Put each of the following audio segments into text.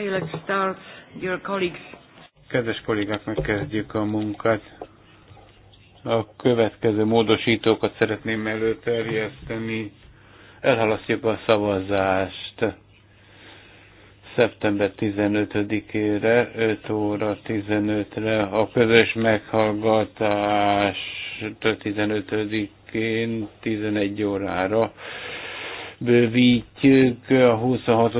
Okay, let's start, your colleagues. Kedves kollégák, megkezdjük a munkát. A következő módosítókat szeretném előterjeszteni. Elhalasztjuk a szavazást szeptember 15-ére, 5 óra 15-re. A közös meghallgatás 15-én 11 órára bővítjük. A 26.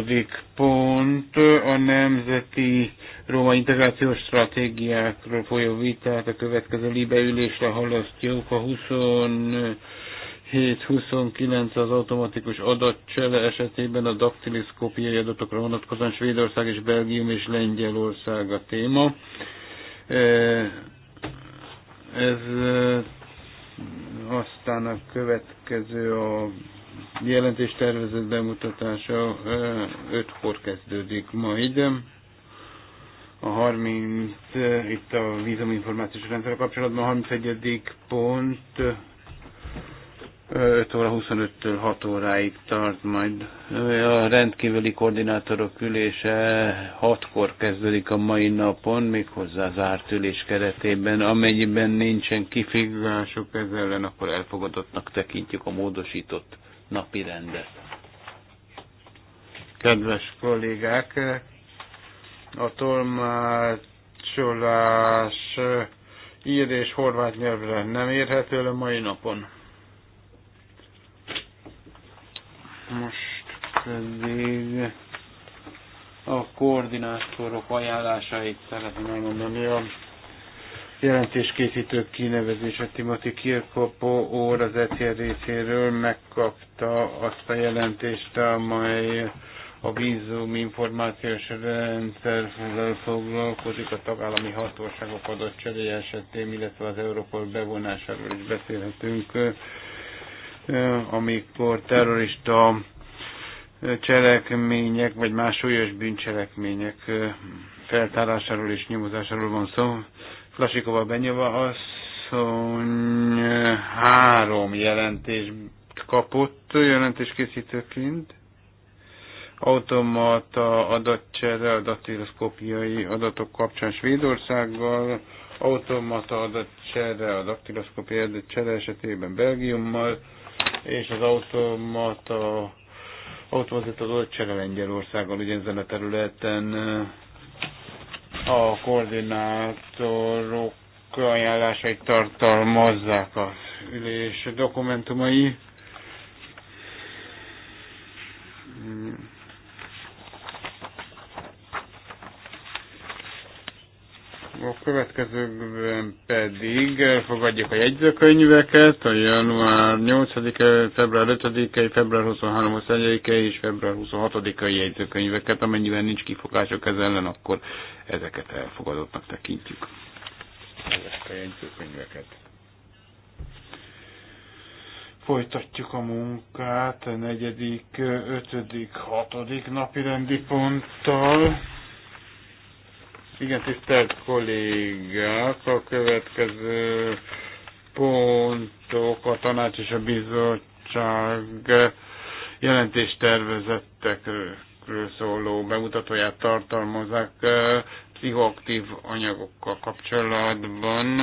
pont a nemzeti Róma integrációs stratégiákról folyó vitát a következő libeülésre halasztjuk. A 27-29 az automatikus adatcsele esetében a daktiliszkópiai adatokra vonatkozóan Svédország és Belgium és Lengyelország a téma. E, ez e, aztán a következő a jelentés tervezett bemutatása 5-kor kezdődik majd. A 30, itt a vízuminformációs rendszer kapcsolatban a 31. pont 5 óra 25-től 6 óráig tart majd. A rendkívüli koordinátorok ülése 6-kor kezdődik a mai napon, méghozzá zárt ülés keretében. Amennyiben nincsen kifigások ezzel ellen, akkor elfogadottnak tekintjük a módosított napi rendet. Kedves kollégák, a tolmácsolás ír és horvát nyelvre nem érhető a mai napon. Most pedig a koordinátorok ajánlásait szeretném megmondani a jelentéskészítők kinevezése Timothy Kirkopo óra az ECR részéről megkapta azt a jelentést, amely a vízum információs rendszerrel foglalkozik, a tagállami hatóságok adott cseréje esetén, illetve az Európol bevonásáról is beszélhetünk, amikor terrorista cselekmények, vagy más súlyos bűncselekmények feltárásáról és nyomozásáról van szó. Lasikova Benyova asszony eh, három jelentést kapott jelentéskészítőként. Automata adatcsere, adaktiloszkópiai adatok kapcsán Svédországgal, automata adatcsere, a daktiloszkópiai adatcsere esetében Belgiummal, és az automata automatikus adatcsere Lengyelországgal ezen a területen eh, a koordinátorok ajánlásait tartalmazzák az ülés dokumentumai. A következőben pedig fogadjuk a jegyzőkönyveket, a január 8 -e, február 5 -e, február 23 -e és február 26-ai jegyzőkönyveket, amennyiben nincs kifogások ez ellen, akkor ezeket elfogadottnak tekintjük. Ezek a jegyzőkönyveket. Folytatjuk a munkát a negyedik, ötödik, hatodik napi rendi ponttal. Igen, tisztelt kollégák, a következő pontok a tanács és a bizottság jelentéstervezetekről szóló bemutatóját tartalmazák eh, pszichoaktív anyagokkal kapcsolatban.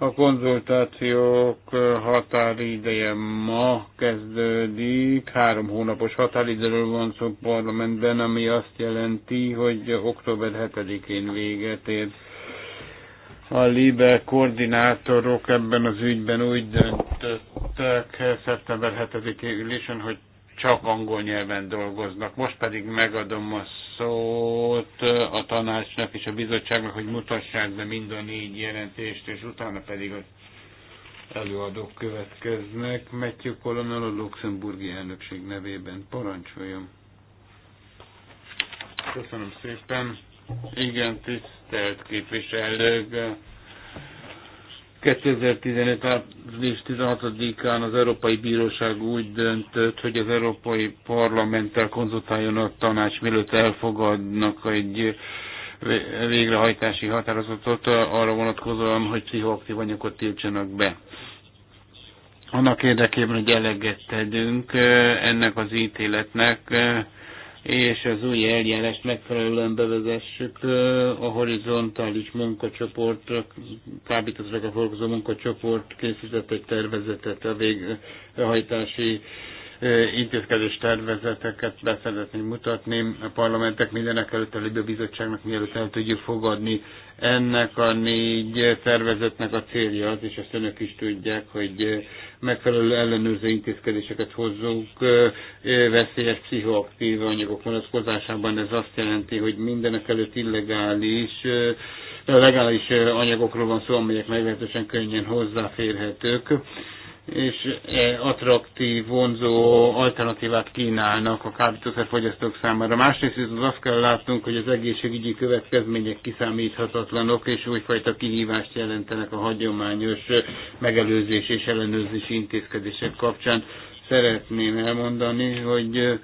A konzultációk határideje ma kezdődik, három hónapos határidőről van szó parlamentben, ami azt jelenti, hogy október 7-én véget ér. A LIBE koordinátorok ebben az ügyben úgy döntöttek szeptember 7-i ülésen, hogy csak angol nyelven dolgoznak. Most pedig megadom a szót a tanácsnak és a bizottságnak, hogy mutassák be mind a négy jelentést, és utána pedig az előadók következnek. Matthew Colonel a luxemburgi elnökség nevében parancsoljon. Köszönöm szépen. Igen, tisztelt képviselők. 2015. április 16-án az Európai Bíróság úgy döntött, hogy az Európai Parlamenttel konzultáljon a tanács, mielőtt elfogadnak egy végrehajtási határozatot arra vonatkozóan, hogy pszichoaktív anyagot tiltsanak be. Annak érdekében, hogy eleget tegyünk ennek az ítéletnek, és az új eljárást megfelelően bevezessük a horizontális munkacsoport, kábítószerekkel foglalkozó munkacsoport készített egy tervezetet a végrehajtási intézkedés tervezeteket be szeretném mutatni a parlamentek mindenek előtt a Libia Bizottságnak, mielőtt el tudjuk fogadni. Ennek a négy tervezetnek a célja az, és ezt önök is tudják, hogy megfelelő ellenőrző intézkedéseket hozzunk veszélyes pszichoaktív anyagok vonatkozásában. Ez azt jelenti, hogy mindenek előtt illegális legális anyagokról van szó, amelyek meglehetősen könnyen hozzáférhetők és e attraktív, vonzó alternatívát kínálnak a kábítószerfogyasztók számára. Másrészt viszont azt kell látnunk, hogy az egészségügyi következmények kiszámíthatatlanok, és újfajta kihívást jelentenek a hagyományos megelőzés és ellenőrzési intézkedések kapcsán. Szeretném elmondani, hogy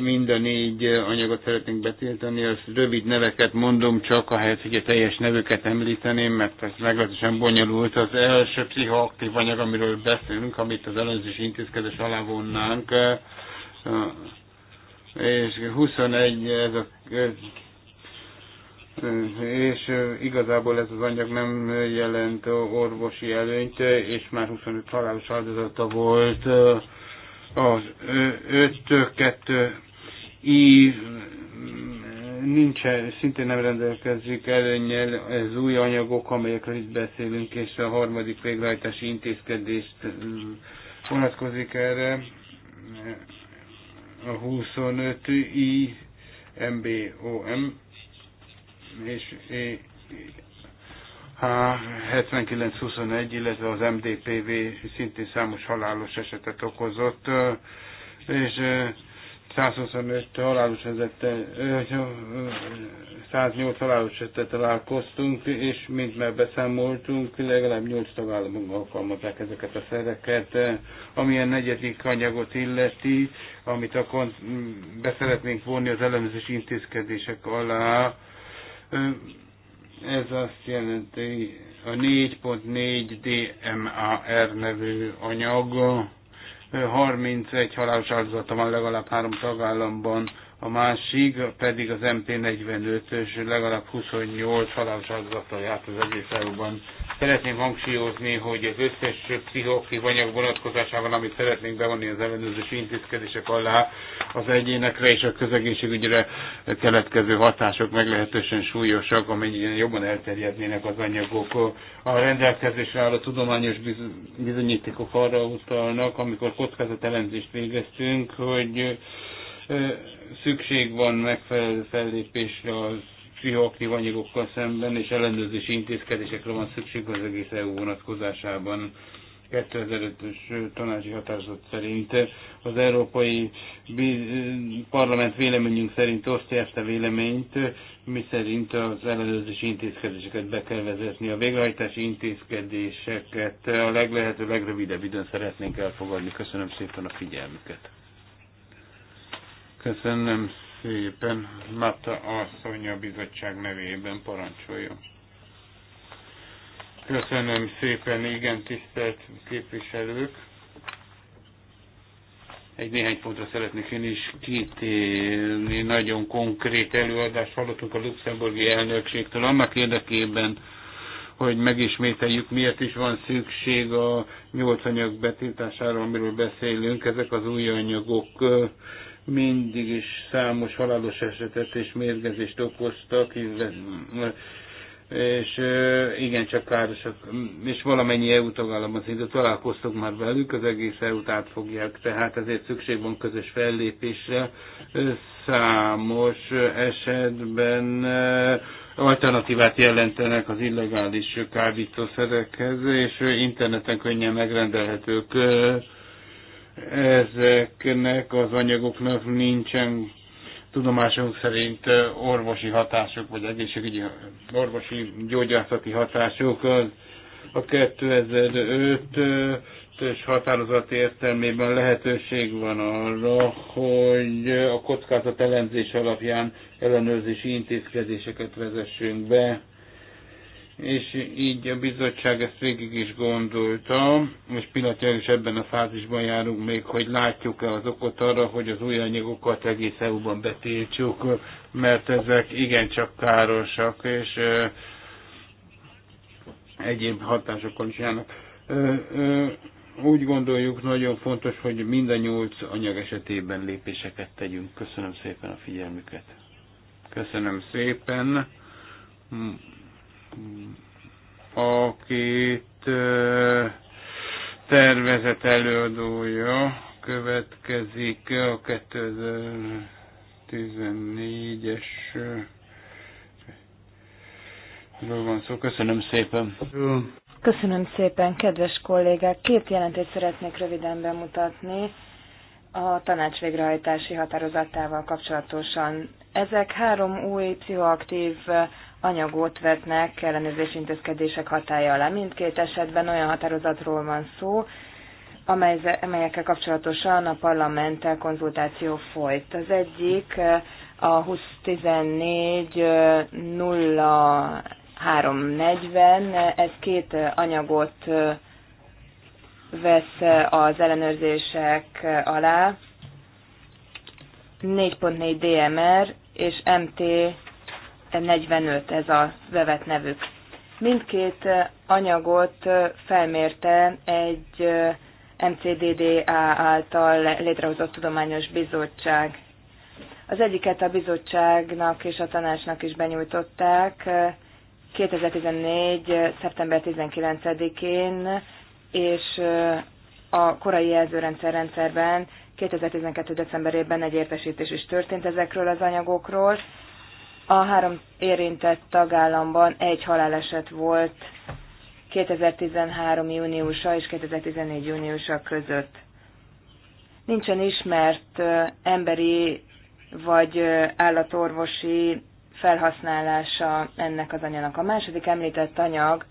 mind a négy anyagot szeretnénk betiltani, az rövid neveket mondom csak, ahelyett, hogy a teljes nevüket említeném, mert ez meglehetősen bonyolult. Az első pszichoaktív anyag, amiről beszélünk, amit az előzős intézkedés alá vonnánk, és 21 ez a és igazából ez az anyag nem jelent orvosi előnyt, és már 25 halálos áldozata volt az 5-2 i nincs, szintén nem rendelkezik előnyel az új anyagok, amelyekről itt beszélünk, és a harmadik végrehajtási intézkedést mm, vonatkozik erre a 25 i MBOM és a 79-21, illetve az MDPV szintén számos halálos esetet okozott, és 125 halálos esetet, 108 halálos esetet találkoztunk, és mint már beszámoltunk, legalább 8 tagállamunk alkalmazták ezeket a szereket. Ami a negyedik anyagot illeti, amit akkor beszeretnénk vonni az elemzés intézkedések alá, ez azt jelenti, a 4.4 DMAR nevű anyag 31 halálos áldozata van legalább három tagállamban, a másik pedig az MT-45-ös legalább 28 halálos áldozattal járt az egész EU-ban. Szeretném hangsúlyozni, hogy az összes pszichoaktív anyag vonatkozásával, amit szeretnénk bevonni az ellenőrzési intézkedések alá, az egyénekre és a közegészségügyre keletkező hatások meglehetősen súlyosak, amennyiben jobban elterjednének az anyagok. A rendelkezésre álló tudományos bizonyítékok arra utalnak, amikor kockázatelemzést végeztünk, hogy Szükség van megfelelő fellépésre a pszichoaktív anyagokkal szemben, és ellenőrzési intézkedésekre van szükség az egész EU vonatkozásában. 2005-ös tanácsi határozat szerint az Európai Parlament véleményünk szerint osztja ezt a véleményt, mi szerint az ellenőrzési intézkedéseket be kell vezetni. A végrehajtási intézkedéseket a leglehető legrövidebb időn szeretnénk elfogadni. Köszönöm szépen a figyelmüket. Köszönöm szépen. Mata asszony a bizottság nevében parancsoljon. Köszönöm szépen, igen, tisztelt képviselők. Egy néhány pontra szeretnék én is kitérni. Nagyon konkrét előadást hallottunk a luxemburgi elnökségtől annak érdekében, hogy megismételjük, miért is van szükség a nyolc anyag betiltására, amiről beszélünk. Ezek az új anyagok mindig is számos halálos esetet és mérgezést okoztak, és igen csak károsak, és valamennyi EU tagállam az idő találkoztok már velük, az egész EU-t átfogják, tehát ezért szükség van közös fellépésre. Számos esetben alternatívát jelentenek az illegális kábítószerekhez, és interneten könnyen megrendelhetők Ezeknek az anyagoknak nincsen tudomásunk szerint orvosi hatások, vagy egészségügyi orvosi gyógyászati hatások. Az a 2005 ös határozat értelmében lehetőség van arra, hogy a kockázat elemzés alapján ellenőrzési intézkedéseket vezessünk be és így a bizottság ezt végig is gondolta, és pillanatnyilag is ebben a fázisban járunk még, hogy látjuk-e az okot arra, hogy az új anyagokat egész EU-ban betiltsuk, mert ezek igencsak károsak, és ö, egyéb hatásokkal is járnak. Ö, ö, úgy gondoljuk, nagyon fontos, hogy mind a nyolc anyag esetében lépéseket tegyünk. Köszönöm szépen a figyelmüket. Köszönöm szépen akit tervezett előadója következik a 2014-es van szó. Köszönöm szépen. Köszönöm szépen, kedves kollégák. Két jelentést szeretnék röviden bemutatni a tanács végrehajtási határozatával kapcsolatosan. Ezek három új pszichoaktív anyagot vetnek ellenőrzés intézkedések hatája alá. Mindkét esetben olyan határozatról van szó, amely, amelyekkel kapcsolatosan a parlamenttel konzultáció folyt. Az egyik eh, a 2014-0340, eh, ez két eh, anyagot vesz az ellenőrzések alá, 4.4 DMR és MT szerintem 45 ez a vevet nevük. Mindkét anyagot felmérte egy MCDDA által létrehozott tudományos bizottság. Az egyiket a bizottságnak és a tanácsnak is benyújtották 2014. szeptember 19-én, és a korai jelzőrendszer rendszerben 2012. decemberében egy értesítés is történt ezekről az anyagokról, a három érintett tagállamban egy haláleset volt 2013. júniusa és 2014. júniusa között. Nincsen ismert emberi vagy állatorvosi felhasználása ennek az anyanak. A második említett anyag,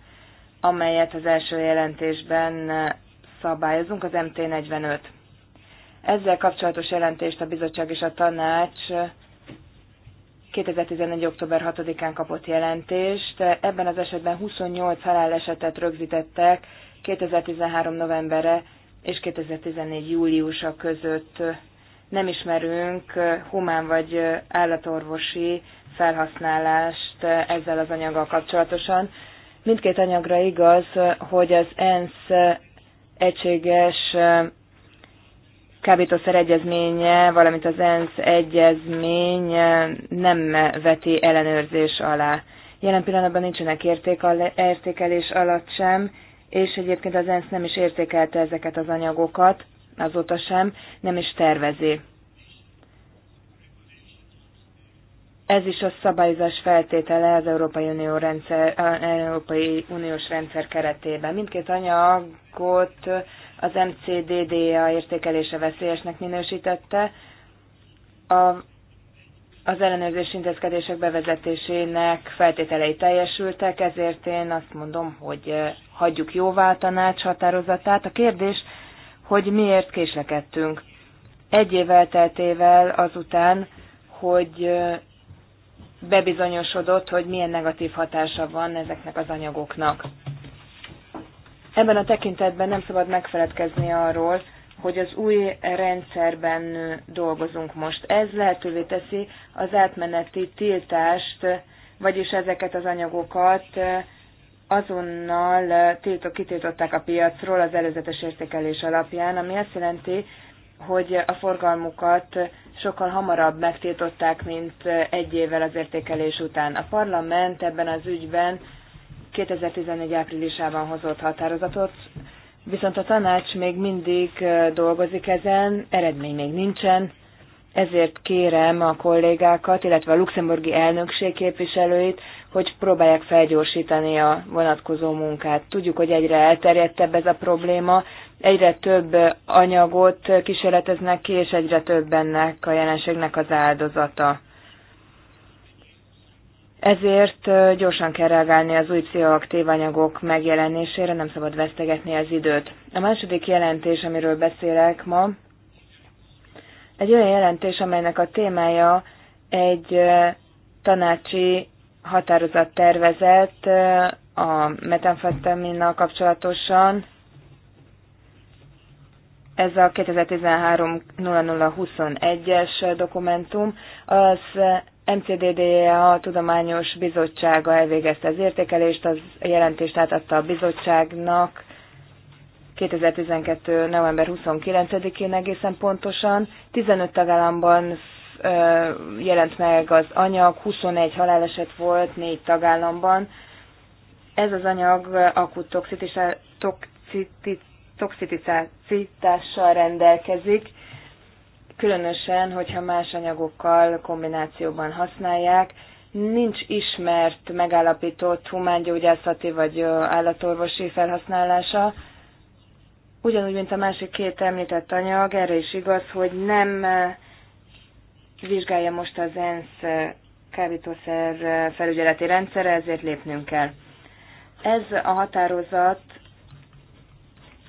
amelyet az első jelentésben szabályozunk, az MT45. Ezzel kapcsolatos jelentést a bizottság és a tanács 2011. október 6-án kapott jelentést. Ebben az esetben 28 halálesetet rögzítettek 2013. novembere és 2014. júliusa között. Nem ismerünk humán vagy állatorvosi felhasználást ezzel az anyaggal kapcsolatosan. Mindkét anyagra igaz, hogy az ENSZ egységes kábítószer egyezménye, valamint az ENSZ egyezmény eh, nem veti ellenőrzés alá. Jelen pillanatban nincsenek értékelés alatt sem, és egyébként az ENSZ nem is értékelte ezeket az anyagokat, azóta sem, nem is tervezi. Ez is a szabályozás feltétele az Európai, Unió rendszer, Európai Uniós rendszer keretében. Mindkét anyagot az MCDDA értékelése veszélyesnek minősítette. A, az ellenőrzés intézkedések bevezetésének feltételei teljesültek, ezért én azt mondom, hogy eh, hagyjuk jóvá a tanács határozatát. A kérdés, hogy miért késlekedtünk. Egy év elteltével azután, hogy eh, bebizonyosodott, hogy milyen negatív hatása van ezeknek az anyagoknak. Ebben a tekintetben nem szabad megfeledkezni arról, hogy az új rendszerben dolgozunk most. Ez lehetővé teszi az átmeneti tiltást, vagyis ezeket az anyagokat azonnal tiltok, kitiltották a piacról az előzetes értékelés alapján, ami azt jelenti, hogy a forgalmukat sokkal hamarabb megtiltották, mint egy évvel az értékelés után. A parlament ebben az ügyben 2014 áprilisában hozott határozatot, viszont a tanács még mindig dolgozik ezen, eredmény még nincsen, ezért kérem a kollégákat, illetve a luxemburgi elnökség képviselőit, hogy próbálják felgyorsítani a vonatkozó munkát. Tudjuk, hogy egyre elterjedtebb ez a probléma, egyre több anyagot kísérleteznek ki, és egyre több ennek a jelenségnek az áldozata ezért gyorsan kell reagálni az új pszichoaktív anyagok megjelenésére, nem szabad vesztegetni az időt. A második jelentés, amiről beszélek ma, egy olyan jelentés, amelynek a témája egy tanácsi határozat tervezett a metamfetaminnal kapcsolatosan. Ez a 2013-0021-es dokumentum. Az MCDDA e, Tudományos Bizottsága elvégezte az értékelést, az jelentést átadta a bizottságnak 2012. november 29-én egészen pontosan. 15 tagállamban jelent meg az anyag, 21 haláleset volt 4 tagállamban. Ez az anyag akut toxicitással rendelkezik, különösen, hogyha más anyagokkal kombinációban használják. Nincs ismert, megállapított humángyógyászati vagy állatorvosi felhasználása. Ugyanúgy, mint a másik két említett anyag, erre is igaz, hogy nem vizsgálja most az ENSZ kábítószer felügyeleti rendszere, ezért lépnünk kell. Ez a határozat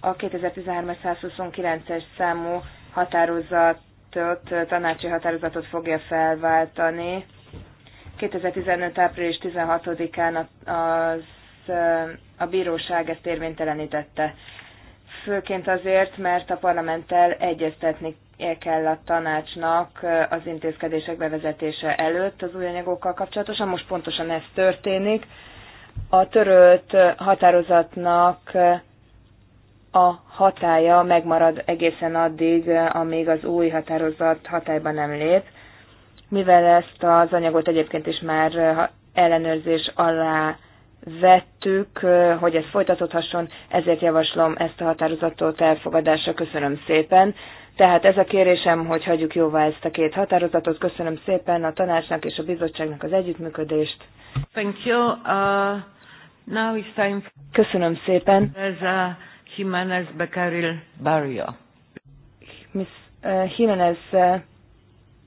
a 2013-129-es számú határozat javaslatot tanácsi határozatot fogja felváltani. 2015. április 16-án az, a bíróság ezt érvénytelenítette. Főként azért, mert a parlamenttel egyeztetni kell a tanácsnak az intézkedések bevezetése előtt az új anyagokkal kapcsolatosan. Most pontosan ez történik. A törölt határozatnak a hatája megmarad egészen addig, amíg az új határozat hatályba nem lép, mivel ezt az anyagot egyébként is már ellenőrzés alá vettük, hogy ez folytatódhasson, ezért javaslom ezt a határozatot elfogadásra. Köszönöm szépen. Tehát ez a kérésem, hogy hagyjuk jóvá ezt a két határozatot. Köszönöm szépen a tanácsnak és a bizottságnak az együttműködést. Thank you. Uh, now it's time for... Köszönöm szépen. There's a Jimenez Becerril Barrio. Miss uh, eh, Jimenez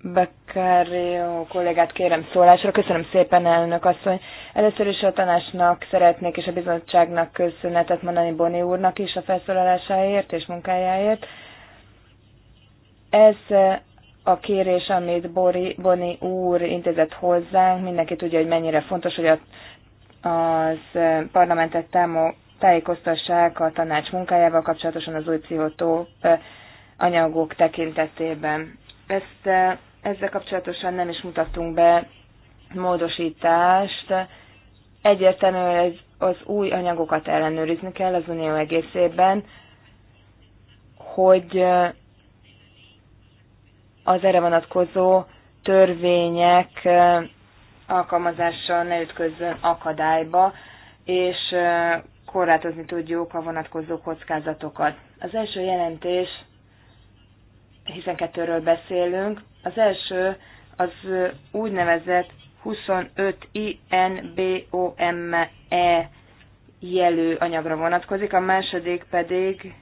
uh, eh, kollégát kérem szólásra. Köszönöm szépen, elnök asszony. Először is a tanácsnak szeretnék és a bizottságnak köszönetet mondani Boni úrnak is a felszólalásáért és munkájáért. Ez eh, a kérés, amit Bori, Boni úr intézett hozzánk, mindenki tudja, hogy mennyire fontos, hogy a, az parlamentet támogatja tájékoztassák a tanács munkájával kapcsolatosan az új pszichotóp anyagok tekintetében. Ezt, e, ezzel kapcsolatosan nem is mutattunk be módosítást. Egyértelműen az új anyagokat ellenőrizni kell az unió egészében, hogy e, az erre vonatkozó törvények e, alkalmazása ne ütközzön akadályba, és korlátozni tudjuk a vonatkozó kockázatokat. Az első jelentés, hiszen kettőről beszélünk, az első az úgynevezett 25 INBOME jelű anyagra vonatkozik, a második pedig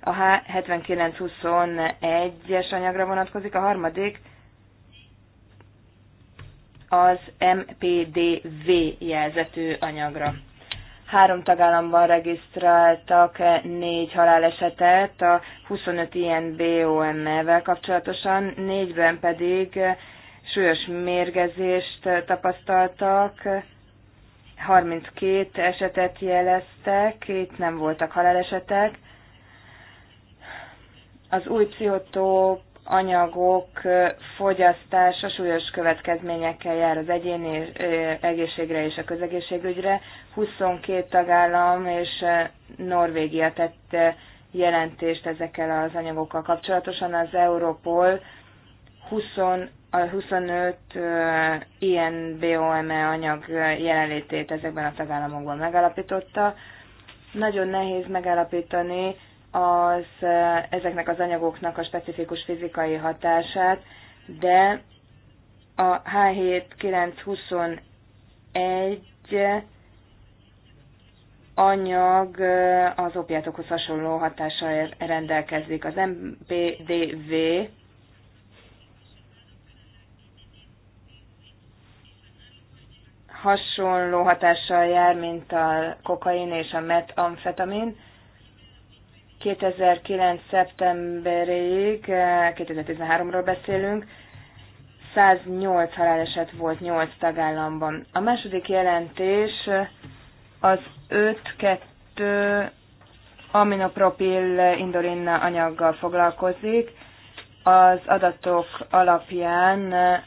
a H7921-es anyagra vonatkozik, a harmadik az MPDV jelzetű anyagra. Három tagállamban regisztráltak négy halálesetet a 25 ilyen BOM-mel kapcsolatosan, négyben pedig súlyos mérgezést tapasztaltak, 32 esetet jeleztek, itt nem voltak halálesetek. Az új pszichotóp anyagok fogyasztása súlyos következményekkel jár az egyéni egészségre és a közegészségügyre. 22 tagállam és Norvégia tette jelentést ezekkel az anyagokkal kapcsolatosan. Az Europol 20, 25 ilyen BOME anyag jelenlétét ezekben a tagállamokban megalapította. Nagyon nehéz megállapítani, az, ezeknek az anyagoknak a specifikus fizikai hatását, de a h 7921 anyag az opiátokhoz hasonló hatással rendelkezik. Az MPDV hasonló hatással jár, mint a kokain és a metamfetamin, 2009. szeptemberéig, 2013-ról eh, beszélünk, 108 haláleset volt 8 tagállamban. A második jelentés eh, az 5-2 aminopropil indolin anyaggal foglalkozik. Az adatok alapján eh,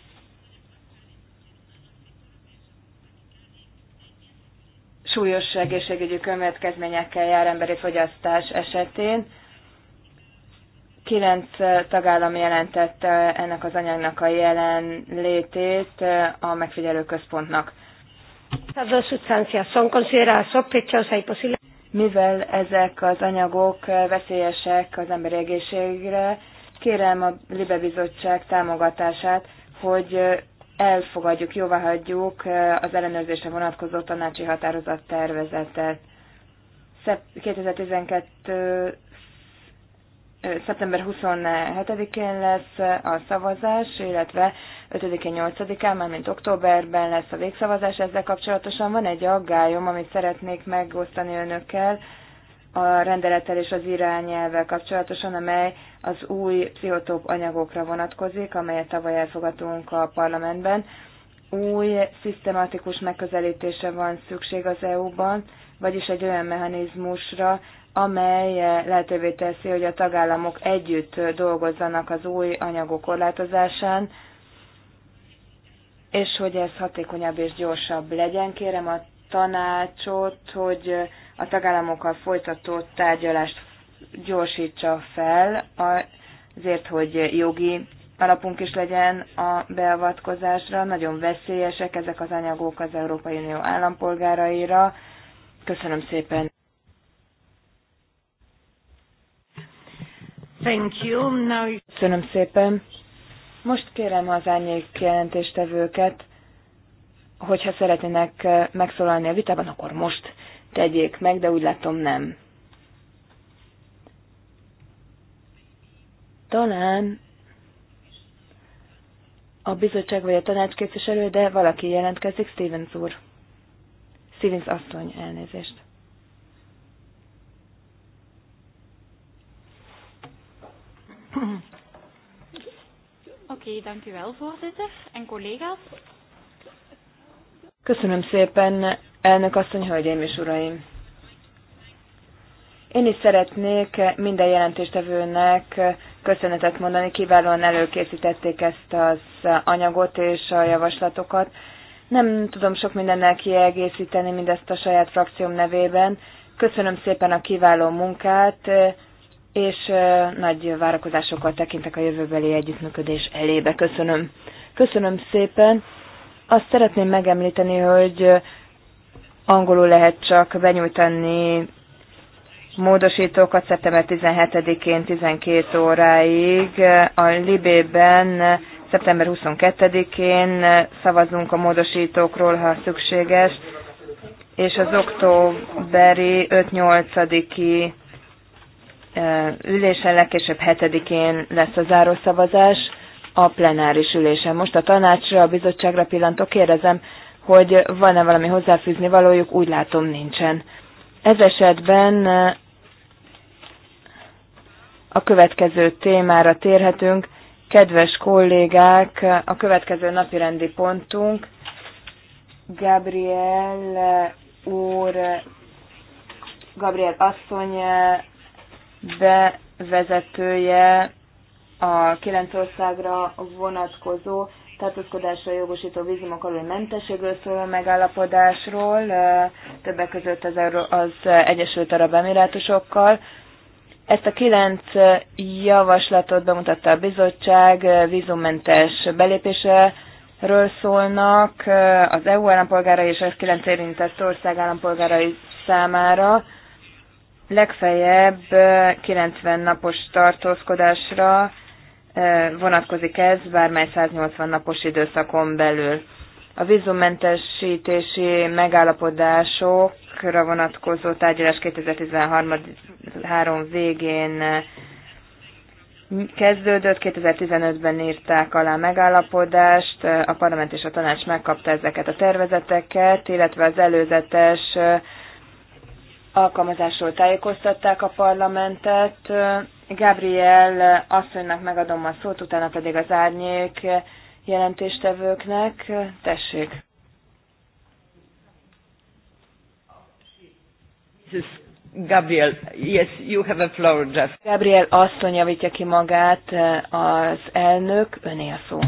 súlyos egészségügyi következményekkel jár emberi fogyasztás esetén. Kilenc tagállam jelentette ennek az anyagnak a jelenlétét a megfigyelő központnak. Mivel ezek az anyagok veszélyesek az emberi egészségre, kérem a Libe Bizottság támogatását, hogy elfogadjuk, hagyjuk az ellenőrzésre vonatkozó tanácsi határozat tervezetet. 2012. szeptember 27-én lesz a szavazás, illetve 5-én, 8-án, mármint októberben lesz a végszavazás. Ezzel kapcsolatosan van egy aggályom, amit szeretnék megosztani önökkel a rendelettel és az irányelvvel kapcsolatosan, amely az új pszichotóp anyagokra vonatkozik, amelyet tavaly elfogadtunk a parlamentben. Új, szisztematikus megközelítése van szükség az EU-ban, vagyis egy olyan mechanizmusra, amely lehetővé teszi, hogy a tagállamok együtt dolgozzanak az új anyagok korlátozásán, és hogy ez hatékonyabb és gyorsabb legyen. Kérem a tanácsot, hogy a tagállamokkal folytatott tárgyalást gyorsítsa fel, azért, hogy jogi alapunk is legyen a beavatkozásra. Nagyon veszélyesek ezek az anyagok az Európai Unió állampolgáraira. Köszönöm szépen. Thank you. Now... Köszönöm szépen. Most kérem az árnyék jelentéstevőket, hogyha szeretnének megszólalni a vitában, akkor most tegyék meg, de úgy látom nem. Talán a bizottság vagy a tanács képviselő, de valaki jelentkezik, Stevens úr. Stevens asszony, elnézést. Oké, okay, dank u wel, voorzitter en collega's. Köszönöm szépen, elnök asszony, hölgyeim és uraim! Én is szeretnék minden jelentéstevőnek köszönetet mondani, kiválóan előkészítették ezt az anyagot és a javaslatokat. Nem tudom sok mindennel kiegészíteni mindezt a saját frakcióm nevében. Köszönöm szépen a kiváló munkát, és nagy várakozásokkal tekintek a jövőbeli együttműködés elébe. Köszönöm. Köszönöm szépen. Azt szeretném megemlíteni, hogy angolul lehet csak benyújtani módosítókat szeptember 17-én 12 óráig. A Libében szeptember 22-én szavazunk a módosítókról, ha szükséges, és az októberi 5-8-i eh, ülésen legkésőbb 7-én lesz a zárószavazás a plenáris ülésen. Most a tanácsra, a bizottságra pillantok, kérdezem, hogy van-e valami hozzáfűzni valójuk, úgy látom nincsen. Ez esetben eh, a következő témára térhetünk. Kedves kollégák, a következő napi rendi pontunk Gabriel eh, úr, Gabriel asszony eh, bevezetője a kilenc országra vonatkozó tartózkodásra jogosító vízumok alul mentességről szóló megállapodásról, többek között az, az Egyesült Arab Emirátusokkal. Ezt a kilenc javaslatot bemutatta a bizottság, vízummentes belépése ről szólnak az EU állampolgárai és az 9 érintett ország állampolgárai számára, legfeljebb 90 napos tartózkodásra vonatkozik ez bármely 180 napos időszakon belül. A vízummentesítési megállapodásokra vonatkozó tárgyalás 2013 végén kezdődött, 2015-ben írták alá megállapodást, a parlament és a tanács megkapta ezeket a tervezeteket, illetve az előzetes alkalmazásról tájékoztatták a parlamentet, Gabriel asszonynak megadom a szót, utána pedig az árnyék jelentéstevőknek. Tessék! Gabriel, yes, you have a floor, Jeff. Gabriel asszony javítja ki magát az elnök, öné a szó.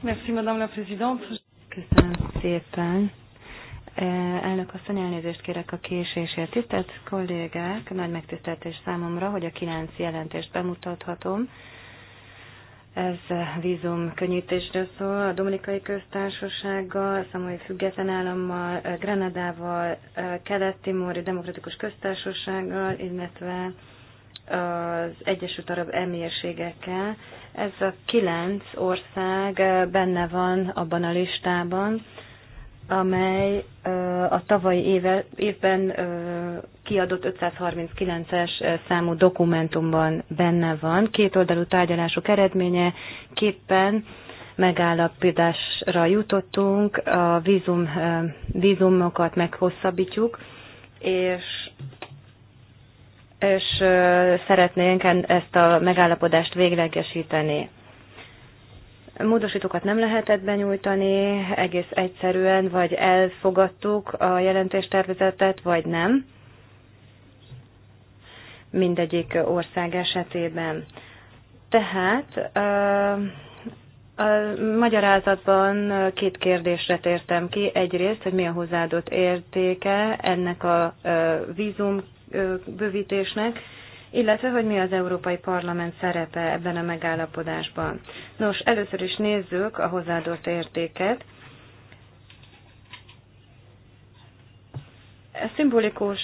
Merci, Madame la Présidente. Köszönöm szépen. Eh, elnök asszony, elnézést kérek a késésért. Tisztelt kollégák, nagy megtiszteltés számomra, hogy a kilenc jelentést bemutathatom. Ez vízum könnyítésre szól a Dominikai Köztársasággal, Szamai Független Állammal, eh, Grenadával, eh, Kelet-Timori Demokratikus Köztársasággal, illetve az Egyesült Arab Emírségekkel. Ez a kilenc ország benne van abban a listában, amely a tavalyi éve, évben kiadott 539-es számú dokumentumban benne van. Két oldalú tárgyalások eredménye képpen megállapításra jutottunk, a vízum, vízumokat meghosszabbítjuk, és és szeretnénk ezt a megállapodást véglegesíteni. Módosítókat nem lehetett benyújtani, egész egyszerűen vagy elfogadtuk a jelentéstervezetet, vagy nem. Mindegyik ország esetében. Tehát a magyarázatban két kérdésre tértem ki. Egyrészt, hogy mi a hozzáadott értéke ennek a vízum bővítésnek, illetve hogy mi az Európai Parlament szerepe ebben a megállapodásban. Nos, először is nézzük a hozzáadott értéket. Szimbolikus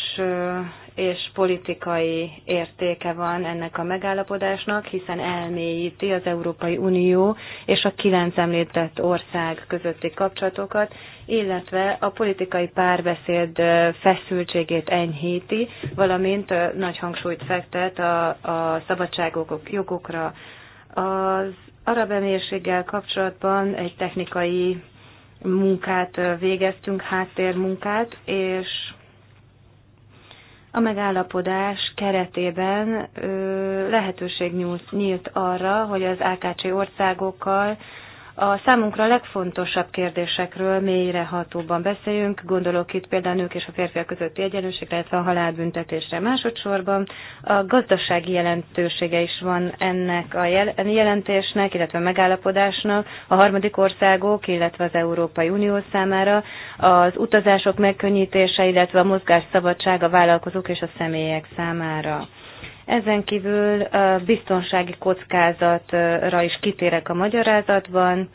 és politikai értéke van ennek a megállapodásnak, hiszen elmélyíti az Európai Unió és a kilenc említett ország közötti kapcsolatokat, illetve a politikai párbeszéd feszültségét enyhíti, valamint nagy hangsúlyt fektet a, a szabadságok jogokra. Az arab emírséggel kapcsolatban egy technikai munkát végeztünk, háttérmunkát, és a megállapodás keretében ö, lehetőség nyújt, nyílt arra, hogy az AKC országokkal a számunkra legfontosabb kérdésekről mélyrehatóban beszéljünk, gondolok itt például nők és a férfiak közötti egyenlőségre, illetve a halálbüntetésre. Másodszorban a gazdasági jelentősége is van ennek a jelentésnek, illetve a megállapodásnak a harmadik országok, illetve az Európai Unió számára, az utazások megkönnyítése, illetve a mozgásszabadság a vállalkozók és a személyek számára. Ezen kívül a biztonsági kockázatra is kitérek a magyarázatban.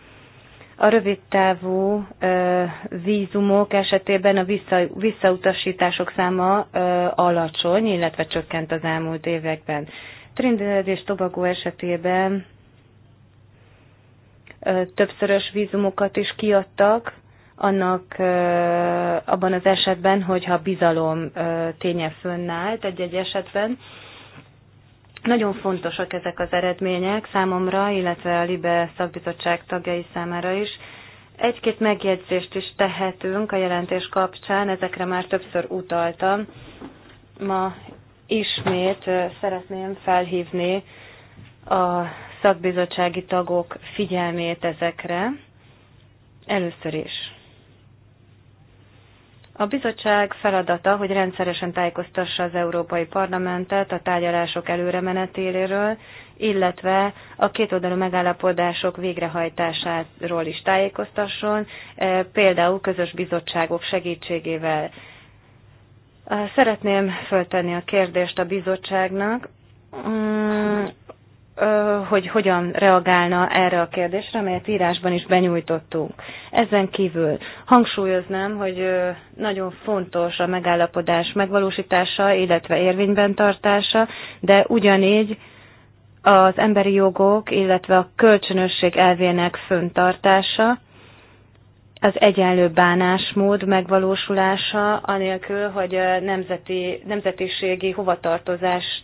A rövidtávú vízumok esetében a vissza, visszautasítások száma alacsony, illetve csökkent az elmúlt években. Trinidad és Tobago esetében többszörös vízumokat is kiadtak, annak abban az esetben, hogyha bizalom ténye fönnállt egy-egy esetben, nagyon fontosak ezek az eredmények számomra, illetve a LIBE szakbizottság tagjai számára is. Egy-két megjegyzést is tehetünk a jelentés kapcsán, ezekre már többször utaltam. Ma ismét szeretném felhívni a szakbizottsági tagok figyelmét ezekre. Először is. A bizottság feladata, hogy rendszeresen tájékoztassa az Európai Parlamentet a tárgyalások menetéléről, illetve a kétoldalú megállapodások végrehajtásáról is tájékoztasson, e, például közös bizottságok segítségével. Szeretném föltenni a kérdést a bizottságnak. Mm, hogy hogyan reagálna erre a kérdésre, amelyet írásban is benyújtottunk. Ezen kívül hangsúlyoznám, hogy nagyon fontos a megállapodás megvalósítása, illetve érvényben tartása, de ugyanígy az emberi jogok, illetve a kölcsönösség elvének föntartása, az egyenlő bánásmód megvalósulása, anélkül, hogy nemzeti, nemzetiségi hovatartozás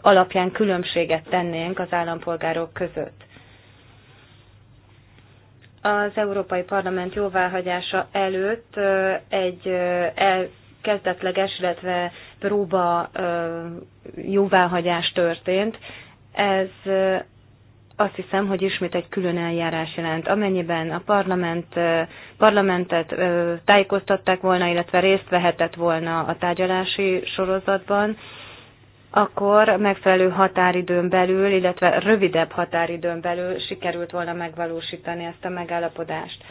alapján különbséget tennénk az állampolgárok között. Az Európai Parlament jóváhagyása előtt egy kezdetleges, illetve próba jóváhagyás történt. Ez azt hiszem, hogy ismét egy külön eljárás jelent. Amennyiben a parlament, parlamentet tájékoztatták volna, illetve részt vehetett volna a tárgyalási sorozatban, akkor megfelelő határidőn belül, illetve rövidebb határidőn belül sikerült volna megvalósítani ezt a megállapodást.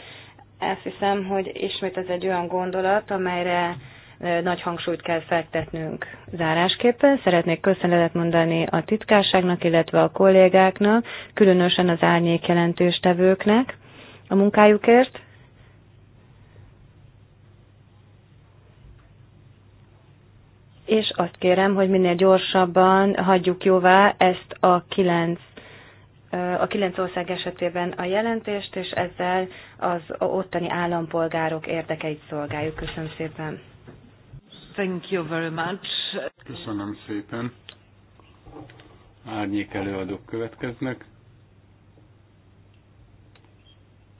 Azt hiszem, hogy ismét ez egy olyan gondolat, amelyre nagy hangsúlyt kell fektetnünk zárásképpen. Szeretnék köszönetet mondani a titkárságnak, illetve a kollégáknak, különösen az árnyék jelentőstevőknek a munkájukért. És azt kérem, hogy minél gyorsabban hagyjuk jóvá ezt a kilenc a kilenc ország esetében a jelentést, és ezzel az ottani állampolgárok érdekeit szolgáljuk. Köszönöm szépen. Thank you very much. Köszönöm szépen. Árnyék előadók következnek.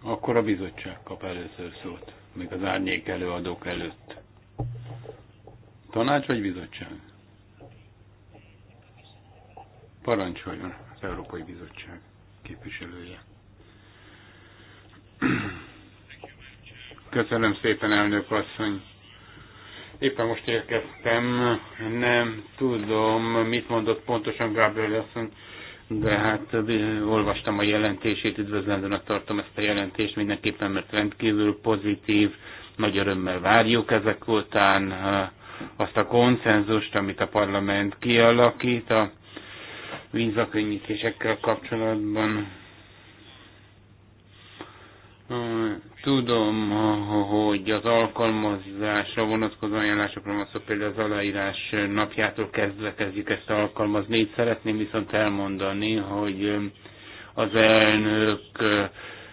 Akkor a bizottság kap először szót, még az árnyék előadók előtt. Tanács vagy bizottság? Parancsoljon az Európai Bizottság képviselője. Köszönöm szépen, elnök asszony. Éppen most érkeztem, nem tudom, mit mondott pontosan Gábor asszony, de hát olvastam a jelentését, üdvözlendőnek tartom ezt a jelentést mindenképpen, mert rendkívül pozitív, nagy örömmel várjuk ezek után azt a konszenzust, amit a parlament kialakít a vízakönnyítésekkel kapcsolatban Tudom, hogy az alkalmazásra vonatkozó ajánlásokra van szó, például az aláírás napjától kezdve kezdjük ezt alkalmazni. Itt szeretném viszont elmondani, hogy az elnök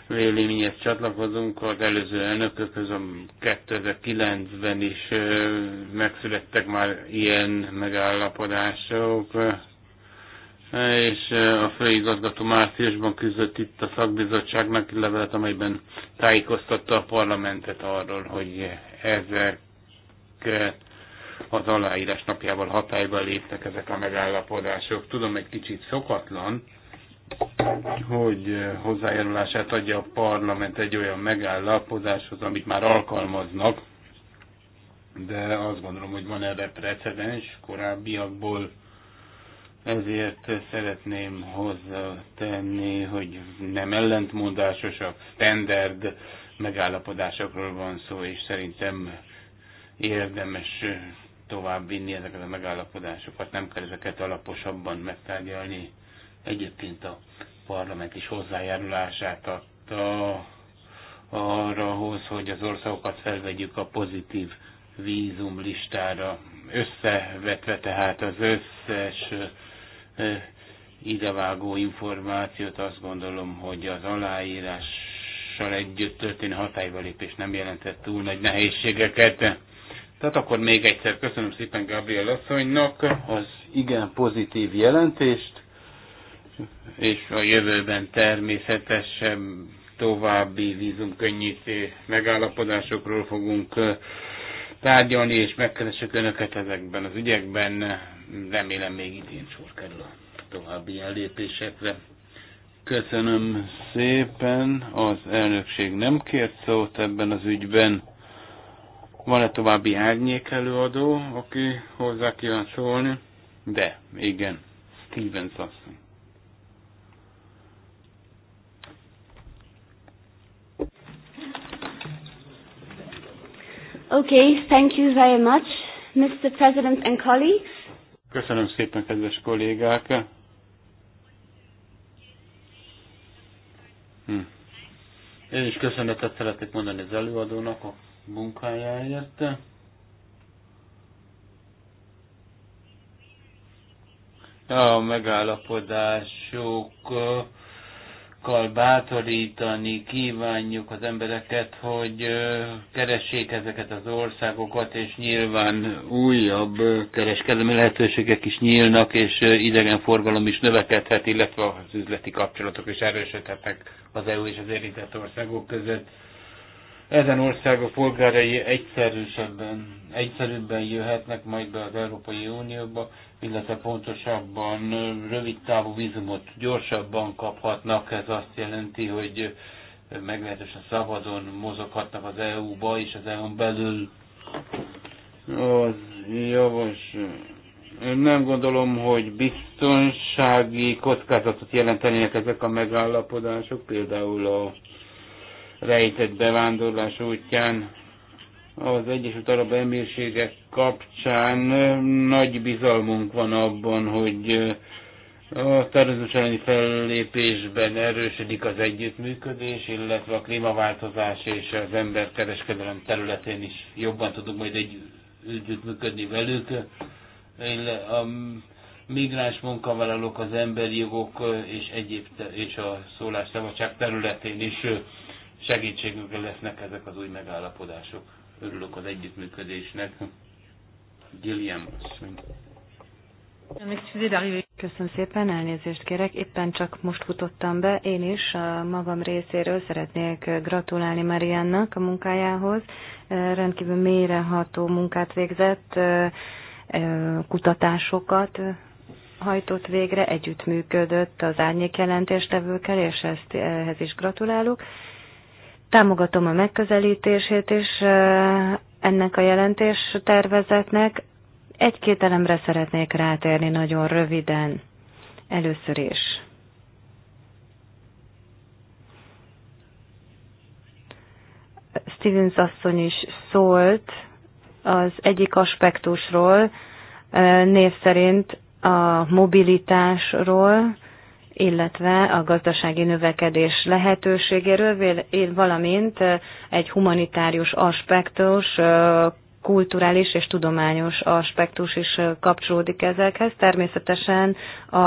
véleményhez csatlakozunk, az előző az a 2009-ben is megszülettek már ilyen megállapodások, és a főigazgató márciusban küzdött itt a szakbizottságnak levelet, hát amelyben tájékoztatta a parlamentet arról, hogy ezek az aláírás napjával hatályba léptek ezek a megállapodások. Tudom, egy kicsit szokatlan, hogy hozzájárulását adja a parlament egy olyan megállapodáshoz, amit már alkalmaznak, de azt gondolom, hogy van erre precedens korábbiakból, ezért szeretném hozzátenni, hogy nem ellentmondásos a standard megállapodásokról van szó, és szerintem érdemes tovább vinni ezeket a megállapodásokat, nem kell ezeket alaposabban megtárgyalni. Egyébként a parlament is hozzájárulását adta hoz, hogy az országokat felvegyük a pozitív vízum listára, összevetve tehát az összes idevágó információt, azt gondolom, hogy az aláírással együtt történő hatálybalépés nem jelentett túl nagy nehézségeket. Tehát akkor még egyszer köszönöm szépen Gabriel asszonynak az igen pozitív jelentést, és a jövőben természetesen további vízumkönnyítő megállapodásokról fogunk tárgyalni, és megkeresek Önöket ezekben az ügyekben remélem még idén sor kerül a további ellépésekre. Köszönöm szépen, az elnökség nem kért szót ebben az ügyben. Van-e további árnyék előadó, aki hozzá kíván szólni? De, igen, Stevens asszony. Okay, thank you very much, Mr. President and colleagues. Köszönöm szépen, kedves kollégák! Hm. Én is köszönetet szeretnék mondani az előadónak a munkájáért. A megállapodások sokkal bátorítani kívánjuk az embereket, hogy keressék ezeket az országokat, és nyilván újabb kereskedelmi lehetőségek is nyílnak, és idegenforgalom is növekedhet, illetve az üzleti kapcsolatok is erősödhetnek az EU és az érintett országok között ezen országok polgárai egyszerűsebben, egyszerűbben jöhetnek majd be az Európai Unióba, illetve pontosabban rövid távú vízumot gyorsabban kaphatnak. Ez azt jelenti, hogy meglehetősen szabadon mozoghatnak az EU-ba és az EU-n belül. Az javas. Nem gondolom, hogy biztonsági kockázatot jelentenének ezek a megállapodások, például a rejtett bevándorlás útján az Egyesült Arab Emírségek kapcsán nagy bizalmunk van abban, hogy a terrorizmus elleni fellépésben erősödik az együttműködés, illetve a klímaváltozás és az emberkereskedelem területén is jobban tudunk majd együttműködni velük. A migráns munkavállalók az emberi jogok és egyéb és a szólásszabadság területén is segítségünkre lesznek ezek az új megállapodások. Örülök az együttműködésnek. Gilliam Köszönöm szépen, elnézést kérek. Éppen csak most futottam be. Én is a magam részéről szeretnék gratulálni Mariannak a munkájához. Rendkívül mélyreható munkát végzett, kutatásokat hajtott végre, együttműködött az árnyék jelentéstevőkkel, és ezt, ehhez is gratulálok. Támogatom a megközelítését is ennek a jelentés tervezetnek. Egy-két elemre szeretnék rátérni nagyon röviden. Először is. Stevens asszony is szólt az egyik aspektusról, név szerint a mobilitásról, illetve a gazdasági növekedés lehetőségéről, valamint egy humanitárius aspektus, kulturális és tudományos aspektus is kapcsolódik ezekhez. Természetesen a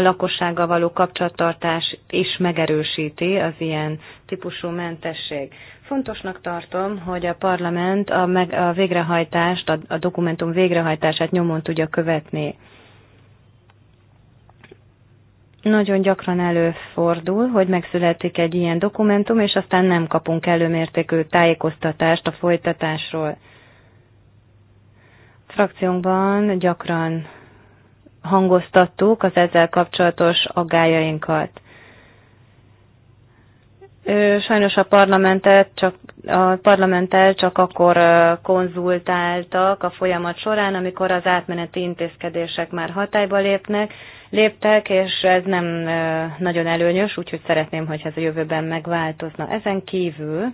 lakossággal való kapcsolattartás is megerősíti az ilyen típusú mentesség. Fontosnak tartom, hogy a parlament a, meg, a végrehajtást, a, a dokumentum végrehajtását nyomon tudja követni nagyon gyakran előfordul, hogy megszületik egy ilyen dokumentum, és aztán nem kapunk előmértékű tájékoztatást a folytatásról. A frakciónkban gyakran hangoztattuk az ezzel kapcsolatos aggájainkat. Sajnos a parlamentet csak, a parlamenttel csak akkor konzultáltak a folyamat során, amikor az átmeneti intézkedések már hatályba lépnek, léptek, és ez nem nagyon előnyös, úgyhogy szeretném, hogy ez a jövőben megváltozna. Ezen kívül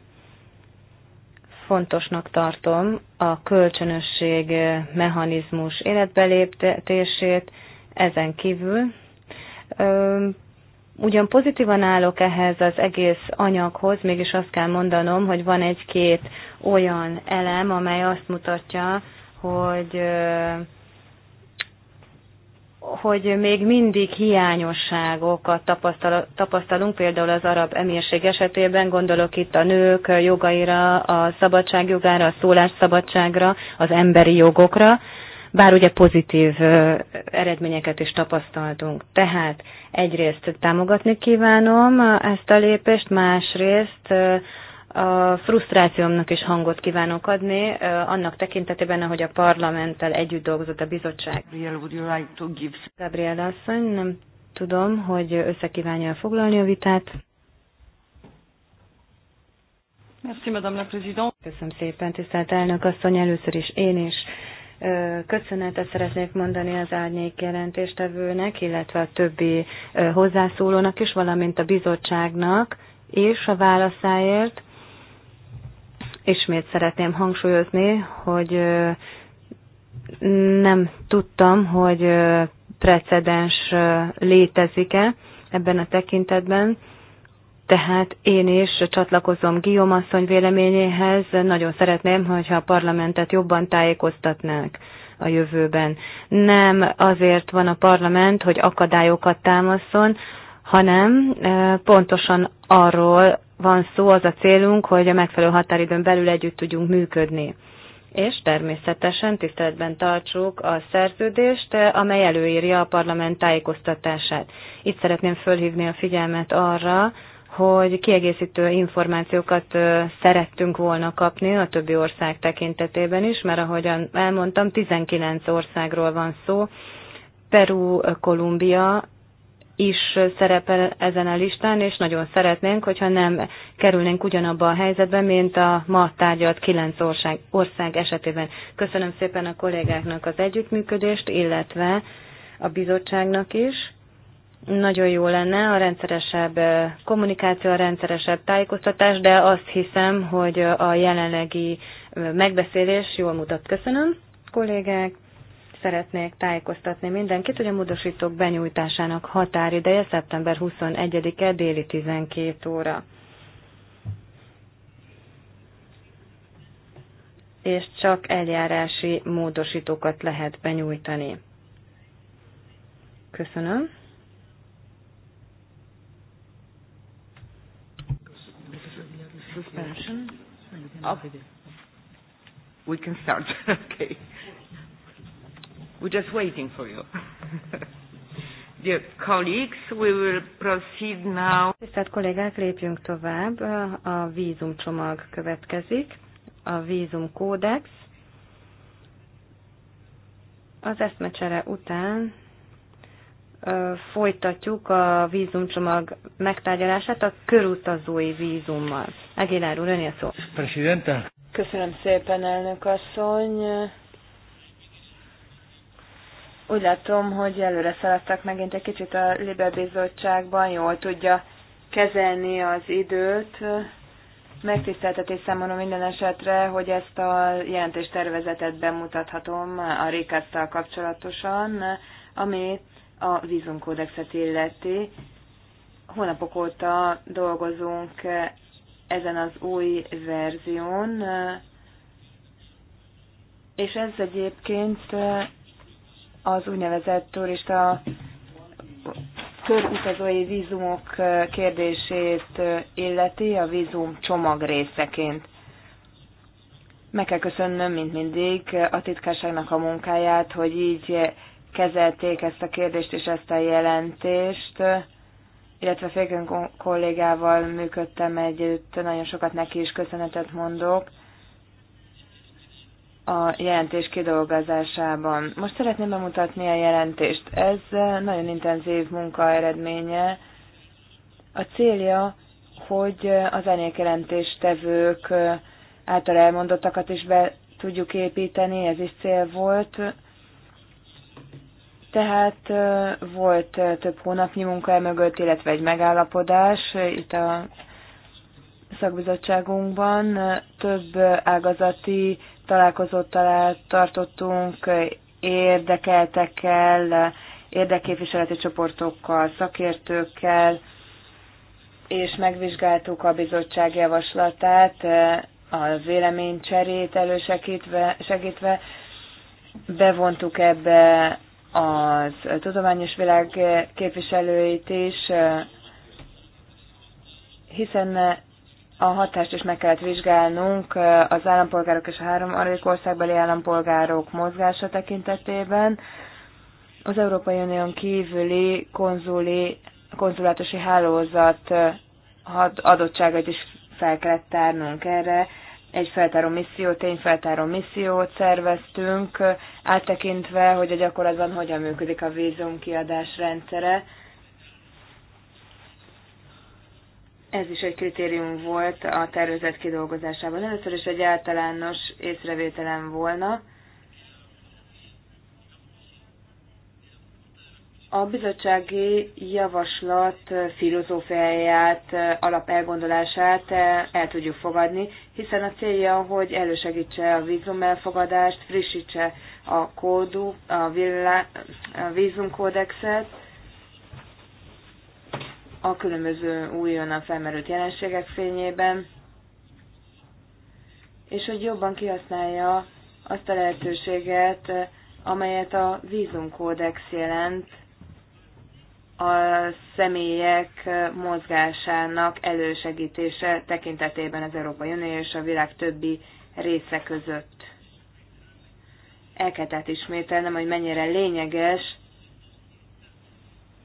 fontosnak tartom a kölcsönösség mechanizmus életbeléptését, ezen kívül ugyan pozitívan állok ehhez az egész anyaghoz, mégis azt kell mondanom, hogy van egy-két olyan elem, amely azt mutatja, hogy hogy még mindig hiányosságokat tapasztal, tapasztalunk, például az arab emírség esetében, gondolok itt a nők jogaira, a szabadságjogára, a szólásszabadságra, az emberi jogokra, bár ugye pozitív eredményeket is tapasztaltunk. Tehát egyrészt támogatni kívánom ezt a lépést, másrészt a frusztrációmnak is hangot kívánok adni, annak tekintetében, ahogy a parlamenttel együtt dolgozott a bizottság. Gabriel, would you like to give... Gabriel asszony, nem tudom, hogy összekívánja foglalni a vitát. Merci, Madame la Présidente. Köszönöm szépen, tisztelt elnök asszony, először is én is köszönetet szeretnék mondani az árnyék jelentéstevőnek, illetve a többi hozzászólónak is, valamint a bizottságnak és a válaszáért. Ismét szeretném hangsúlyozni, hogy nem tudtam, hogy precedens létezik-e ebben a tekintetben, tehát én is csatlakozom Guillaume asszony véleményéhez, nagyon szeretném, hogyha a parlamentet jobban tájékoztatnák a jövőben. Nem azért van a parlament, hogy akadályokat támaszon, hanem pontosan arról van szó, az a célunk, hogy a megfelelő határidőn belül együtt tudjunk működni. És természetesen tiszteletben tartsuk a szerződést, amely előírja a parlament tájékoztatását. Itt szeretném fölhívni a figyelmet arra, hogy kiegészítő információkat szerettünk volna kapni a többi ország tekintetében is, mert ahogyan elmondtam, 19 országról van szó, Peru, Kolumbia, is szerepel ezen a listán, és nagyon szeretnénk, hogyha nem kerülnénk ugyanabba a helyzetbe, mint a ma tárgyalt kilenc ország, ország esetében. Köszönöm szépen a kollégáknak az együttműködést, illetve a bizottságnak is. Nagyon jó lenne a rendszeresebb kommunikáció, a rendszeresebb tájékoztatás, de azt hiszem, hogy a jelenlegi megbeszélés jól mutat. Köszönöm, kollégák! szeretnék tájékoztatni mindenkit, hogy a módosítók benyújtásának határideje szeptember 21-e déli 12 óra. És csak eljárási módosítókat lehet benyújtani. Köszönöm. Suspension. Oh. We can start. okay. We're just waiting for you. Dear colleagues, we will proceed now. Tisztelt kollégák, lépjünk tovább. A vízumcsomag következik, a vízumkódex. Az eszmecsere után folytatjuk a vízumcsomag megtárgyalását a körutazói vízummal. Egélár úr, a szó. Köszönöm szépen, elnök asszony. Úgy látom, hogy előre szaladtak megint egy kicsit a Liberbizottságban, jól tudja kezelni az időt. Megtiszteltetés számomra minden esetre, hogy ezt a jelentéstervezetet bemutathatom a Rékáztal kapcsolatosan, ami a vízumkódexet illeti. Hónapok óta dolgozunk ezen az új verzión, és ez egyébként az úgynevezett turista körutazói vízumok kérdését illeti a vízum csomag részeként. Meg kell köszönnöm, mint mindig, a titkárságnak a munkáját, hogy így kezelték ezt a kérdést és ezt a jelentést, illetve Féken kollégával működtem együtt, nagyon sokat neki is köszönetet mondok, a jelentés kidolgozásában. Most szeretném bemutatni a jelentést. Ez nagyon intenzív munka eredménye. A célja, hogy az tevők által elmondottakat is be tudjuk építeni, ez is cél volt. Tehát volt több hónapnyi munka mögött, illetve egy megállapodás itt a szakbizottságunkban több ágazati találkozót talált, tartottunk érdekeltekkel, érdekképviseleti csoportokkal, szakértőkkel, és megvizsgáltuk a bizottság javaslatát, a véleménycserét elősegítve, segítve, bevontuk ebbe az tudományos világ képviselőit is, hiszen a hatást is meg kellett vizsgálnunk eh, az állampolgárok és a három országbeli állampolgárok mozgása tekintetében. Az Európai Unión kívüli konzuli, konzulátusi hálózat eh, adottságait is fel kellett tárnunk erre. Egy feltáró missziót, tényfeltáró missziót szerveztünk, eh, áttekintve, hogy a gyakorlatban hogyan működik a vízum kiadás rendszere Ez is egy kritérium volt a tervezet kidolgozásában. Először is egy általános észrevételem volna. A bizottsági javaslat filozófiáját, elgondolását el tudjuk fogadni, hiszen a célja, hogy elősegítse a vízum elfogadást, frissítse a, kódu, a, villá, a vízumkódexet, a különböző újonnan felmerült jelenségek fényében, és hogy jobban kihasználja azt a lehetőséget, amelyet a vízumkódex jelent a személyek mozgásának elősegítése tekintetében az Európai Unió és a világ többi része között. El kell tehát ismételnem, hogy mennyire lényeges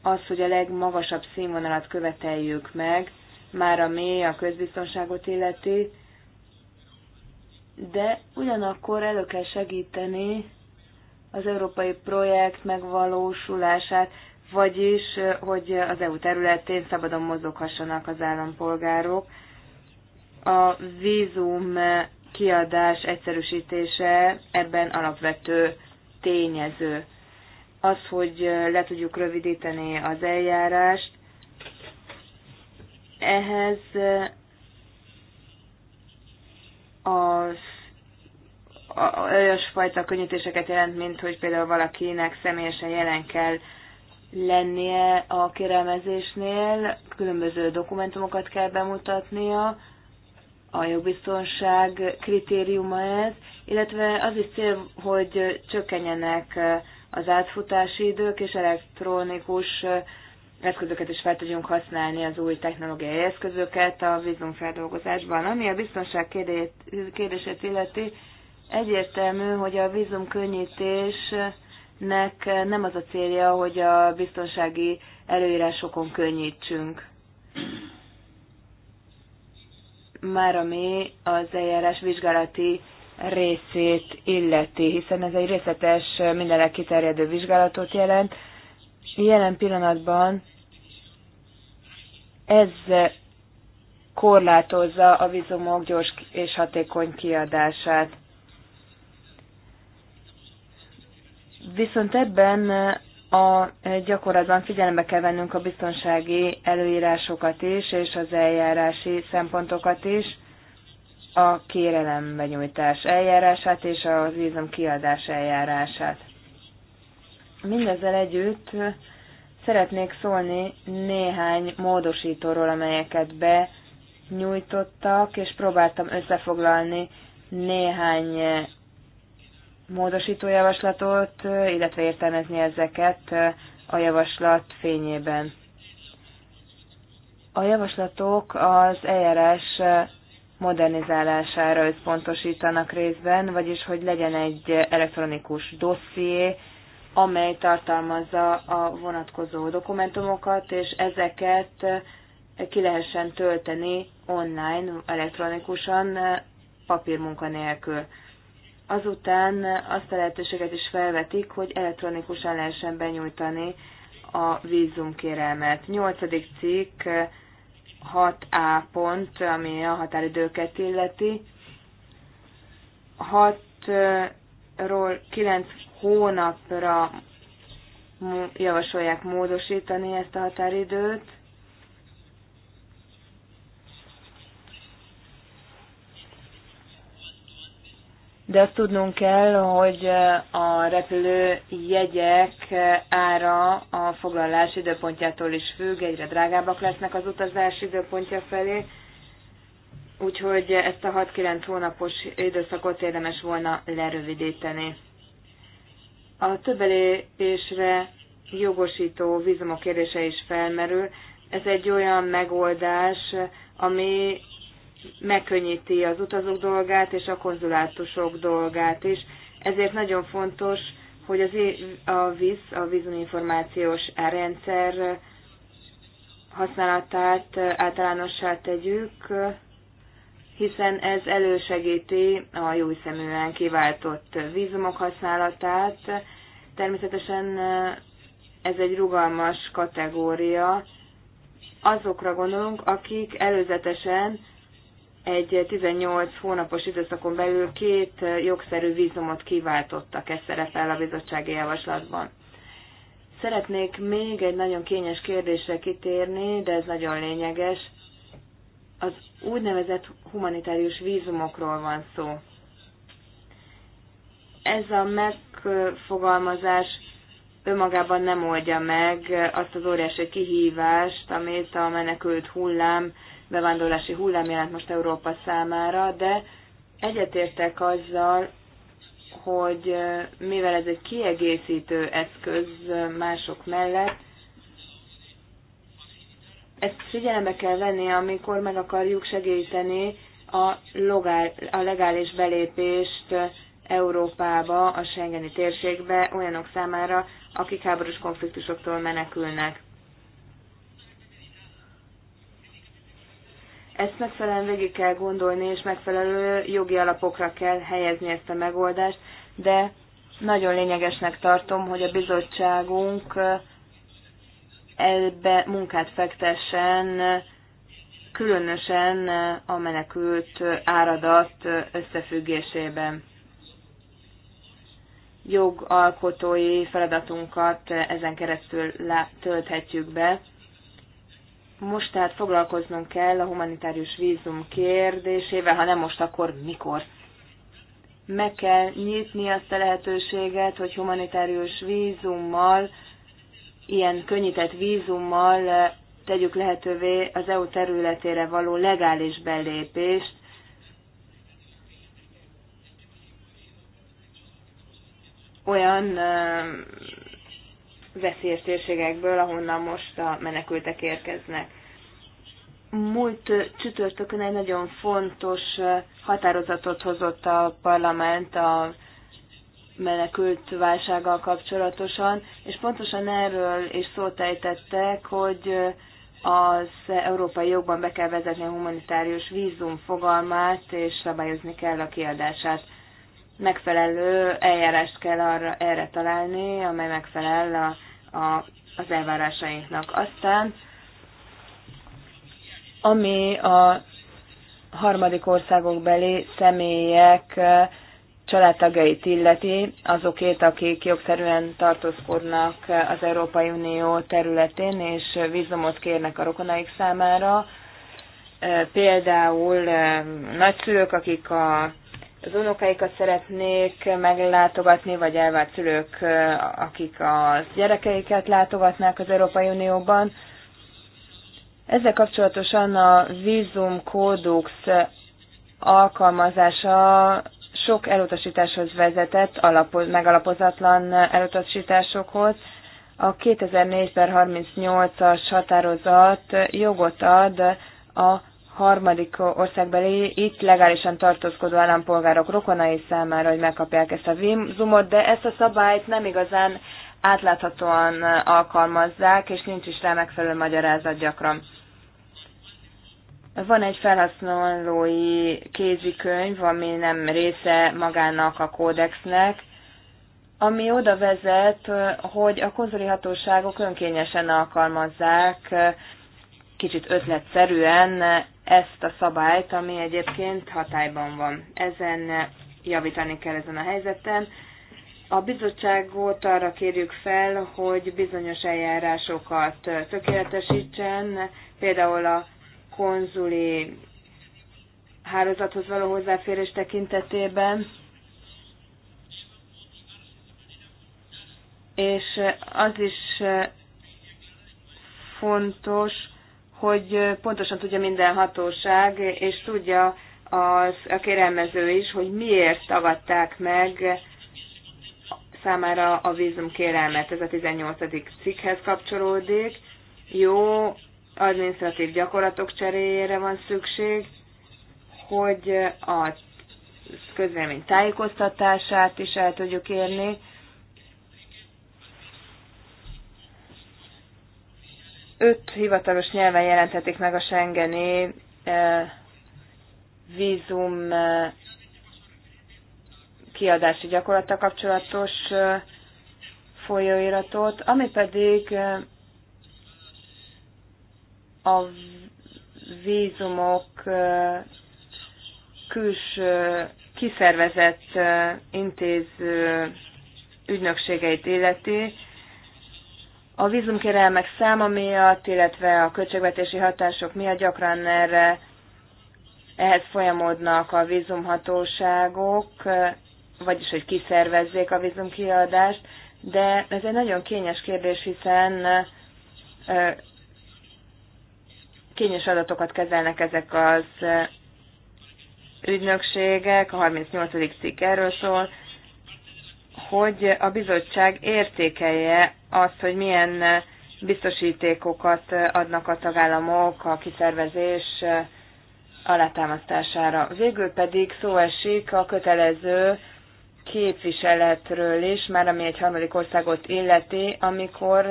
az, hogy a legmagasabb színvonalat követeljük meg, már a mély a közbiztonságot illeti, de ugyanakkor elő kell segíteni az európai projekt megvalósulását, vagyis, hogy az EU területén szabadon mozoghassanak az állampolgárok. A vízum kiadás egyszerűsítése ebben alapvető tényező az, hogy le tudjuk rövidíteni az eljárást. Ehhez az olyasfajta könnyítéseket jelent, mint hogy például valakinek személyesen jelen kell lennie a kérelmezésnél, különböző dokumentumokat kell bemutatnia, a jogbiztonság kritériuma ez, illetve az is cél, hogy csökkenjenek az átfutási idők, és elektronikus eszközöket is fel tudjunk használni, az új technológiai eszközöket a vízumfeldolgozásban. Ami a biztonság kérdését illeti, egyértelmű, hogy a vízumkönnyítésnek nem az a célja, hogy a biztonsági előírásokon könnyítsünk. Már ami az eljárás vizsgálati részét illeti, hiszen ez egy részletes, mindenre kiterjedő vizsgálatot jelent. Jelen pillanatban ez korlátozza a vizumok gyors és hatékony kiadását. Viszont ebben a gyakorlatban figyelembe kell vennünk a biztonsági előírásokat is, és az eljárási szempontokat is a kérelem benyújtás eljárását és az vízum kiadás eljárását. Mindezzel együtt szeretnék szólni néhány módosítóról, amelyeket be nyújtottak, és próbáltam összefoglalni néhány módosítójavaslatot, illetve értelmezni ezeket a javaslat fényében. A javaslatok az eljárás modernizálására összpontosítanak részben, vagyis hogy legyen egy elektronikus dosszié, amely tartalmazza a vonatkozó dokumentumokat, és ezeket ki lehessen tölteni online, elektronikusan, papírmunka nélkül. Azután azt a lehetőséget is felvetik, hogy elektronikusan lehessen benyújtani a vízumkérelmet. Nyolcadik cikk 6A pont, ami a határidőket illeti. 6-ról 9 hónapra javasolják módosítani ezt a határidőt. de azt tudnunk kell, hogy eh, a repülő jegyek eh, ára a foglalás időpontjától is függ, egyre drágábbak lesznek az utazás időpontja felé, úgyhogy ezt a 6-9 hónapos időszakot érdemes volna lerövidíteni. A többelésre jogosító vízumok kérdése is felmerül. Ez egy olyan megoldás, ami megkönnyíti az utazók dolgát és a konzulátusok dolgát is. Ezért nagyon fontos, hogy az, a víz, a vízuminformációs rendszer használatát általánossá tegyük, hiszen ez elősegíti a jó szeműen kiváltott vízumok használatát. Természetesen ez egy rugalmas kategória. Azokra gondolunk, akik előzetesen egy 18 hónapos időszakon belül két jogszerű vízumot kiváltottak, ez szerepel a bizottsági javaslatban. Szeretnék még egy nagyon kényes kérdésre kitérni, de ez nagyon lényeges. Az úgynevezett humanitárius vízumokról van szó. Ez a megfogalmazás önmagában nem oldja meg azt az óriási kihívást, amit a menekült hullám bevándorlási hullám jelent most Európa számára, de egyetértek azzal, hogy mivel ez egy kiegészítő eszköz mások mellett, ezt figyelembe kell venni, amikor meg akarjuk segíteni a, logál, a legális belépést Európába, a Schengeni térségbe olyanok számára, akik háborús konfliktusoktól menekülnek. Ezt megfelelően végig kell gondolni, és megfelelő jogi alapokra kell helyezni ezt a megoldást, de nagyon lényegesnek tartom, hogy a bizottságunk ebbe munkát fektessen, különösen a menekült áradat összefüggésében. Jogalkotói feladatunkat ezen keresztül tölthetjük be, most tehát foglalkoznunk kell a humanitárius vízum kérdésével, ha nem most, akkor mikor? Meg kell nyitni azt a lehetőséget, hogy humanitárius vízummal, ilyen könnyített vízummal eh, tegyük lehetővé az EU területére való legális belépést, olyan eh, veszélyes térségekből, ahonnan most a menekültek érkeznek. Múlt csütörtökön egy nagyon fontos határozatot hozott a parlament a menekült válsággal kapcsolatosan, és pontosan erről is szót ejtettek, hogy az európai jogban be kell vezetni a humanitárius vízum fogalmát, és szabályozni kell a kiadását. Megfelelő eljárást kell arra, erre találni, amely megfelel a a, az elvárásainknak. Aztán, ami a harmadik országok beli személyek családtagjait illeti, azokért, akik jogszerűen tartózkodnak az Európai Unió területén, és vízumot kérnek a rokonaik számára. Például nagyszülők, akik a az unokáikat szeretnék meglátogatni, vagy elvált szülők, akik a gyerekeiket látogatnák az Európai Unióban. Ezzel kapcsolatosan a vízumkódux alkalmazása sok elutasításhoz vezetett, alapoz, megalapozatlan elutasításokhoz. A 2004-38-as határozat jogot ad a harmadik országbeli, itt legálisan tartózkodó állampolgárok rokonai számára, hogy megkapják ezt a vízumot, de ezt a szabályt nem igazán átláthatóan alkalmazzák, és nincs is rá megfelelő magyarázat gyakran. Van egy felhasználói kézikönyv, ami nem része magának a kódexnek, ami oda vezet, hogy a konzuli hatóságok önkényesen alkalmazzák kicsit ötletszerűen ezt a szabályt, ami egyébként hatályban van. Ezen javítani kell ezen a helyzeten. A bizottságot arra kérjük fel, hogy bizonyos eljárásokat tökéletesítsen, például a konzuli hálózathoz való hozzáférés tekintetében, és az is fontos, hogy pontosan tudja minden hatóság, és tudja az, a kérelmező is, hogy miért tagadták meg számára a vízum kérelmet. Ez a 18. cikkhez kapcsolódik. Jó administratív gyakorlatok cseréjére van szükség, hogy a közvélemény tájékoztatását is el tudjuk érni, öt hivatalos nyelven jelenthetik meg a Schengeni eh, vízum eh, kiadási gyakorlata kapcsolatos eh, folyóiratot, ami pedig a vízumok külső kiszervezett intéző ügynökségeit illeti, a vízumkérelmek száma miatt, illetve a költségvetési hatások miatt gyakran erre ehhez folyamodnak a vízumhatóságok, vagyis hogy kiszervezzék a vízumkiadást, de ez egy nagyon kényes kérdés, hiszen kényes adatokat kezelnek ezek az ügynökségek, a 38. cikk erről szól, hogy a bizottság értékelje azt, hogy milyen biztosítékokat adnak a tagállamok a kiszervezés alátámasztására. Végül pedig szó esik a kötelező képviseletről is, már ami egy harmadik országot illeti, amikor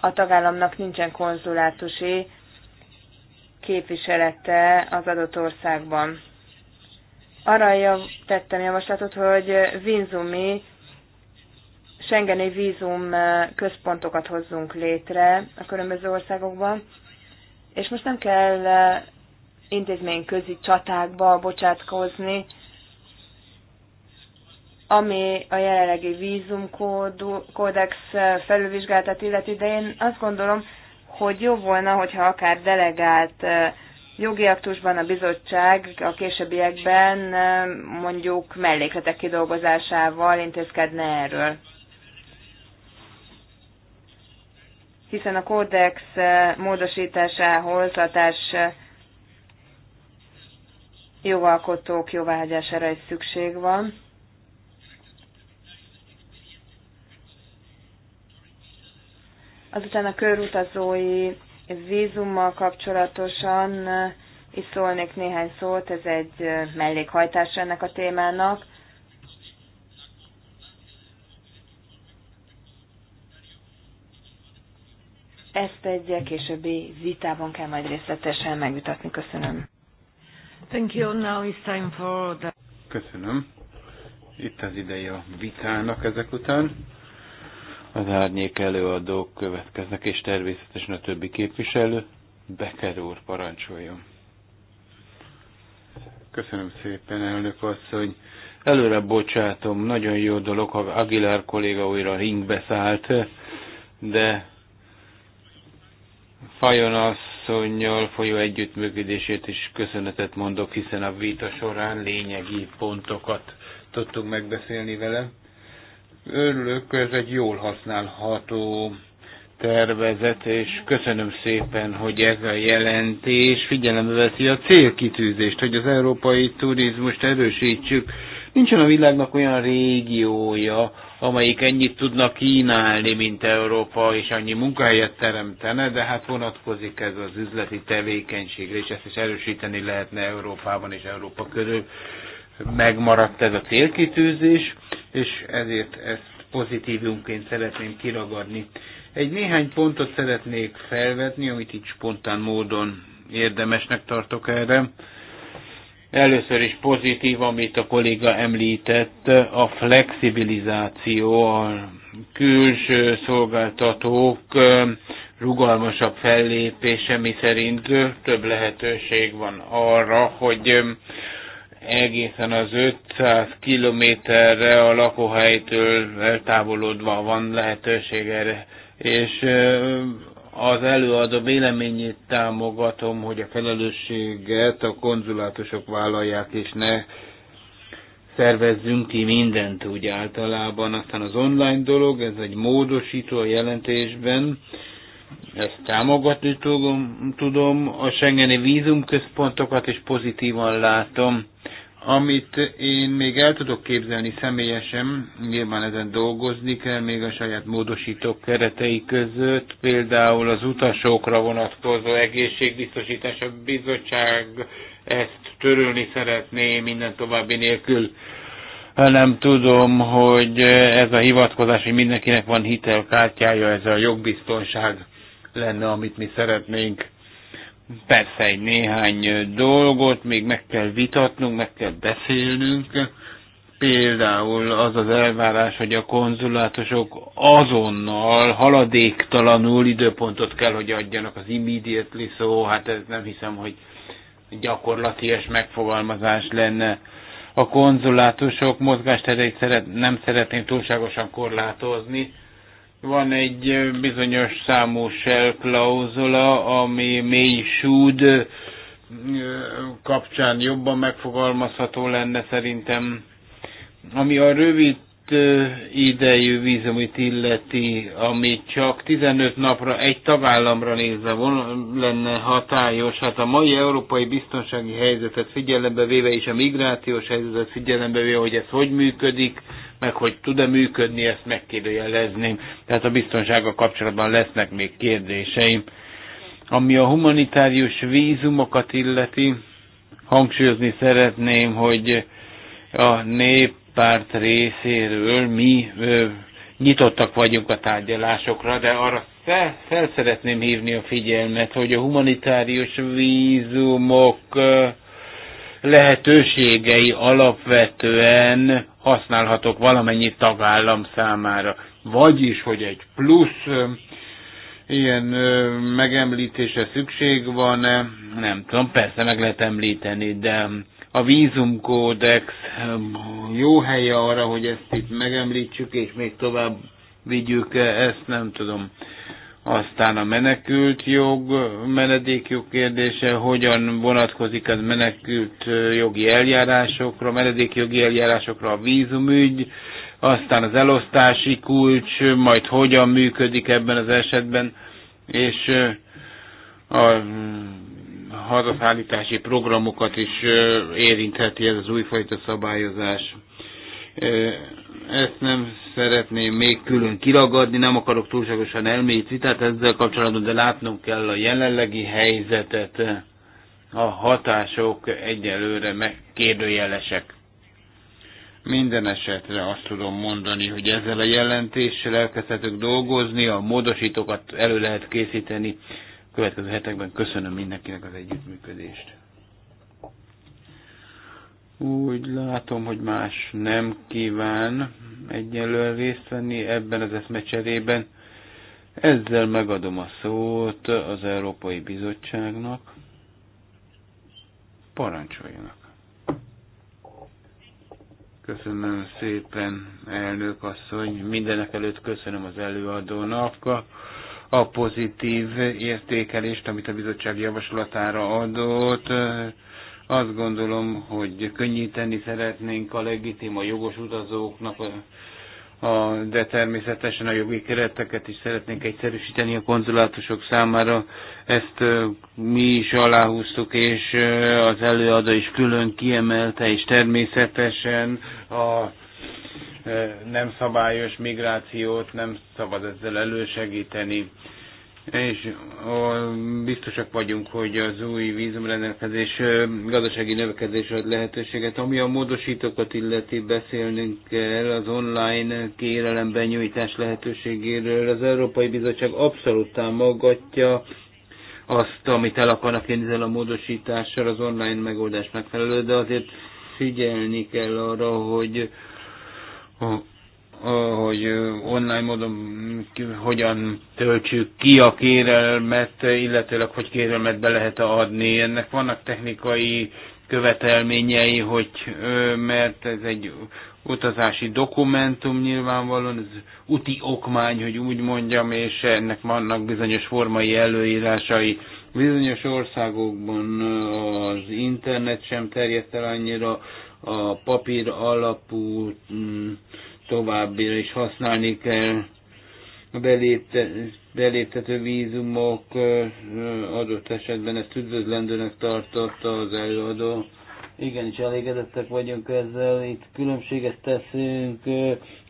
a tagállamnak nincsen konzulátusi képviselete az adott országban. Arra tettem javaslatot, hogy vinzumi Schengeni vízum eh, központokat hozzunk létre a különböző országokban, és most nem kell eh, intézményközi csatákba bocsátkozni, ami a jelenlegi vízumkódex eh, felülvizsgálatát illeti, de én azt gondolom, hogy jó volna, hogyha akár delegált jogi aktusban a bizottság a későbbiekben mondjuk mellékletek kidolgozásával intézkedne erről. hiszen a kódex eh, módosításához a társ eh, jogalkotók jóváhagyására is szükség van. Azután a körutazói vízummal kapcsolatosan eh, is szólnék néhány szót, ez egy mellékhajtás ennek a témának. ezt egy későbbi vitában kell majd részletesen megvitatni. Köszönöm. Thank you. Now it's time for the... Köszönöm. Itt az ideje a vitának ezek után. Az árnyék előadók következnek, és természetesen a többi képviselő. Becker úr, parancsoljon. Köszönöm szépen, elnök asszony. Előre bocsátom, nagyon jó dolog, ha Aguilar kolléga újra ringbe szállt, de Fajon asszonynal folyó együttműködését is köszönetet mondok, hiszen a vita során lényegi pontokat tudtunk megbeszélni vele. Örülök, ez egy jól használható tervezet, és köszönöm szépen, hogy ez a jelentés figyelembe veszi a célkitűzést, hogy az európai turizmust erősítsük. Nincsen a világnak olyan régiója, amelyik ennyit tudna kínálni, mint Európa, és annyi munkahelyet teremtene, de hát vonatkozik ez az üzleti tevékenységre, és ezt is erősíteni lehetne Európában és Európa körül. Megmaradt ez a célkitűzés, és ezért ezt pozitívunként szeretném kiragadni. Egy néhány pontot szeretnék felvetni, amit így spontán módon érdemesnek tartok erre. Először is pozitív, amit a kolléga említett, a flexibilizáció, a külső szolgáltatók rugalmasabb fellépése, mi szerint több lehetőség van arra, hogy egészen az 500 kilométerre a lakóhelytől eltávolodva van lehetőség erre. És az előadó véleményét támogatom, hogy a felelősséget a konzulátusok vállalják, és ne szervezzünk ki mindent úgy általában. Aztán az online dolog, ez egy módosító a jelentésben, ezt támogatni tudom, a Schengeni vízumközpontokat is pozitívan látom. Amit én még el tudok képzelni személyesen, nyilván ezen dolgozni kell, még a saját módosítók keretei között, például az utasokra vonatkozó egészségbiztosítás, a bizottság ezt törölni szeretné minden további nélkül. Nem tudom, hogy ez a hivatkozás, hogy mindenkinek van hitelkártyája, ez a jogbiztonság lenne, amit mi szeretnénk Persze egy néhány dolgot még meg kell vitatnunk, meg kell beszélnünk. Például az az elvárás, hogy a konzulátusok azonnal, haladéktalanul időpontot kell, hogy adjanak az immediately szó, hát ez nem hiszem, hogy gyakorlatias megfogalmazás lenne. A konzulátusok mozgásterét szeret, nem szeretném túlságosan korlátozni, van egy bizonyos számú shell klauzula, ami mély súd kapcsán jobban megfogalmazható lenne szerintem. Ami a rövid idejű vízumit illeti, ami csak 15 napra egy tagállamra nézve von, lenne hatályos, hát a mai európai biztonsági helyzetet figyelembe véve és a migrációs helyzetet figyelembe véve, hogy ez hogy működik, meg hogy tud-e működni, ezt megkérdőjelezném. Tehát a biztonsága kapcsolatban lesznek még kérdéseim. Ami a humanitárius vízumokat illeti, hangsúlyozni szeretném, hogy a nép párt részéről mi ö, nyitottak vagyunk a tárgyalásokra, de arra fel, fel szeretném hívni a figyelmet, hogy a humanitárius vízumok ö, lehetőségei alapvetően használhatók valamennyi tagállam számára. Vagyis, hogy egy plusz ö, ilyen ö, megemlítése szükség van, nem tudom, persze meg lehet említeni, de a vízumkódex hm, jó helye arra, hogy ezt itt megemlítsük, és még tovább vigyük, ezt nem tudom. Aztán a menekült jog, menedékjog kérdése, hogyan vonatkozik az menekült jogi eljárásokra, menedékjogi eljárásokra a vízumügy, aztán az elosztási kulcs, majd hogyan működik ebben az esetben, és a hm, hazaszállítási programokat is érintheti ez az újfajta szabályozás. Ezt nem szeretném még külön kiragadni, nem akarok túlságosan elmélyít vitát ezzel kapcsolatban, de látnunk kell a jelenlegi helyzetet. A hatások egyelőre megkérdőjelesek. Minden esetre azt tudom mondani, hogy ezzel a jelentéssel elkezdhetünk dolgozni, a módosítókat elő lehet készíteni, következő hetekben köszönöm mindenkinek az együttműködést. Úgy látom, hogy más nem kíván egyenlően részt venni ebben az eszmecserében. Ezzel megadom a szót az Európai Bizottságnak. Parancsoljanak. Köszönöm szépen, elnök asszony. Mindenek előtt köszönöm az előadónak a pozitív értékelést, amit a bizottság javaslatára adott. Azt gondolom, hogy könnyíteni szeretnénk a legitim, a jogos utazóknak, a, de természetesen a jogi kereteket is szeretnénk egyszerűsíteni a konzulátusok számára. Ezt mi is aláhúztuk, és az előadó is külön kiemelte, és természetesen a nem szabályos migrációt nem szabad ezzel elősegíteni. És biztosak vagyunk, hogy az új vízumrendelkezés gazdasági növekedés ad lehetőséget. Ami a módosítókat illeti, beszélnünk kell az online kérelemben nyújtás lehetőségéről. Az Európai Bizottság abszolút támogatja azt, amit el akarnak én ezzel a módosítással, az online megoldás megfelelő, de azért figyelni kell arra, hogy hogy online módon hogyan töltsük ki a kérelmet, illetőleg hogy kérelmet be lehet adni. Ennek vannak technikai követelményei, hogy mert ez egy utazási dokumentum nyilvánvalóan, ez úti okmány, hogy úgy mondjam, és ennek vannak bizonyos formai előírásai. Bizonyos országokban az internet sem terjedt el annyira, a papír alapú mm, továbbra is használni kell a beléptető vízumok adott esetben ezt üdvözlendőnek tartotta az előadó. Igenis elégedettek vagyunk ezzel, itt különbséget teszünk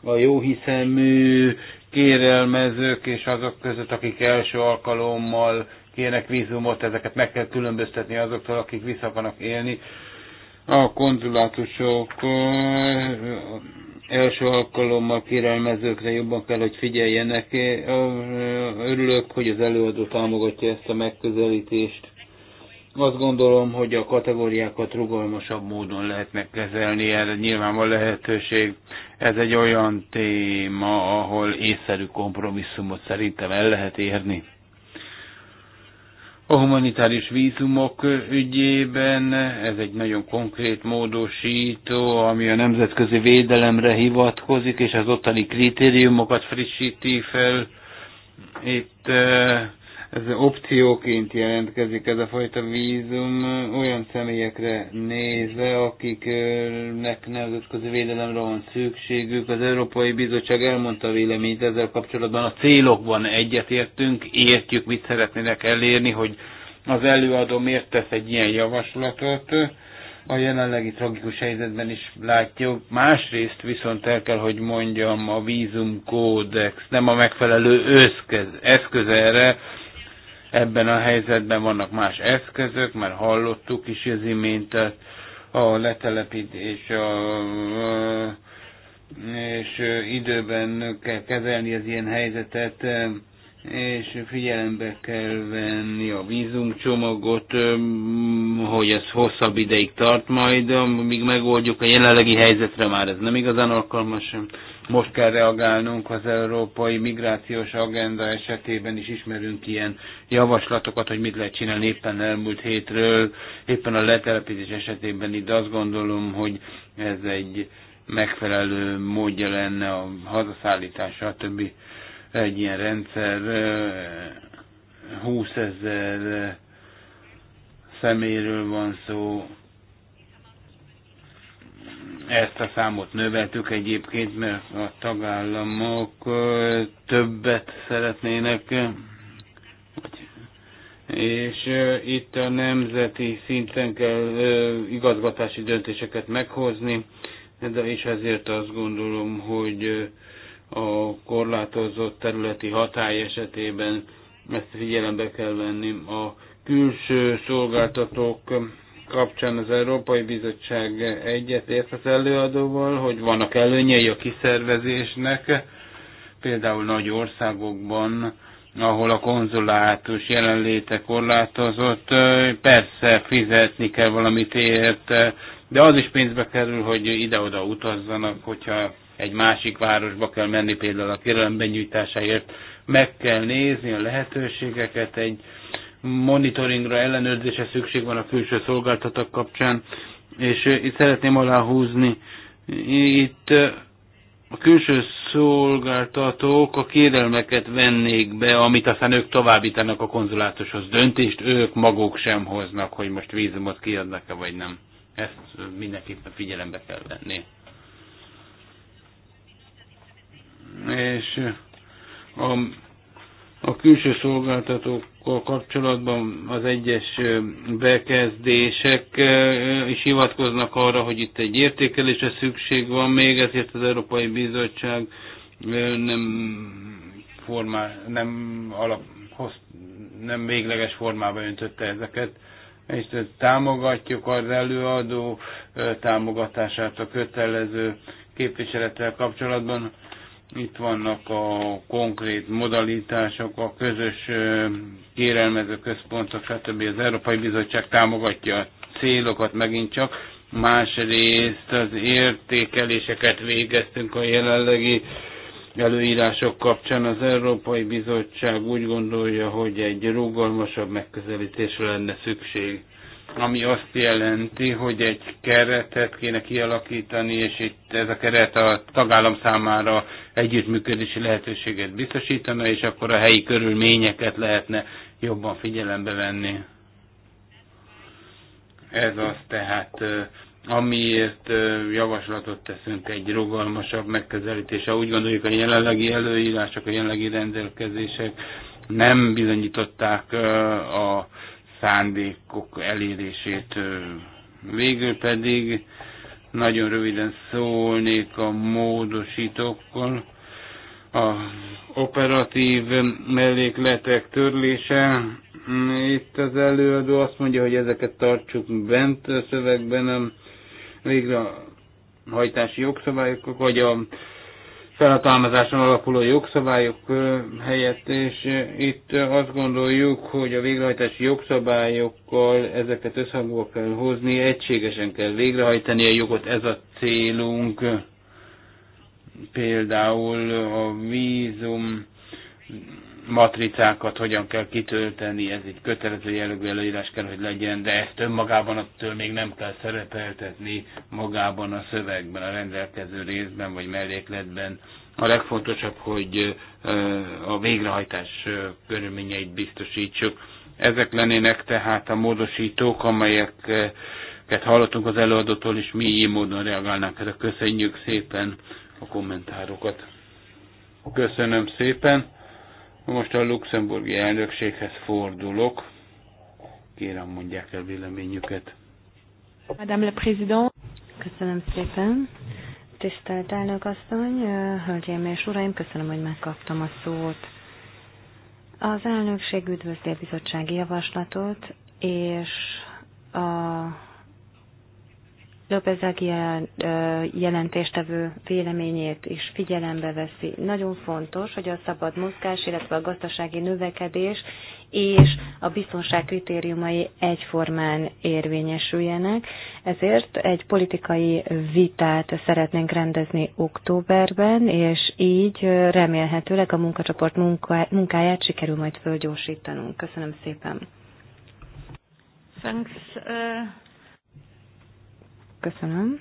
a jóhiszemű kérelmezők és azok között, akik első alkalommal kérnek vízumot, ezeket meg kell különböztetni azoktól, akik vissza akarnak élni a konzulátusok első alkalommal kérelmezőkre jobban kell, hogy figyeljenek. Örülök, hogy az előadó támogatja ezt a megközelítést. Azt gondolom, hogy a kategóriákat rugalmasabb módon lehet megkezelni, erre nyilván van lehetőség. Ez egy olyan téma, ahol észszerű kompromisszumot szerintem el lehet érni. A humanitáris vízumok ügyében ez egy nagyon konkrét módosító, ami a nemzetközi védelemre hivatkozik, és az ottani kritériumokat frissíti fel. Itt eh, ez opcióként jelentkezik ez a fajta vízum olyan személyekre nézve, akiknek nemzetközi védelemre van szükségük. Az Európai Bizottság elmondta véleményt ezzel kapcsolatban. A célokban egyetértünk, értjük, mit szeretnének elérni, hogy az előadó miért tesz egy ilyen javaslatot. A jelenlegi tragikus helyzetben is látjuk. Másrészt viszont el kell, hogy mondjam, a vízumkódex nem a megfelelő eszköz, eszköz erre, ebben a helyzetben vannak más eszközök, mert hallottuk is az imént a letelepítés, a, és időben kell kezelni az ilyen helyzetet, és figyelembe kell venni a vízumcsomagot, hogy ez hosszabb ideig tart majd, amíg megoldjuk a jelenlegi helyzetre már ez nem igazán alkalmas most kell reagálnunk az európai migrációs agenda esetében is ismerünk ilyen javaslatokat, hogy mit lehet csinálni éppen elmúlt hétről, éppen a letelepítés esetében itt azt gondolom, hogy ez egy megfelelő módja lenne a hazaszállítása, a többi egy ilyen rendszer 20 ezer szeméről van szó, ezt a számot növeltük egyébként, mert a tagállamok többet szeretnének, és itt a nemzeti szinten kell igazgatási döntéseket meghozni, de és ezért azt gondolom, hogy a korlátozott területi hatály esetében ezt figyelembe kell venni. A külső szolgáltatók kapcsán az Európai Bizottság egyetért az előadóval, hogy vannak előnyei a kiszervezésnek, például nagy országokban, ahol a konzulátus jelenléte korlátozott, persze fizetni kell valamit érte, de az is pénzbe kerül, hogy ide-oda utazzanak, hogyha egy másik városba kell menni például a kérelem benyújtásáért, meg kell nézni a lehetőségeket, egy monitoringra, ellenőrzése szükség van a külső szolgáltatók kapcsán, és eh, itt szeretném aláhúzni, itt eh, a külső szolgáltatók a kérelmeket vennék be, amit aztán ők továbbítanak a konzulátushoz. Döntést ők maguk sem hoznak, hogy most vízumot kiadnak-e vagy nem. Ezt mindenképpen figyelembe kell venni. És eh, a, a külső szolgáltatók alapokkal kapcsolatban az egyes bekezdések is hivatkoznak arra, hogy itt egy értékelésre szükség van még, ezért az Európai Bizottság nem formá, nem alap, nem végleges formába öntötte ezeket, és támogatjuk az előadó támogatását a kötelező képviselettel kapcsolatban. Itt vannak a konkrét modalitások, a közös kérelmező központok, stb. Az Európai Bizottság támogatja a célokat megint csak. Másrészt az értékeléseket végeztünk a jelenlegi előírások kapcsán az Európai Bizottság úgy gondolja, hogy egy rugalmasabb megközelítésre lenne szükség ami azt jelenti, hogy egy keretet kéne kialakítani, és itt ez a keret a tagállam számára együttműködési lehetőséget biztosítana, és akkor a helyi körülményeket lehetne jobban figyelembe venni. Ez az tehát, amiért javaslatot teszünk egy rugalmasabb megközelítése. Úgy gondoljuk, a jelenlegi előírások, a jelenlegi rendelkezések nem bizonyították a szándékok elérését. Végül pedig nagyon röviden szólnék a módosítókkal. A operatív mellékletek törlése. Itt az előadó azt mondja, hogy ezeket tartsuk bent a szövegben, végre hajtási jogszabályok, vagy a felhatalmazáson alapuló jogszabályok helyett, és itt azt gondoljuk, hogy a végrehajtási jogszabályokkal ezeket összhangba kell hozni, egységesen kell végrehajtani a jogot, ez a célunk. Például a vízum matricákat hogyan kell kitölteni, ez egy kötelező jellegű előírás kell, hogy legyen, de ezt önmagában attól még nem kell szerepeltetni magában a szövegben, a rendelkező részben vagy mellékletben. A legfontosabb, hogy a végrehajtás körülményeit biztosítsuk. Ezek lennének tehát a módosítók, amelyeket hallottunk az előadótól, és mi így módon reagálnánk. Erre hát, köszönjük szépen a kommentárokat. Köszönöm szépen! Most a luxemburgi elnökséghez fordulok. Kérem, mondják el véleményüket. Madame la Président. Köszönöm szépen. Tisztelt elnök asszony, hölgyeim és uraim, köszönöm, hogy megkaptam a szót. Az elnökség üdvözli a bizottsági javaslatot, és a López Aguilar jelentéstevő véleményét is figyelembe veszi. Nagyon fontos, hogy a szabad mozgás, illetve a gazdasági növekedés és a biztonság kritériumai egyformán érvényesüljenek. Ezért egy politikai vitát szeretnénk rendezni októberben, és így remélhetőleg a munkacsoport munkáját sikerül majd fölgyorsítanunk. Köszönöm szépen. Thanks. Uh... Köszönöm.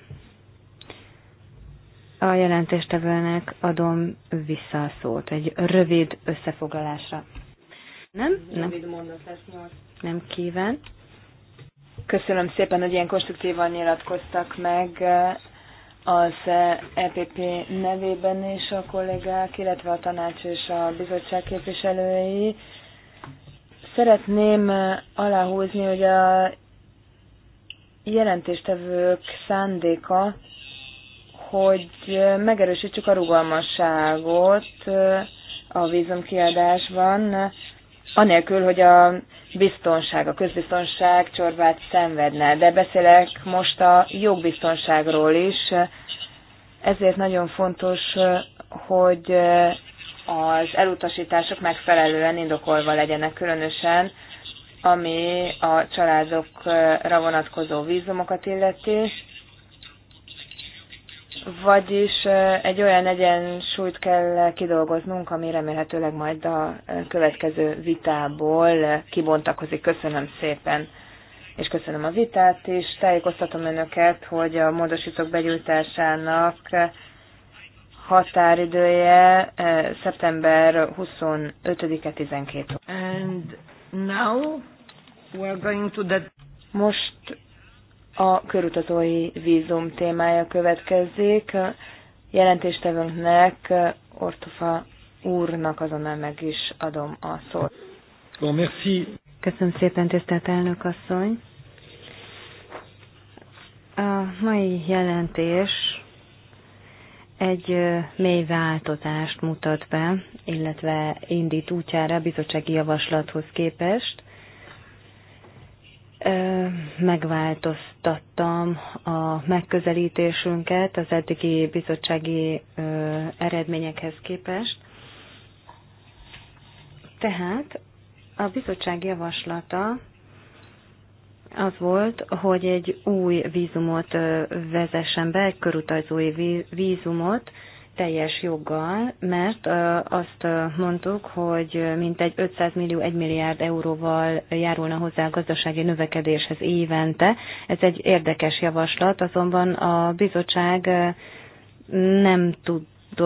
A jelentéstevőnek adom vissza a szót egy rövid összefoglalásra. Nem? Nem. Nem kíván. Köszönöm szépen, hogy ilyen konstruktívan nyilatkoztak meg eh, az EPP nevében és a kollégák, illetve a tanács és a bizottság képviselői. Szeretném eh, aláhúzni, hogy a jelentéstevők szándéka, hogy megerősítsük a rugalmasságot eh, a vízumkiadásban, anélkül, hogy a biztonság, a közbiztonság csorbát szenvedne. De beszélek most a jogbiztonságról is, ezért nagyon fontos, hogy az elutasítások megfelelően indokolva legyenek, különösen ami a családokra vonatkozó vízumokat illeti, vagyis egy olyan egyensúlyt kell kidolgoznunk, ami remélhetőleg majd a következő vitából kibontakozik. Köszönöm szépen, és köszönöm a vitát, és tájékoztatom önöket, hogy a módosítók begyújtásának határidője szeptember 25-e 12 And Now we are going to the... Most a körutazói vízum témája következik. Jelentéstevőnknek, Ortofa úrnak azonnal meg is adom a szót. Bon, merci. Köszönöm szépen, tisztelt elnök asszony. A mai jelentés egy mély változást mutat be, illetve indít útjára a bizottsági javaslathoz képest. Megváltoztattam a megközelítésünket az eddigi bizottsági eredményekhez képest. Tehát a bizottság javaslata az volt, hogy egy új vízumot vezessen be, egy körutazói vízumot teljes joggal, mert azt mondtuk, hogy mintegy 500 millió 1 milliárd euróval járulna hozzá a gazdasági növekedéshez évente. Ez egy érdekes javaslat, azonban a bizottság nem, tud,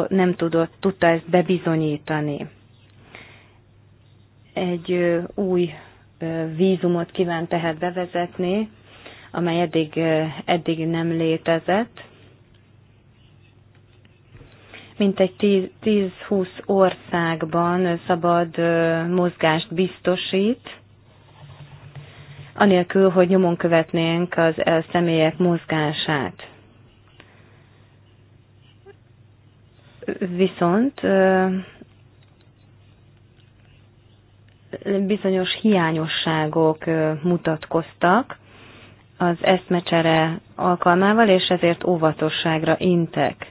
nem tudott, tudta ezt bebizonyítani. Egy új vízumot kíván tehát bevezetni, amely eddig, eddig nem létezett. Mintegy 10-20 országban szabad mozgást biztosít, anélkül, hogy nyomon követnénk az személyek mozgását. Viszont bizonyos hiányosságok mutatkoztak az eszmecsere alkalmával, és ezért óvatosságra intek.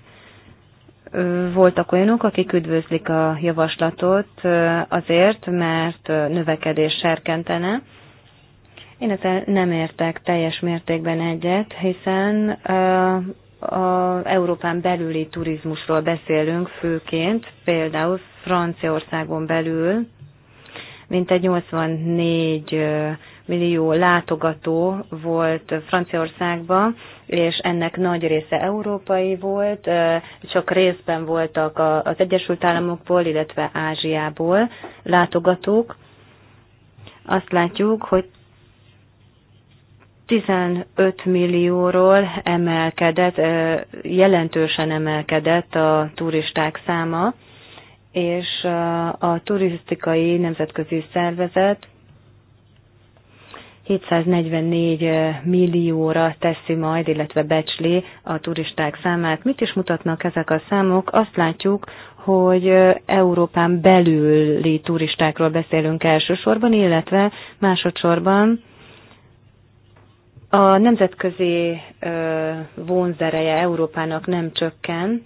Voltak olyanok, akik üdvözlik a javaslatot azért, mert növekedés serkentene. Én ezzel nem értek teljes mértékben egyet, hiszen a Európán belüli turizmusról beszélünk főként, például Franciaországon belül, mintegy 84 millió látogató volt Franciaországban, és ennek nagy része európai volt, csak részben voltak az Egyesült Államokból, illetve Ázsiából látogatók. Azt látjuk, hogy 15 millióról emelkedett, jelentősen emelkedett a turisták száma és a turisztikai nemzetközi szervezet 744 millióra teszi majd, illetve becsli a turisták számát. Mit is mutatnak ezek a számok? Azt látjuk, hogy Európán belüli turistákról beszélünk elsősorban, illetve másodszorban a nemzetközi vonzereje Európának nem csökken,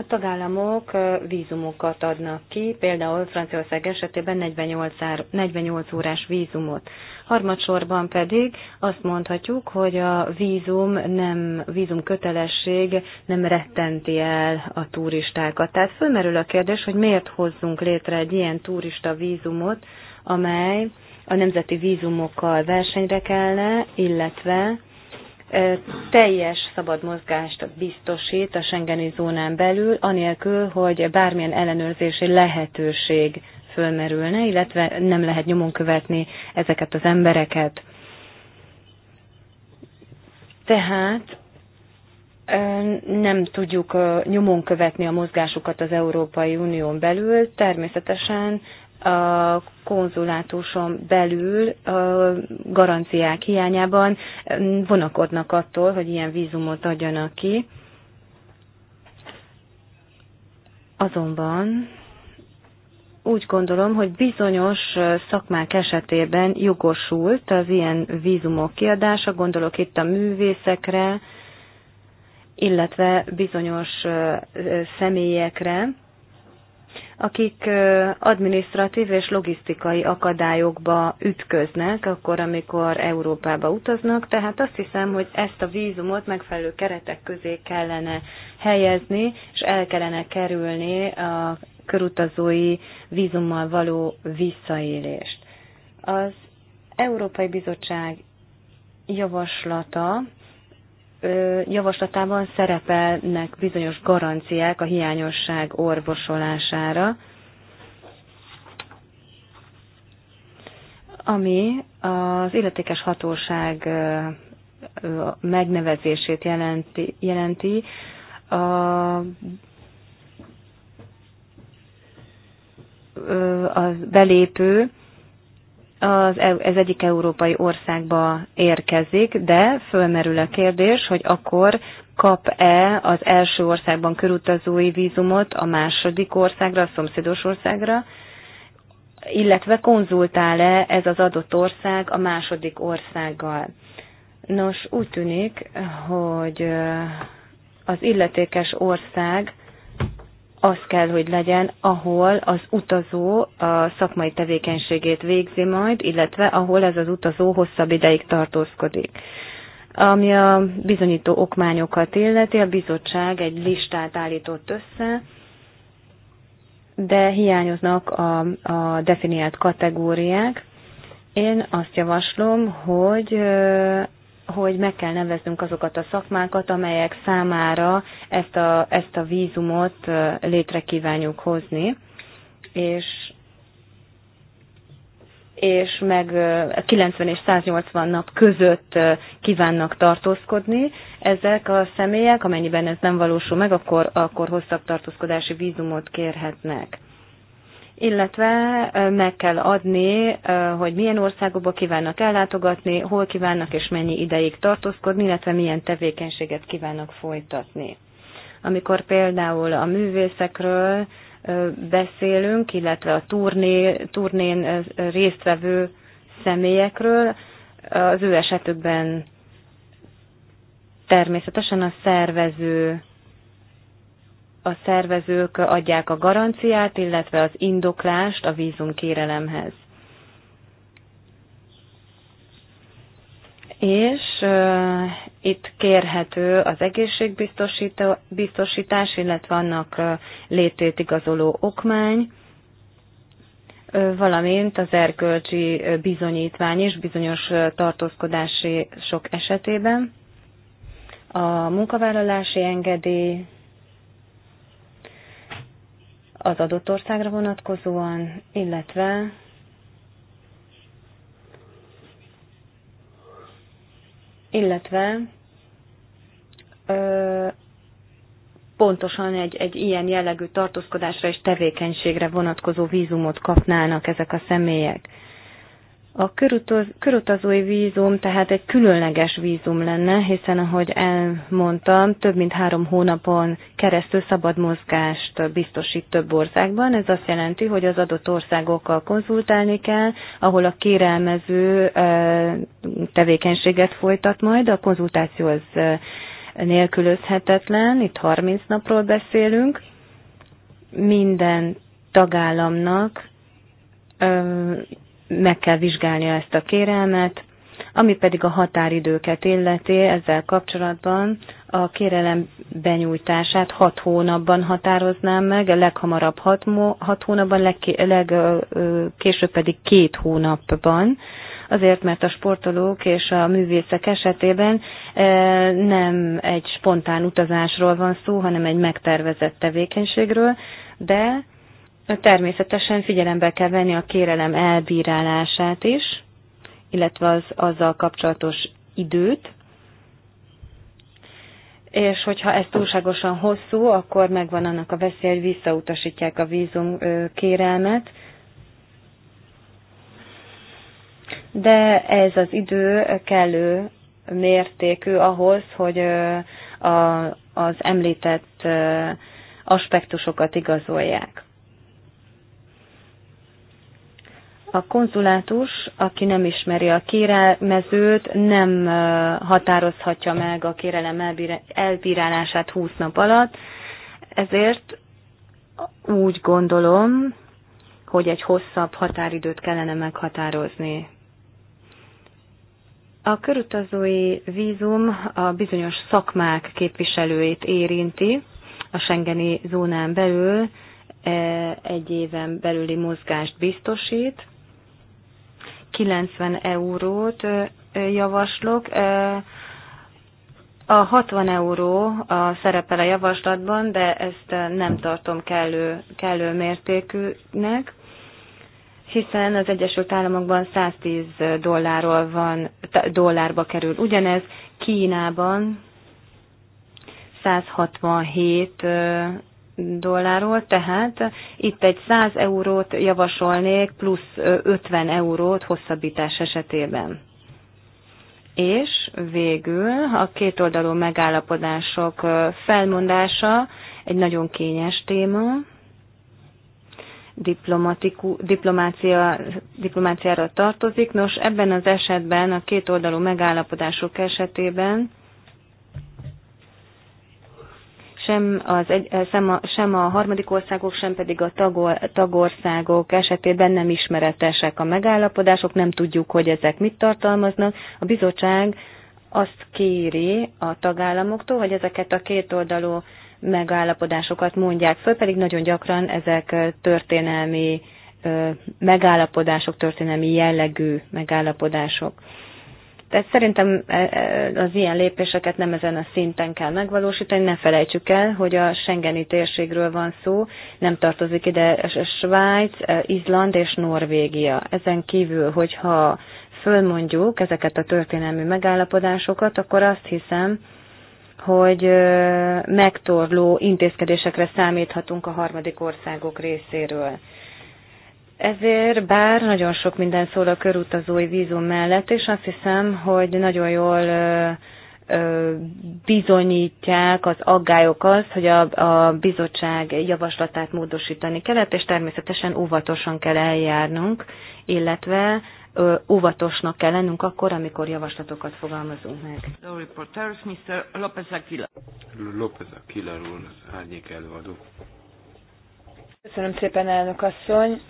A tagállamok vízumokat adnak ki, például Franciaország esetében 48, 48 órás vízumot. Harmadsorban pedig azt mondhatjuk, hogy a vízum nem, vízum kötelesség nem rettenti el a turistákat. Tehát fölmerül a kérdés, hogy miért hozzunk létre egy ilyen turista vízumot, amely a nemzeti vízumokkal versenyre kelne, illetve teljes szabad mozgást biztosít a Schengeni zónán belül, anélkül, hogy bármilyen ellenőrzési lehetőség fölmerülne, illetve nem lehet nyomon követni ezeket az embereket. Tehát nem tudjuk nyomon követni a mozgásukat az Európai Unión belül, természetesen a konzulátuson belül garanciák hiányában vonakodnak attól, hogy ilyen vízumot adjanak ki. Azonban úgy gondolom, hogy bizonyos szakmák esetében jogosult az ilyen vízumok kiadása, gondolok itt a művészekre, illetve bizonyos személyekre, akik adminisztratív és logisztikai akadályokba ütköznek, akkor, amikor Európába utaznak. Tehát azt hiszem, hogy ezt a vízumot megfelelő keretek közé kellene helyezni, és el kellene kerülni a körutazói vízummal való visszaélést. Az Európai Bizottság javaslata javaslatában szerepelnek bizonyos garanciák a hiányosság orvosolására, ami az illetékes hatóság megnevezését jelenti, jelenti a a belépő az, e- ez egyik európai országba érkezik, de fölmerül a kérdés, hogy akkor kap-e az első országban körutazói vízumot a második országra, a szomszédos országra, illetve konzultál-e ez az adott ország a második országgal. Nos, úgy tűnik, hogy az illetékes ország az kell, hogy legyen, ahol az utazó a szakmai tevékenységét végzi majd, illetve ahol ez az utazó hosszabb ideig tartózkodik. Ami a bizonyító okmányokat illeti, a bizottság egy listát állított össze, de hiányoznak a, a definiált kategóriák. Én azt javaslom, hogy hogy meg kell neveznünk azokat a szakmákat, amelyek számára ezt a, ezt a vízumot létre kívánjuk hozni, és és meg 90 és 180 nap között kívánnak tartózkodni. Ezek a személyek, amennyiben ez nem valósul meg, akkor, akkor hosszabb tartózkodási vízumot kérhetnek illetve meg kell adni, hogy milyen országokba kívánnak ellátogatni, hol kívánnak és mennyi ideig tartózkodni, illetve milyen tevékenységet kívánnak folytatni. Amikor például a művészekről beszélünk, illetve a turné, turnén résztvevő személyekről, az ő esetükben természetesen a szervező a szervezők adják a garanciát, illetve az indoklást a vízumkérelemhez. És uh, itt kérhető az egészségbiztosítás, illetve annak létét igazoló okmány, valamint az erkölcsi bizonyítvány is bizonyos tartózkodási sok esetében, a munkavállalási engedély, az adott országra vonatkozóan, illetve illetve ö, pontosan egy, egy ilyen jellegű tartózkodásra és tevékenységre vonatkozó vízumot kapnának ezek a személyek. A körutazói vízum tehát egy különleges vízum lenne, hiszen ahogy elmondtam, több mint három hónapon keresztül szabad mozgást biztosít több országban. Ez azt jelenti, hogy az adott országokkal konzultálni kell, ahol a kérelmező tevékenységet folytat majd, a konzultáció az nélkülözhetetlen, itt 30 napról beszélünk. Minden tagállamnak meg kell vizsgálnia ezt a kérelmet, ami pedig a határidőket illeti, ezzel kapcsolatban a kérelem benyújtását hat hónapban határoznám meg, a leghamarabb hat, hat hónapban, legkésőbb leg, pedig két hónapban, azért mert a sportolók és a művészek esetében nem egy spontán utazásról van szó, hanem egy megtervezett tevékenységről, de Természetesen figyelembe kell venni a kérelem elbírálását is, illetve az azzal kapcsolatos időt, és hogyha ez túlságosan hosszú, akkor megvan annak a veszély, hogy visszautasítják a vízum kérelmet. De ez az idő kellő mértékű ahhoz, hogy az említett aspektusokat igazolják. A konzulátus, aki nem ismeri a kérelmezőt, nem határozhatja meg a kérelem elbírálását 20 nap alatt, ezért úgy gondolom, hogy egy hosszabb határidőt kellene meghatározni. A körutazói vízum a bizonyos szakmák képviselőit érinti a Schengeni zónán belül, e, egy éven belüli mozgást biztosít, 90 eurót javaslok. A 60 euró a szerepel a javaslatban, de ezt nem tartom kellő, kellő mértékűnek, hiszen az Egyesült Államokban 110 dollárról van, dollárba kerül. Ugyanez Kínában 167 dollárról, tehát itt egy 100 eurót javasolnék plusz 50 eurót hosszabbítás esetében. És végül a kétoldalú megállapodások felmondása egy nagyon kényes téma, diplomácia, diplomáciára tartozik. Nos, ebben az esetben, a kétoldalú megállapodások esetében sem, az egy, sem, a, sem a harmadik országok, sem pedig a tagor, tagországok esetében nem ismeretesek a megállapodások, nem tudjuk, hogy ezek mit tartalmaznak. A bizottság azt kéri a tagállamoktól, hogy ezeket a kétoldalú megállapodásokat mondják föl, pedig nagyon gyakran ezek történelmi megállapodások, történelmi jellegű megállapodások. Tehát szerintem e, e, az ilyen lépéseket nem ezen a szinten kell megvalósítani. Ne felejtsük el, hogy a Schengeni térségről van szó, nem tartozik ide Svájc, e, Izland és Norvégia. Ezen kívül, hogyha fölmondjuk ezeket a történelmi megállapodásokat, akkor azt hiszem, hogy megtorló intézkedésekre számíthatunk a harmadik országok részéről. Ezért bár nagyon sok minden szól a körutazói vízum mellett, és azt hiszem, hogy nagyon jól ö, ö, bizonyítják az aggályok azt, hogy a, a bizottság javaslatát módosítani kellett, és természetesen óvatosan kell eljárnunk, illetve ö, óvatosnak kell lennünk akkor, amikor javaslatokat fogalmazunk meg. The reporters, Mr. López Aquila. López Aquila úr, az árnyék előadó. Köszönöm szépen, elnök asszony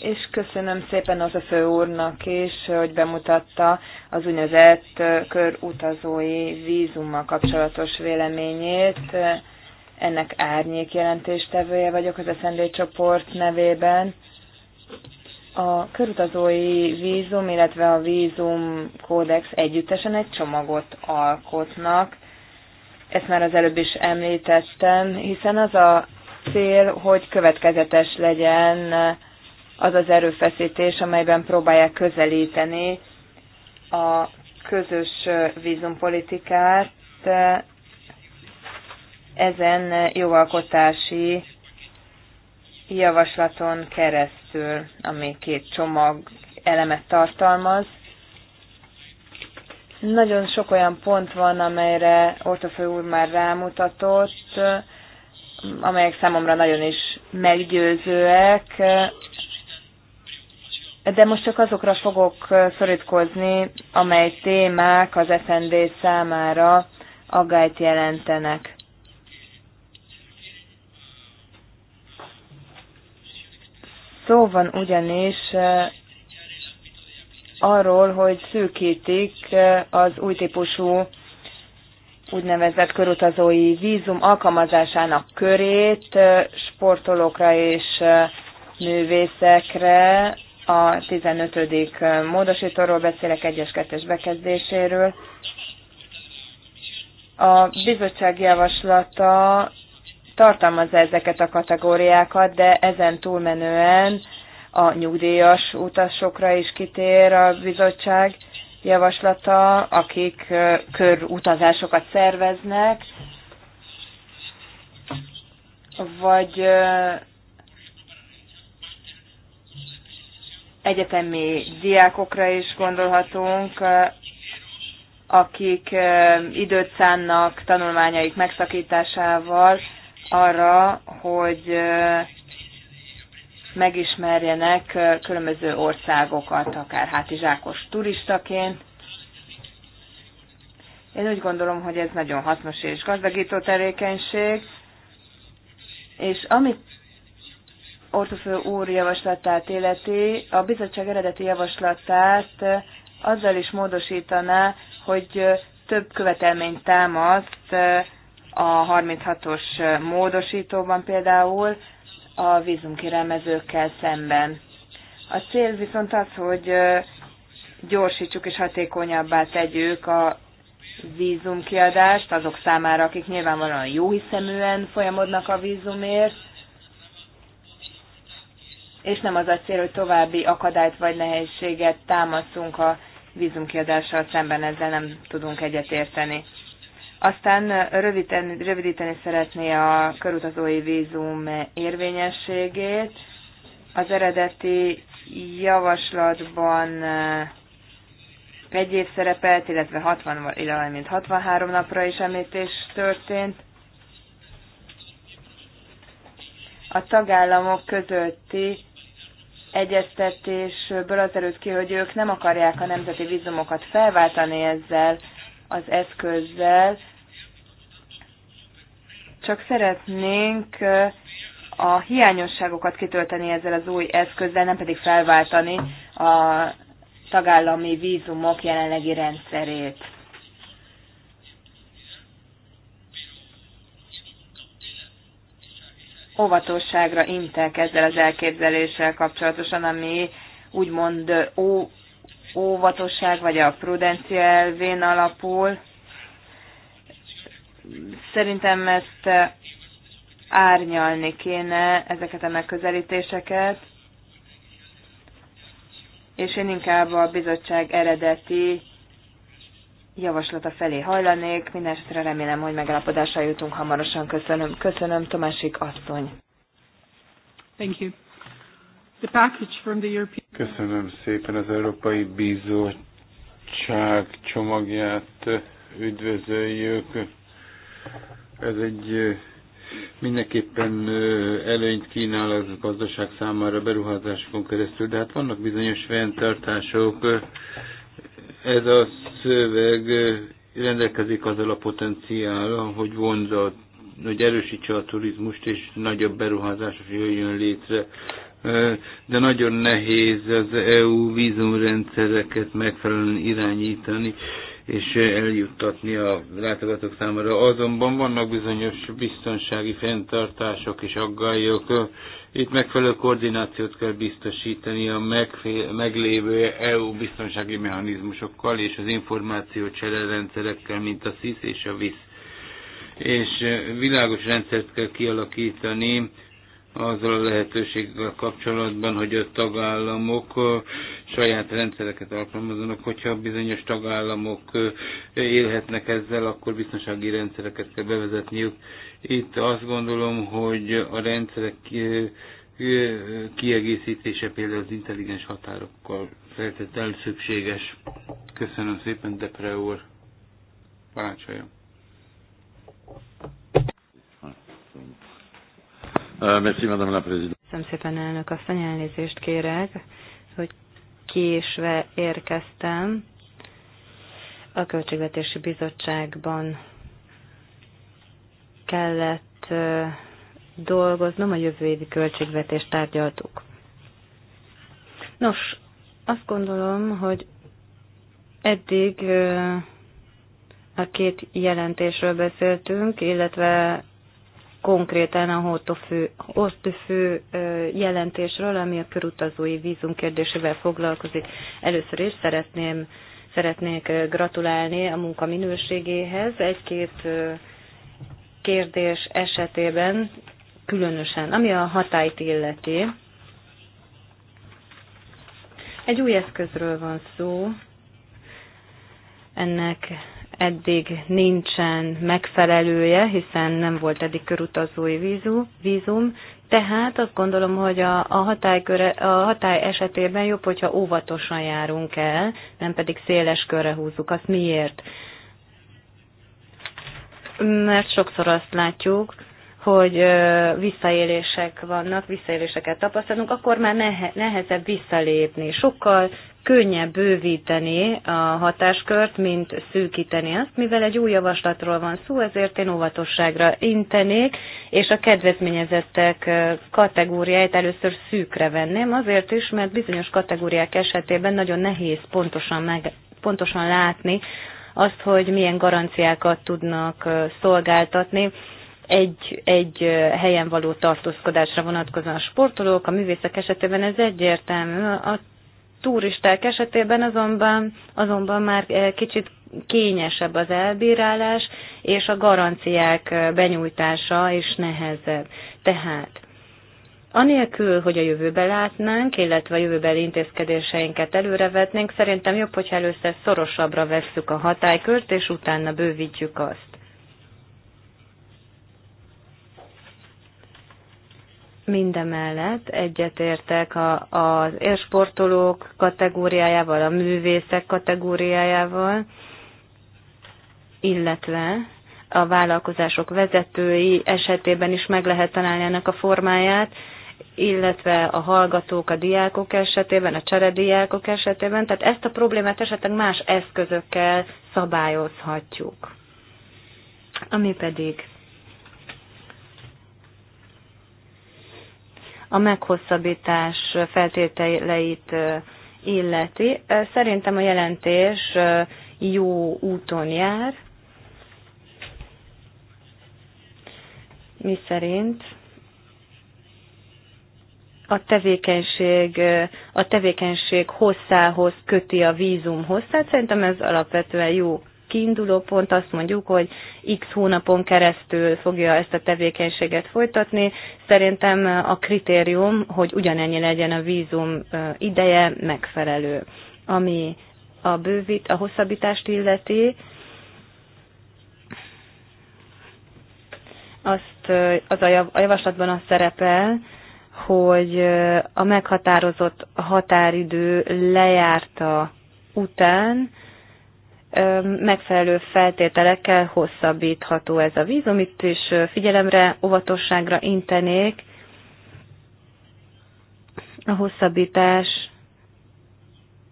és köszönöm szépen az a fő úrnak is, hogy bemutatta az úgynevezett körutazói vízummal kapcsolatos véleményét. Ennek árnyék jelentéstevője vagyok az SZND csoport nevében. A körutazói vízum, illetve a vízum kódex együttesen egy csomagot alkotnak. Ezt már az előbb is említettem, hiszen az a cél, hogy következetes legyen az az erőfeszítés, amelyben próbálják közelíteni a közös vízumpolitikát ezen jogalkotási javaslaton keresztül, ami két csomag elemet tartalmaz. Nagyon sok olyan pont van, amelyre Ortofő úr már rámutatott, amelyek számomra nagyon is meggyőzőek. De most csak azokra fogok szorítkozni, amely témák az SND számára aggályt jelentenek. Szó van ugyanis arról, hogy szűkítik az új típusú úgynevezett körutazói vízum alkalmazásának körét sportolókra és művészekre, a 15. módosítóról beszélek, 1-es, 2 bekezdéséről. A bizottság javaslata tartalmazza ezeket a kategóriákat, de ezen túlmenően a nyugdíjas utasokra is kitér a bizottság javaslata, akik körutazásokat szerveznek, vagy egyetemi diákokra is gondolhatunk, eh, akik eh, időt szánnak tanulmányaik megszakításával arra, hogy eh, megismerjenek különböző országokat, akár hátizsákos turistaként. Én úgy gondolom, hogy ez nagyon hasznos és gazdagító tevékenység, és amit Ortofő úr javaslatát életi, a bizottság eredeti javaslatát azzal is módosítaná, hogy több követelményt támaszt a 36-os módosítóban például a vízumkérelmezőkkel szemben. A cél viszont az, hogy gyorsítsuk és hatékonyabbá tegyük a vízumkiadást azok számára, akik nyilvánvalóan jó hiszeműen folyamodnak a vízumért, és nem az a cél, hogy további akadályt vagy nehézséget támaszunk a vízumkiadással szemben, ezzel nem tudunk egyetérteni. Aztán röviden, rövidíteni szeretné a körutazói vízum érvényességét. Az eredeti javaslatban egy év szerepelt, illetve 60, illetve 63 napra is említés történt. A tagállamok közötti egyeztetésből az előtt ki, hogy ők nem akarják a nemzeti vízumokat felváltani ezzel az eszközzel, csak szeretnénk eh, a hiányosságokat kitölteni ezzel az új eszközzel, nem pedig felváltani a tagállami vízumok jelenlegi rendszerét. óvatosságra intek ezzel az elképzeléssel kapcsolatosan, ami úgymond ó, óvatosság vagy a prudencia elvén alapul. Szerintem ezt eh, árnyalni kéne ezeket a megközelítéseket, és én inkább a bizottság eredeti javaslata felé hajlanék. Mindenesetre remélem, hogy megállapodásra jutunk hamarosan. Köszönöm. Köszönöm, Tomásik asszony. Thank you. The package from the European... Köszönöm szépen az Európai Bizottság csomagját. Üdvözöljük. Ez egy mindenképpen előnyt kínál az gazdaság számára beruházásokon keresztül, de hát vannak bizonyos fenntartások ez a szöveg rendelkezik azzal a potenciállal, hogy vonza, hogy erősítse a turizmust, és nagyobb beruházás jöjjön létre. De nagyon nehéz az EU vízumrendszereket megfelelően irányítani és eljuttatni a látogatók számára. Azonban vannak bizonyos biztonsági fenntartások és aggályok. Itt megfelelő koordinációt kell biztosítani a meglévő EU biztonsági mechanizmusokkal és az információ rendszerekkel, mint a SIS és a VISZ. És világos rendszert kell kialakítani, azzal a lehetőséggel kapcsolatban, hogy a tagállamok saját rendszereket alkalmazzanak, hogyha bizonyos tagállamok élhetnek ezzel, akkor biztonsági rendszereket kell bevezetniük. Itt azt gondolom, hogy a rendszerek kiegészítése például az intelligens határokkal feltétlenül szükséges. Köszönöm szépen, Depre úr. Parancsoljon. Uh, merci, Madame la Présidente. Köszönöm szépen, elnök asszony, elnézést kérek, hogy késve érkeztem. A Költségvetési Bizottságban kellett uh, dolgoznom, a jövő évi költségvetést tárgyaltuk. Nos, azt gondolom, hogy eddig uh, a két jelentésről beszéltünk, illetve konkrétan a hotofő, osztőfő jelentésről, ami a körutazói vízum kérdésével foglalkozik. Először is szeretném, szeretnék gratulálni a munka minőségéhez. Egy-két kérdés esetében különösen, ami a hatályt illeti. Egy új eszközről van szó, ennek eddig nincsen megfelelője, hiszen nem volt eddig körutazói vízum, tehát azt gondolom, hogy a, a, hatály, köre, a hatály esetében jobb, hogyha óvatosan járunk el, nem pedig széles körre húzzuk. Azt miért? Mert sokszor azt látjuk, hogy visszaélések vannak, visszaéléseket tapasztalunk, akkor már nehe, nehezebb visszalépni. Sokkal könnyebb bővíteni a hatáskört, mint szűkíteni azt, mivel egy új javaslatról van szó, ezért én óvatosságra intenék, és a kedvezményezettek kategóriáját először szűkre venném, azért is, mert bizonyos kategóriák esetében nagyon nehéz pontosan, meg, pontosan látni azt, hogy milyen garanciákat tudnak szolgáltatni, egy, egy helyen való tartózkodásra vonatkozóan a sportolók, a művészek esetében ez egyértelmű, a turisták esetében azonban, azonban már eh, kicsit kényesebb az elbírálás, és a garanciák eh, benyújtása is nehezebb. Tehát Anélkül, hogy a jövőbe látnánk, illetve a jövőbeli intézkedéseinket előrevetnénk, szerintem jobb, hogyha először szorosabbra vesszük a hatálykört, és utána bővítjük azt. Mindemellett egyetértek a, az élsportolók kategóriájával, a művészek kategóriájával, illetve a vállalkozások vezetői esetében is meg lehet találni ennek a formáját, illetve a hallgatók, a diákok esetében, a cserediákok esetében. Tehát ezt a problémát esetleg más eszközökkel szabályozhatjuk. Ami pedig a meghosszabbítás feltételeit illeti. Szerintem a jelentés jó úton jár, mi szerint a tevékenység, a tevékenység hosszához köti a vízum hosszát. Szerintem ez alapvetően jó kiinduló pont, azt mondjuk, hogy x hónapon keresztül fogja ezt a tevékenységet folytatni. Szerintem a kritérium, hogy ugyanennyi legyen a vízum ideje megfelelő. Ami a bővít, a hosszabbítást illeti, azt, az a, javaslatban az szerepel, hogy a meghatározott határidő lejárta után megfelelő feltételekkel hosszabbítható ez a vízum. Itt is figyelemre, óvatosságra intenék. A hosszabbítás,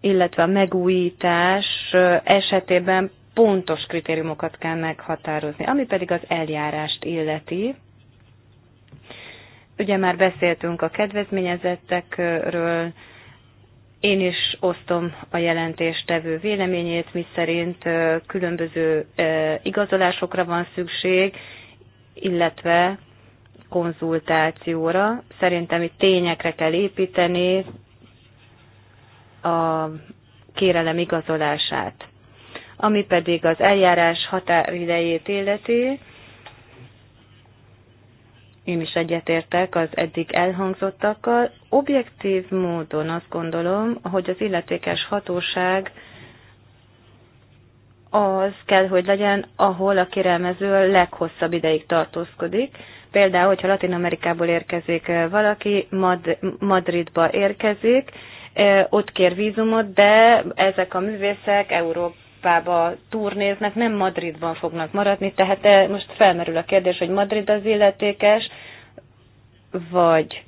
illetve a megújítás esetében pontos kritériumokat kell meghatározni, ami pedig az eljárást illeti. Ugye már beszéltünk a kedvezményezettekről, én is osztom a jelentéstevő véleményét, miszerint különböző igazolásokra van szükség, illetve konzultációra. Szerintem itt tényekre kell építeni a kérelem igazolását. Ami pedig az eljárás határidejét illeti, én is egyetértek az eddig elhangzottakkal. Objektív módon azt gondolom, hogy az illetékes hatóság az kell, hogy legyen, ahol a kérelmező leghosszabb ideig tartózkodik. Például, hogyha Latin Amerikából érkezik eh, valaki, Mad- Madridba érkezik, eh, ott kér vízumot, de ezek a művészek Európa Európába turnéznek, nem Madridban fognak maradni, tehát eh, most felmerül a kérdés, hogy Madrid az illetékes, vagy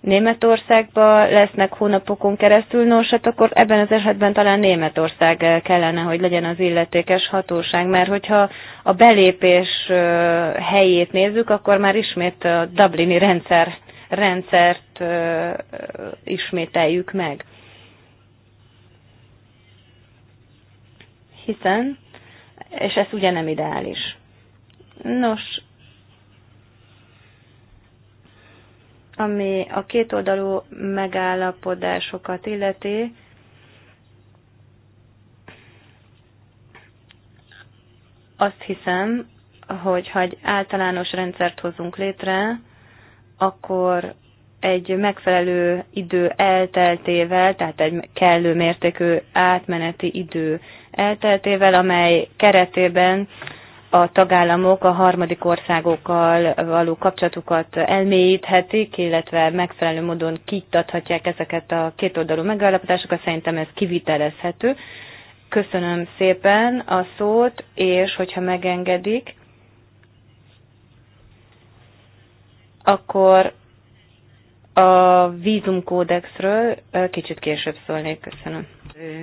Németországba lesznek hónapokon keresztül, nos, hát akkor ebben az esetben talán Németország eh, kellene, hogy legyen az illetékes hatóság, mert hogyha a belépés eh, helyét nézzük, akkor már ismét a Dublini rendszer, rendszert ismételjük meg. hiszen, és ez ugye nem ideális. Nos, ami a kétoldalú megállapodásokat illeti, azt hiszem, hogy ha egy általános rendszert hozunk létre, akkor egy megfelelő idő elteltével, tehát egy kellő mértékű átmeneti idő elteltével, amely keretében a tagállamok a harmadik országokkal való kapcsolatukat elmélyíthetik, illetve megfelelő módon kiktathatják ezeket a kétoldalú megállapodásokat. Szerintem ez kivitelezhető. Köszönöm szépen a szót, és hogyha megengedik, akkor a vízumkódexről kicsit később szólnék. Köszönöm.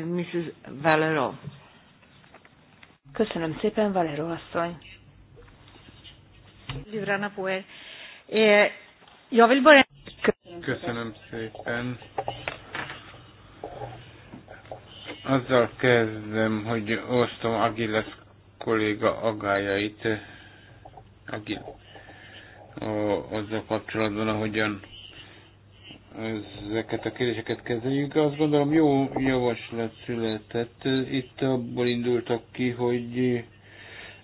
Mrs. Valero. Köszönöm szépen, Valero asszony. Livrana Puer. Eh, Köszönöm szépen. Azzal kezdem, hogy osztom Agiles kolléga agájait Agil, azzal kapcsolatban, ahogyan ezeket a kérdéseket kezeljük. Azt gondolom jó javaslat született. Itt abból indultak ki, hogy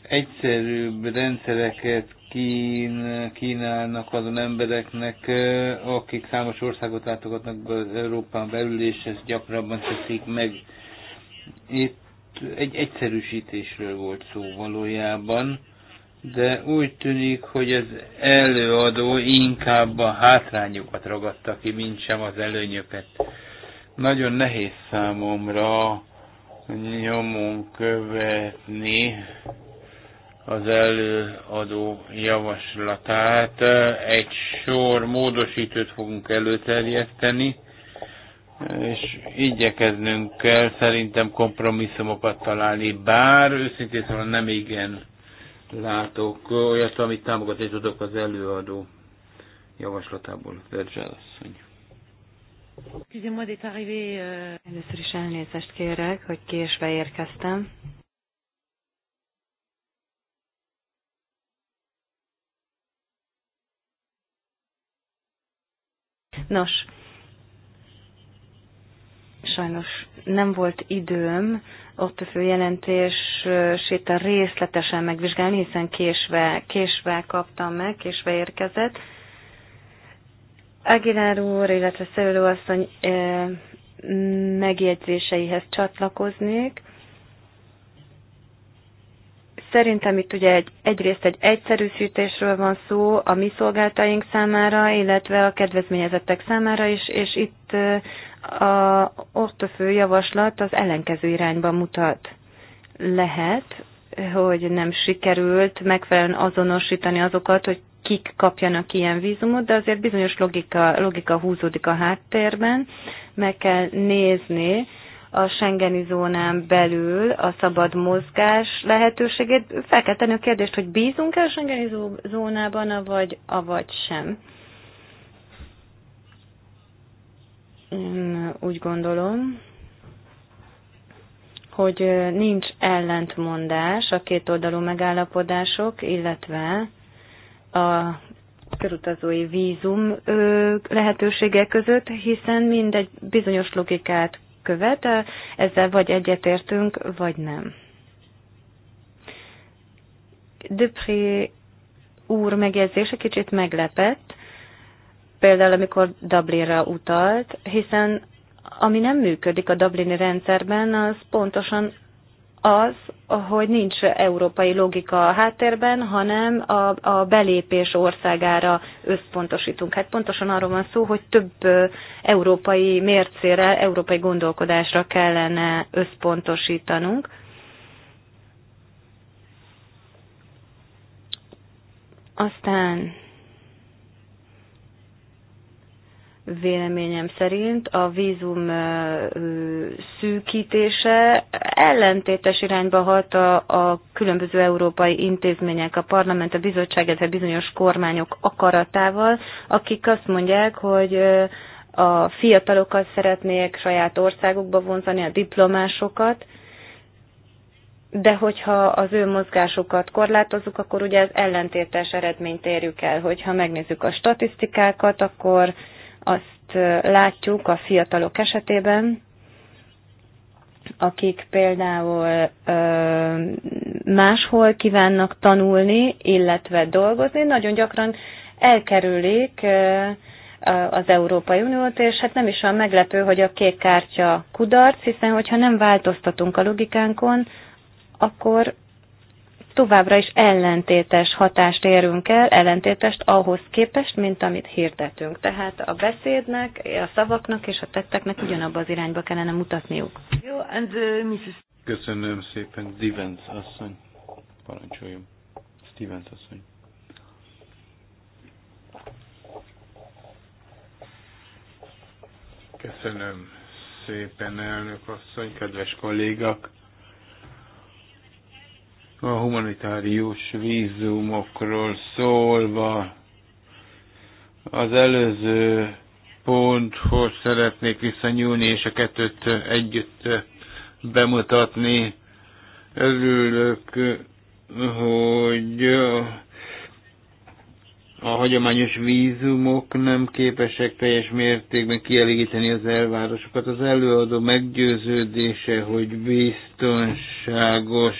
egyszerűbb rendszereket kín, kínálnak azon embereknek, akik számos országot látogatnak az Európán belül, és ezt gyakrabban teszik meg. Itt egy egyszerűsítésről volt szó valójában de úgy tűnik, hogy az előadó inkább a hátrányokat ragadta ki, mint sem az előnyöket. Nagyon nehéz számomra nyomon követni az előadó javaslatát. Egy sor módosítőt fogunk előterjeszteni, és igyekeznünk kell szerintem kompromisszumokat találni, bár őszintén szóval nem igen látok olyat, amit támogatni tudok az előadó javaslatából, Verzsel asszony. Euh, Először is elnézést kérek, hogy késve érkeztem. Nos, sajnos nem volt időm ott a főjelentését részletesen megvizsgálni, hiszen késve, késve kaptam meg, késve érkezett. Aguilar úr, illetve Szelő asszony megjegyzéseihez csatlakoznék. Szerintem itt ugye egy, egyrészt egy egyszerűsítésről van szó a mi szolgáltaink számára, illetve a kedvezményezettek számára is, és itt a, ott a fő javaslat az ellenkező irányba mutat. Lehet, hogy nem sikerült megfelelően azonosítani azokat, hogy kik kapjanak ilyen vízumot, de azért bizonyos logika, logika húzódik a háttérben. Meg kell nézni, a Schengeni zónán belül a szabad mozgás lehetőségét. Fel kell tenni a kérdést, hogy bízunk-e a Schengeni zónában, avagy, avagy sem. Én úgy gondolom, hogy nincs ellentmondás a két oldalú megállapodások, illetve a körutazói vízum lehetőségek között, hiszen mindegy bizonyos logikát követ, ezzel vagy egyetértünk, vagy nem. Dupré úr megjegyzése kicsit meglepett, például amikor Dublinra utalt, hiszen ami nem működik a Dublini rendszerben, az pontosan az, hogy nincs európai logika a háttérben, hanem a, a belépés országára összpontosítunk. Hát pontosan arról van szó, hogy több európai mércére, európai gondolkodásra kellene összpontosítanunk. Aztán véleményem szerint a vízum szűkítése ellentétes irányba hat a, a különböző európai intézmények, a parlament, a bizottság, illetve bizonyos kormányok akaratával, akik azt mondják, hogy a fiatalokat szeretnék saját országukba vonzani, a diplomásokat, de hogyha az ő mozgásukat korlátozzuk, akkor ugye az ellentétes eredményt érjük el. Hogyha megnézzük a statisztikákat, akkor azt látjuk a fiatalok esetében, akik például ö, máshol kívánnak tanulni, illetve dolgozni, nagyon gyakran elkerülik ö, az Európai Uniót, és hát nem is olyan meglepő, hogy a kék kártya kudarc, hiszen hogyha nem változtatunk a logikánkon, akkor továbbra is ellentétes hatást érünk el, ellentétest ahhoz képest, mint amit hirdetünk. Tehát a beszédnek, a szavaknak és a tetteknek ugyanabba az irányba kellene mutatniuk. Jó, and, uh, Mrs. Köszönöm szépen, Stevens asszony. Parancsoljon. Stevens asszony. Köszönöm szépen, elnök asszony, kedves kollégak a humanitárius vízumokról szólva az előző ponthoz szeretnék visszanyúlni, és a kettőt együtt bemutatni. Örülök, hogy a hagyományos vízumok nem képesek teljes mértékben kielégíteni az elvárásokat. Az előadó meggyőződése, hogy biztonságos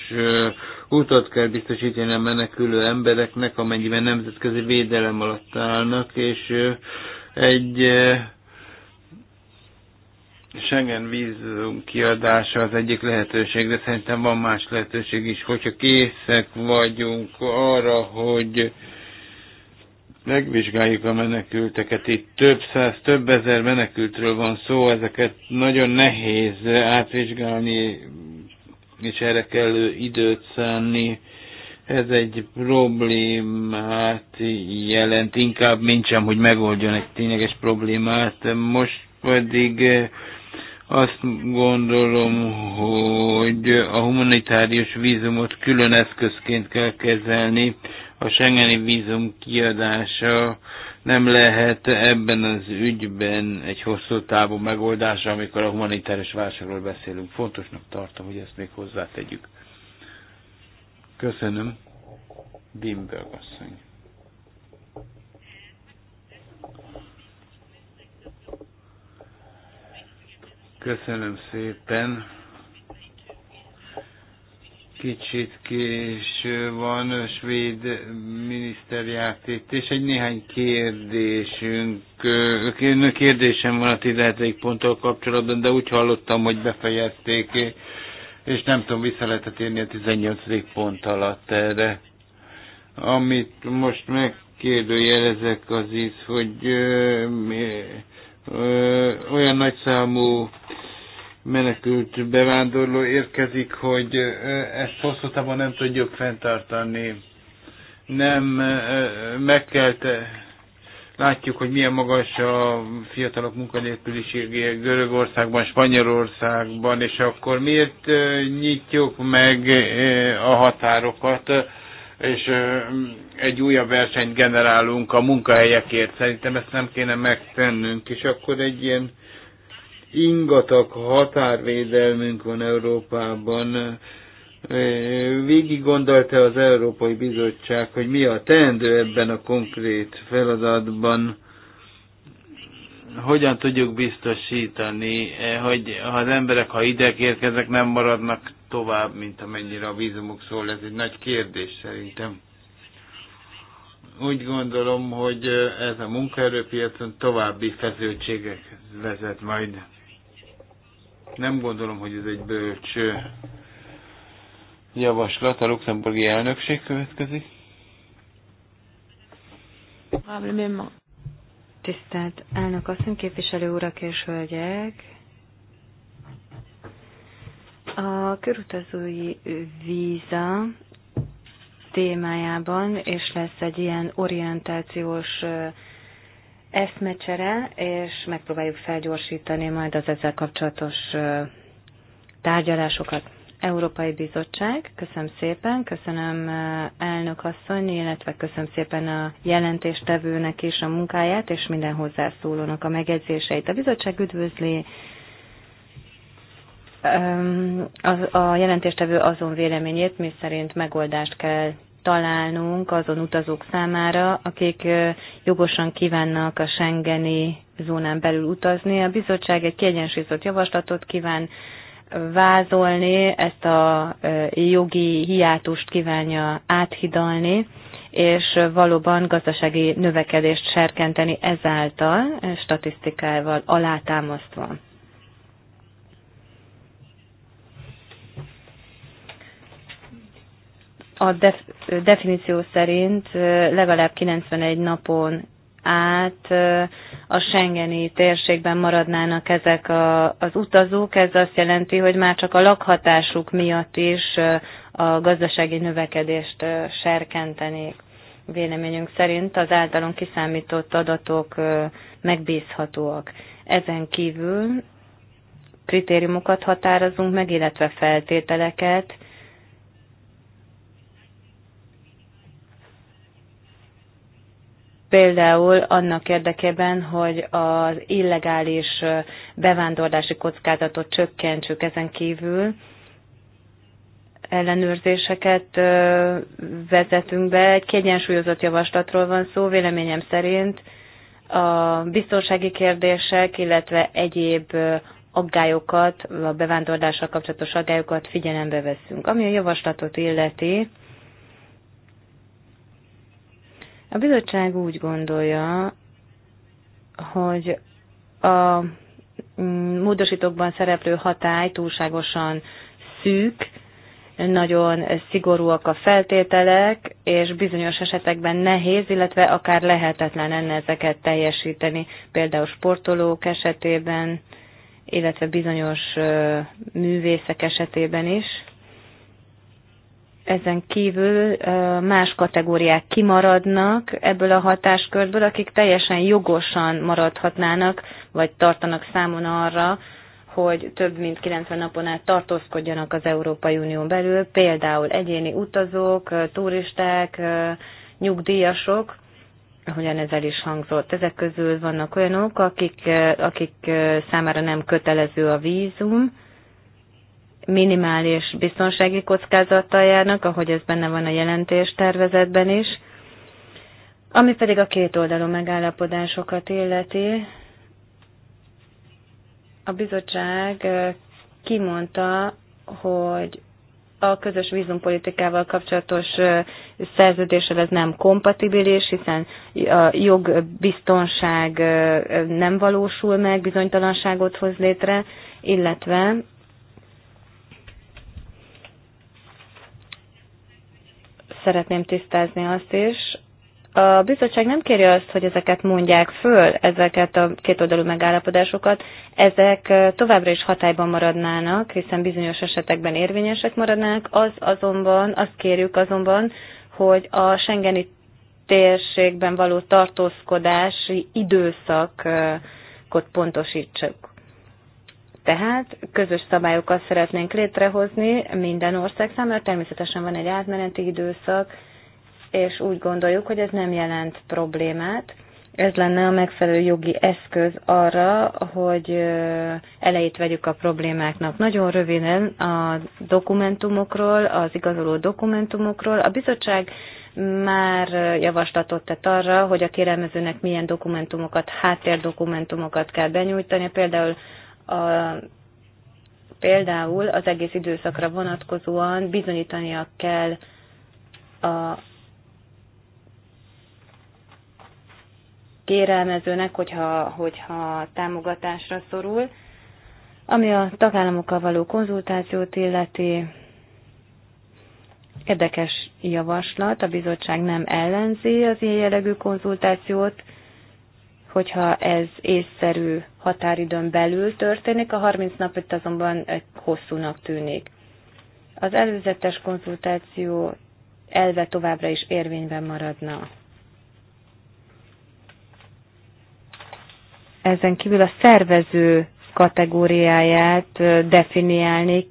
utat kell biztosítani a menekülő embereknek, amennyiben nemzetközi védelem alatt állnak, és egy Schengen vízum kiadása az egyik lehetőség, de szerintem van más lehetőség is, hogyha készek vagyunk arra, hogy megvizsgáljuk a menekülteket. Itt több száz, több ezer menekültről van szó, ezeket nagyon nehéz átvizsgálni, és erre kell időt szánni. Ez egy problémát jelent, inkább mint hogy megoldjon egy tényleges problémát. Most pedig azt gondolom, hogy a humanitárius vízumot külön eszközként kell kezelni, a Schengeni vízum kiadása nem lehet ebben az ügyben egy hosszú távú megoldása, amikor a humanitáris válságról beszélünk. Fontosnak tartom, hogy ezt még hozzátegyük. Köszönöm. Bimberg asszony. Köszönöm szépen kicsit késő van, a svéd miniszter itt, és egy néhány kérdésünk, kérdésem van a 17. ponttal kapcsolatban, de úgy hallottam, hogy befejezték, és nem tudom, vissza lehetett érni a 18. pont alatt erre. Amit most megkérdőjelezek az is, hogy ö, ö, olyan nagyszámú számú menekült bevándorló érkezik, hogy ezt hosszú távon nem tudjuk fenntartani. Nem meg kell te, látjuk, hogy milyen magas a fiatalok munkanélküliségé Görögországban, Spanyolországban, és akkor miért nyitjuk meg a határokat, és egy újabb versenyt generálunk a munkahelyekért. Szerintem ezt nem kéne megtennünk, és akkor egy ilyen ingatak határvédelmünk van Európában. E, végig gondolta az Európai Bizottság, hogy mi a teendő ebben a konkrét feladatban, hogyan tudjuk biztosítani, e, hogy ha az emberek, ha ide érkeznek, nem maradnak tovább, mint amennyire a vízumok szól. Ez egy nagy kérdés szerintem úgy gondolom, hogy ez a munkaerőpiacon további feszültségek vezet majd. Nem gondolom, hogy ez egy bölcs javaslat. A luxemburgi elnökség következik. Tisztelt elnök asszony, képviselő urak és hölgyek! A körutazói víza témájában, és lesz egy ilyen orientációs eszmecsere, és megpróbáljuk felgyorsítani majd az ezzel kapcsolatos tárgyalásokat. Európai Bizottság, köszönöm szépen, köszönöm elnök asszony, illetve köszönöm szépen a jelentéstevőnek és a munkáját, és minden hozzászólónak a megjegyzéseit. A bizottság üdvözli a jelentéstevő azon véleményét, mi szerint megoldást kell találnunk azon utazók számára, akik jogosan kívánnak a Schengeni zónán belül utazni. A bizottság egy kiegyensúlyozott javaslatot kíván vázolni, ezt a jogi hiátust kívánja áthidalni, és valóban gazdasági növekedést serkenteni ezáltal, statisztikával alátámasztva. a def- definíció szerint legalább 91 napon át a Schengeni térségben maradnának ezek a, az utazók. Ez azt jelenti, hogy már csak a lakhatásuk miatt is a gazdasági növekedést serkentenék. Véleményünk szerint az általunk kiszámított adatok megbízhatóak. Ezen kívül kritériumokat határozunk meg, illetve feltételeket, például annak érdekében, hogy az illegális bevándorlási kockázatot csökkentsük ezen kívül, ellenőrzéseket vezetünk be. Egy kiegyensúlyozott javaslatról van szó, véleményem szerint a biztonsági kérdések, illetve egyéb aggályokat, a bevándorlással kapcsolatos aggályokat figyelembe veszünk. Ami a javaslatot illeti, A bizottság úgy gondolja, hogy a módosítókban szereplő hatály túlságosan szűk, nagyon szigorúak a feltételek, és bizonyos esetekben nehéz, illetve akár lehetetlen lenne ezeket teljesíteni, például sportolók esetében, illetve bizonyos művészek esetében is ezen kívül más kategóriák kimaradnak ebből a hatáskörből, akik teljesen jogosan maradhatnának, vagy tartanak számon arra, hogy több mint 90 napon át tartózkodjanak az Európai Unión belül, például egyéni utazók, turisták, nyugdíjasok, ahogyan el is hangzott. Ezek közül vannak olyanok, akik, akik számára nem kötelező a vízum, minimális biztonsági kockázattal járnak, ahogy ez benne van a jelentés tervezetben is. Ami pedig a két oldalú megállapodásokat illeti, a bizottság kimondta, hogy a közös vízumpolitikával kapcsolatos szerződéssel ez nem kompatibilis, hiszen a jogbiztonság nem valósul meg, bizonytalanságot hoz létre, illetve szeretném tisztázni azt is. A bizottság nem kéri azt, hogy ezeket mondják föl, ezeket a kétoldalú megállapodásokat. Ezek továbbra is hatályban maradnának, hiszen bizonyos esetekben érvényesek maradnának. Az azonban, azt kérjük azonban, hogy a Schengeni térségben való tartózkodási időszakot pontosítsuk. Tehát közös szabályokat szeretnénk létrehozni minden ország számára, természetesen van egy átmeneti időszak, és úgy gondoljuk, hogy ez nem jelent problémát. Ez lenne a megfelelő jogi eszköz arra, hogy elejét vegyük a problémáknak. Nagyon röviden a dokumentumokról, az igazoló dokumentumokról. A bizottság már javaslatot tett arra, hogy a kérelmezőnek milyen dokumentumokat, háttérdokumentumokat kell benyújtani, például a, például az egész időszakra vonatkozóan bizonyítania kell a kérelmezőnek, hogyha, hogyha támogatásra szorul. Ami a tagállamokkal való konzultációt illeti, érdekes javaslat, a bizottság nem ellenzi az ilyen jellegű konzultációt, hogyha ez észszerű határidőn belül történik, a 30 nap itt azonban hosszúnak tűnik. Az előzetes konzultáció elve továbbra is érvényben maradna. Ezen kívül a szervező kategóriáját definiálni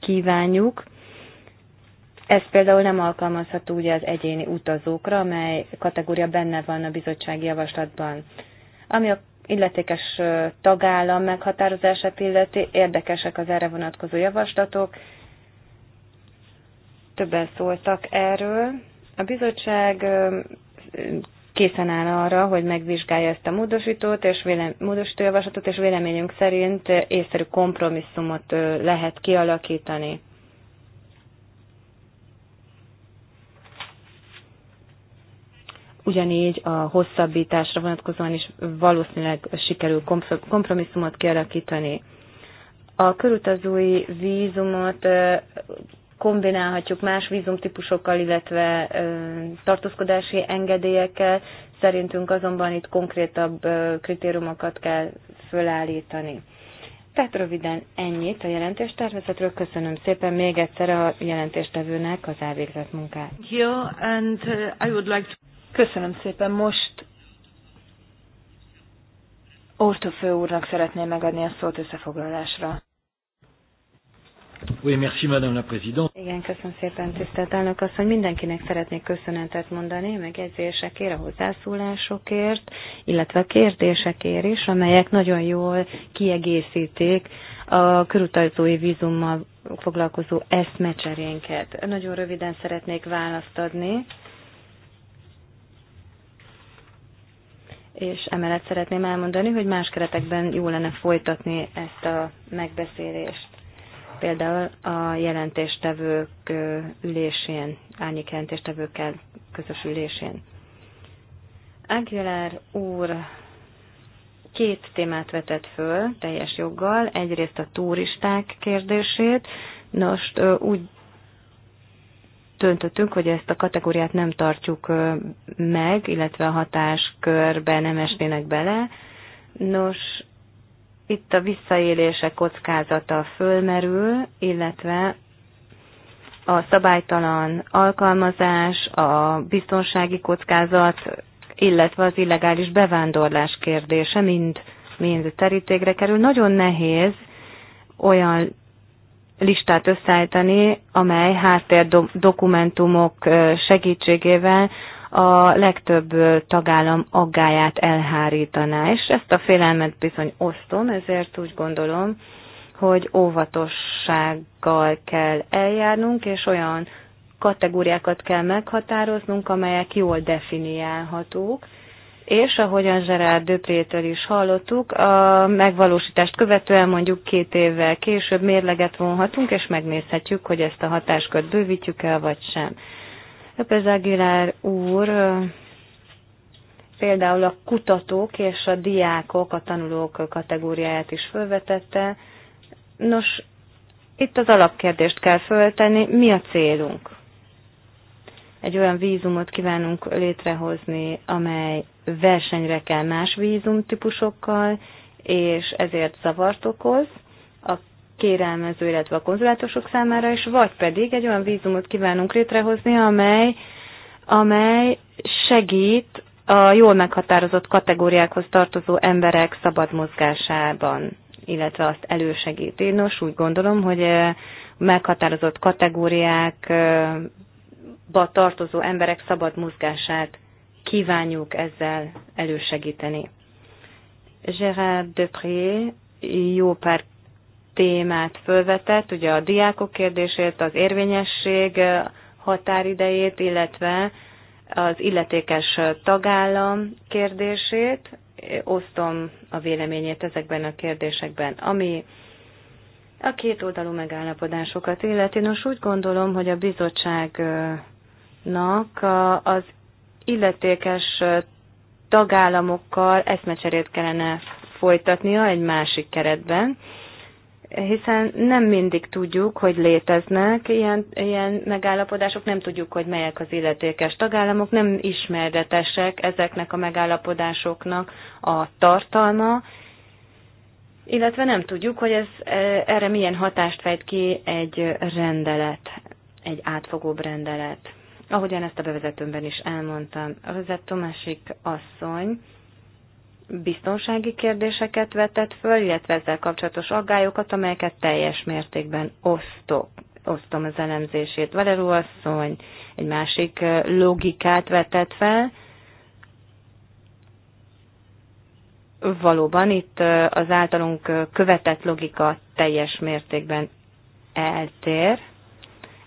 kívánjuk. Ez például nem alkalmazható ugye az egyéni utazókra, amely kategória benne van a bizottsági javaslatban. Ami a illetékes tagállam meghatározását illeti, érdekesek az erre vonatkozó javaslatok. Többen szóltak erről. A bizottság készen áll arra, hogy megvizsgálja ezt a módosítót és vélem, módosítójavaslatot, és véleményünk szerint észszerű kompromisszumot lehet kialakítani. ugyanígy a hosszabbításra vonatkozóan is valószínűleg sikerül kompromisszumot kialakítani. A körutazói vízumot kombinálhatjuk más vízumtípusokkal, illetve tartózkodási engedélyekkel, szerintünk azonban itt konkrétabb kritériumokat kell fölállítani. Tehát röviden ennyit a jelentéstervezetről. Köszönöm szépen még egyszer a jelentéstevőnek az elvégzett munkát. Here and uh, I would like to... Köszönöm szépen. Most fő úrnak szeretném megadni a szót összefoglalásra. Oui, merci, Madame la Présidente. Igen, köszönöm szépen, tisztelt elnök asszony. Mindenkinek szeretnék köszönetet mondani, megjegyzésekért, a hozzászólásokért, illetve a kérdésekért is, amelyek nagyon jól kiegészítik a körutazói vízummal foglalkozó eszmecserénket. Nagyon röviden szeretnék választ adni és emellett szeretném elmondani, hogy más keretekben jó lenne folytatni ezt a megbeszélést. Például a jelentéstevők ülésén, árnyék jelentéstevőkkel közös ülésén. Aguilar úr két témát vetett föl teljes joggal, egyrészt a turisták kérdését. Nos, úgy döntöttünk, hogy ezt a kategóriát nem tartjuk meg, illetve a hatáskörbe nem esnének bele. Nos, itt a visszaélések kockázata fölmerül, illetve a szabálytalan alkalmazás, a biztonsági kockázat, illetve az illegális bevándorlás kérdése mind, mind terítékre kerül. Nagyon nehéz olyan listát összeállítani, amely háttér dokumentumok segítségével a legtöbb tagállam aggáját elhárítaná, és ezt a félelmet bizony osztom, ezért úgy gondolom, hogy óvatossággal kell eljárnunk, és olyan kategóriákat kell meghatároznunk, amelyek jól definiálhatók, és ahogyan Gerard Döprétől is hallottuk, a megvalósítást követően mondjuk két évvel később mérleget vonhatunk, és megnézhetjük, hogy ezt a hatáskört bővítjük el, vagy sem. López Aguilar úr például a kutatók és a diákok, a tanulók kategóriáját is felvetette. Nos, itt az alapkérdést kell föltenni, mi a célunk? egy olyan vízumot kívánunk létrehozni, amely versenyre kell más vízumtípusokkal, és ezért zavart okoz a kérelmező, illetve a konzulátusok számára is, vagy pedig egy olyan vízumot kívánunk létrehozni, amely, amely segít a jól meghatározott kategóriákhoz tartozó emberek szabad mozgásában, illetve azt elősegíti. Nos, úgy gondolom, hogy eh, meghatározott kategóriák eh, ba tartozó emberek szabad mozgását kívánjuk ezzel elősegíteni. Gérard Depré jó pár témát fölvetett, ugye a diákok kérdését, az érvényesség határidejét, illetve az illetékes tagállam kérdését. Osztom a véleményét ezekben a kérdésekben. Ami a két oldalú megállapodásokat illeti, nos úgy gondolom, hogy a bizottság nak az illetékes tagállamokkal eszmecserét kellene folytatnia egy másik keretben, hiszen nem mindig tudjuk, hogy léteznek ilyen, ilyen megállapodások, nem tudjuk, hogy melyek az illetékes tagállamok, nem ismeretesek ezeknek a megállapodásoknak a tartalma, illetve nem tudjuk, hogy ez e, erre milyen hatást fejt ki egy rendelet, egy átfogóbb rendelet. Ahogyan ezt a bevezetőmben is elmondtam, Rozetto másik asszony biztonsági kérdéseket vetett föl, illetve ezzel kapcsolatos aggályokat, amelyeket teljes mértékben osztok osztom az elemzését. Valerú asszony egy másik logikát vetett fel. Valóban itt az általunk követett logika teljes mértékben eltér,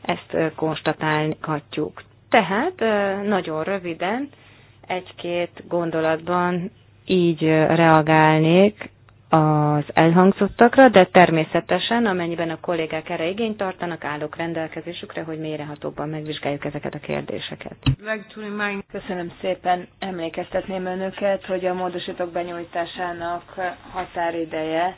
ezt konstatálhatjuk. Tehát nagyon röviden, egy-két gondolatban így reagálnék az elhangzottakra, de természetesen, amennyiben a kollégák erre igényt tartanak, állok rendelkezésükre, hogy mélyrehatóbban megvizsgáljuk ezeket a kérdéseket. Köszönöm szépen, emlékeztetném önöket, hogy a módosítók benyújtásának határideje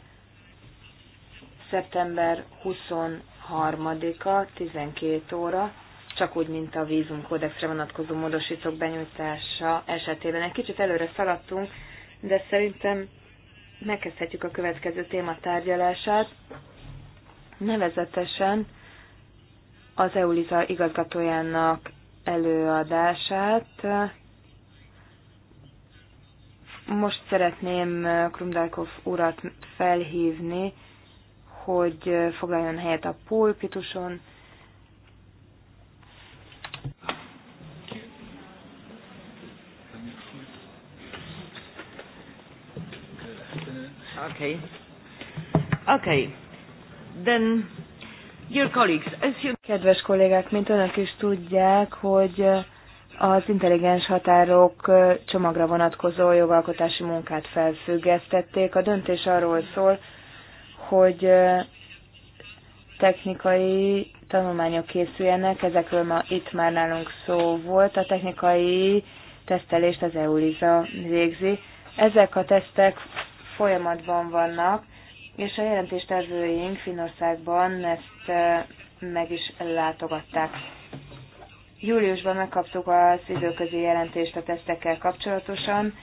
szeptember 23-a, 12 óra, csak úgy, mint a vízumkódexre vonatkozó módosítók benyújtása esetében. Egy kicsit előre szaladtunk, de szerintem megkezdhetjük a következő téma tárgyalását. Nevezetesen az EULISA igazgatójának előadását. Most szeretném Krumdalkov urat felhívni, hogy foglaljon helyet a pulpituson, Okay. Okay. Then, dear colleagues, as you... Kedves kollégák, mint önök is tudják, hogy az intelligens határok csomagra vonatkozó jogalkotási munkát felfüggesztették. A döntés arról szól, hogy technikai tanulmányok készüljenek, ezekről ma itt már nálunk szó volt. A technikai tesztelést az EULISA végzi. Ezek a tesztek folyamatban vannak, és a jelentéstevőink Finországban ezt e, meg is látogatták. Júliusban megkaptuk az időközi jelentést a tesztekkel kapcsolatosan,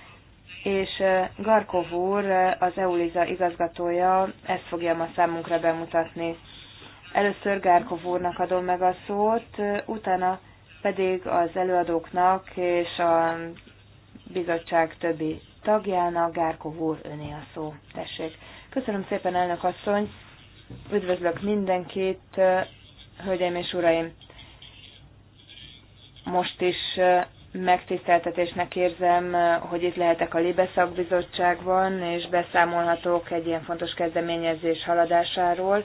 és e, Garkov úr, e, az EULIZA igazgatója ezt fogja ma számunkra bemutatni. Először Garkov úrnak adom meg a szót, utána pedig az előadóknak és a bizottság többi tagjának. Gárkov úr, öné a szó. Tessék. Köszönöm szépen, elnök asszony. Üdvözlök mindenkit, hölgyeim és uraim. Most is megtiszteltetésnek érzem, hogy itt lehetek a Libe szakbizottságban, és beszámolhatok egy ilyen fontos kezdeményezés haladásáról,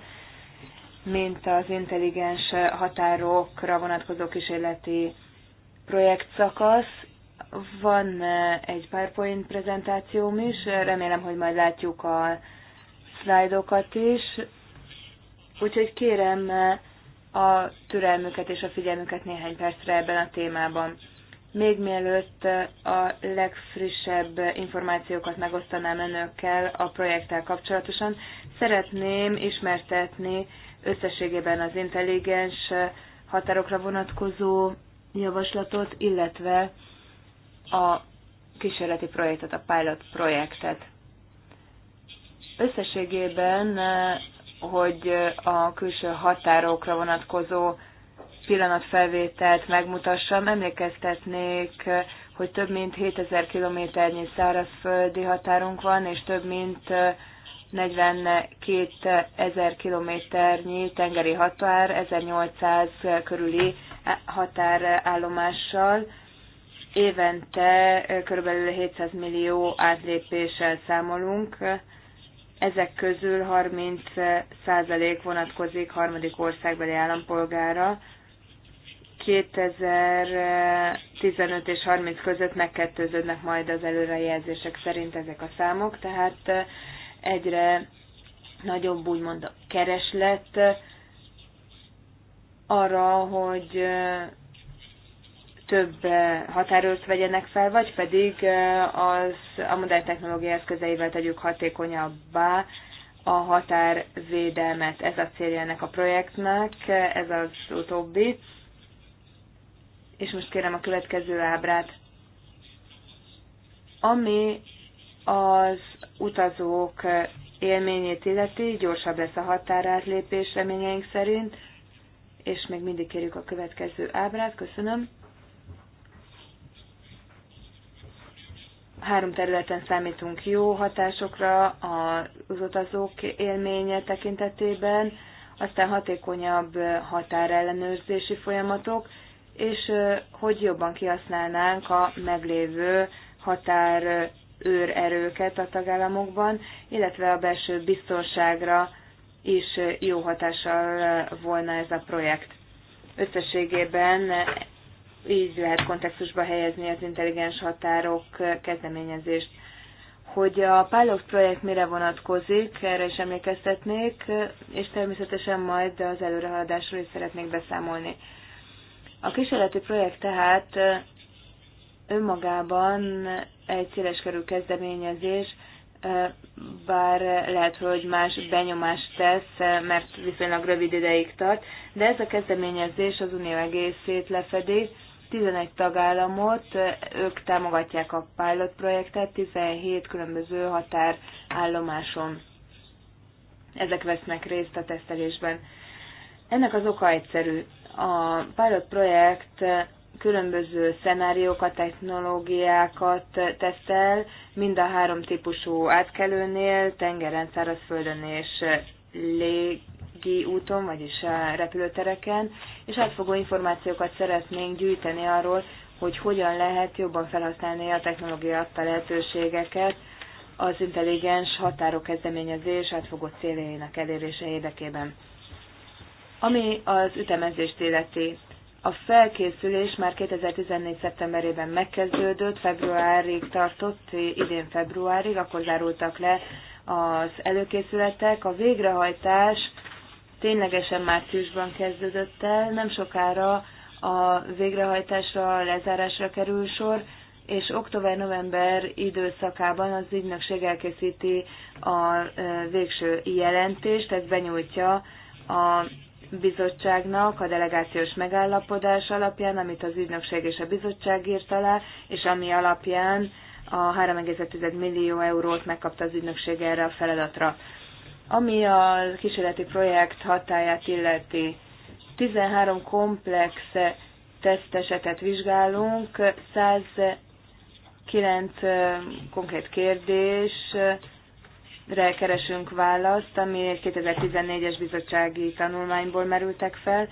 mint az intelligens határokra vonatkozó kísérleti projektszakasz, van eh, egy PowerPoint prezentációm is, remélem, hogy majd látjuk a szlájdokat is. Úgyhogy kérem eh, a türelmüket és a figyelmüket néhány percre ebben a témában. Még mielőtt eh, a legfrissebb információkat megosztanám önökkel a projekttel kapcsolatosan, szeretném ismertetni összességében az intelligens határokra vonatkozó javaslatot, illetve a kísérleti projektet, a pilot projektet. Összességében, hogy a külső határokra vonatkozó pillanatfelvételt megmutassam, emlékeztetnék, hogy több mint 7000 kilométernyi szárazföldi határunk van, és több mint 42 ezer kilométernyi tengeri határ, 1800 körüli határállomással, évente körülbelül 700 millió átlépéssel számolunk, ezek közül 30 százalék vonatkozik harmadik országbeli állampolgára. 2015 és 30 között megkettőződnek majd az előrejelzések szerint ezek a számok, tehát egyre nagyobb úgymond a kereslet arra, hogy több határőrt vegyenek fel, vagy pedig az, a modern technológia eszközeivel tegyük hatékonyabbá a határvédelmet. Ez a célja ennek a projektnek, ez az utóbbi. És most kérem a következő ábrát. Ami az utazók élményét illeti, gyorsabb lesz a határátlépés reményeink szerint, és még mindig kérjük a következő ábrát, köszönöm. Három területen számítunk jó hatásokra az utazók élménye tekintetében, aztán hatékonyabb határellenőrzési folyamatok, és hogy jobban kihasználnánk a meglévő határ erőket a tagállamokban, illetve a belső biztonságra is jó hatással volna ez a projekt. Összességében így lehet kontextusba helyezni az intelligens határok kezdeményezést. Hogy a Pilot projekt mire vonatkozik, erre is emlékeztetnék, és természetesen majd az előrehaladásról is szeretnék beszámolni. A kísérleti projekt tehát önmagában egy széleskerű kezdeményezés, bár lehet, hogy más benyomást tesz, mert viszonylag rövid ideig tart, de ez a kezdeményezés az unió egészét lefedi, 11 tagállamot, ők támogatják a pilot projektet 17 különböző határállomáson. Ezek vesznek részt a tesztelésben. Ennek az oka egyszerű. A pilot projekt különböző szenáriókat, technológiákat tesztel, mind a három típusú átkelőnél, tengeren, szárazföldön és lég, légi úton, vagyis a repülőtereken, és átfogó információkat szeretnénk gyűjteni arról, hogy hogyan lehet jobban felhasználni a technológia adta lehetőségeket az intelligens határok kezdeményezés átfogó céljainak elérése érdekében. Ami az ütemezést illeti, a felkészülés már 2014. szeptemberében megkezdődött, februárig tartott, idén februárig, akkor zárultak le az előkészületek. A végrehajtás ténylegesen márciusban kezdődött el, nem sokára a végrehajtásra, a lezárásra kerül sor, és október-november időszakában az ügynökség elkészíti a e, végső jelentést, ez benyújtja a bizottságnak a delegációs megállapodás alapján, amit az ügynökség és a bizottság írt alá, és ami alapján a 3,1 millió eurót megkapta az ügynökség erre a feladatra. Ami a kísérleti projekt hatáját illeti, 13 komplex tesztesetet vizsgálunk, 109 konkrét kérdésre keresünk választ, ami 2014-es bizottsági tanulmányból merültek fel.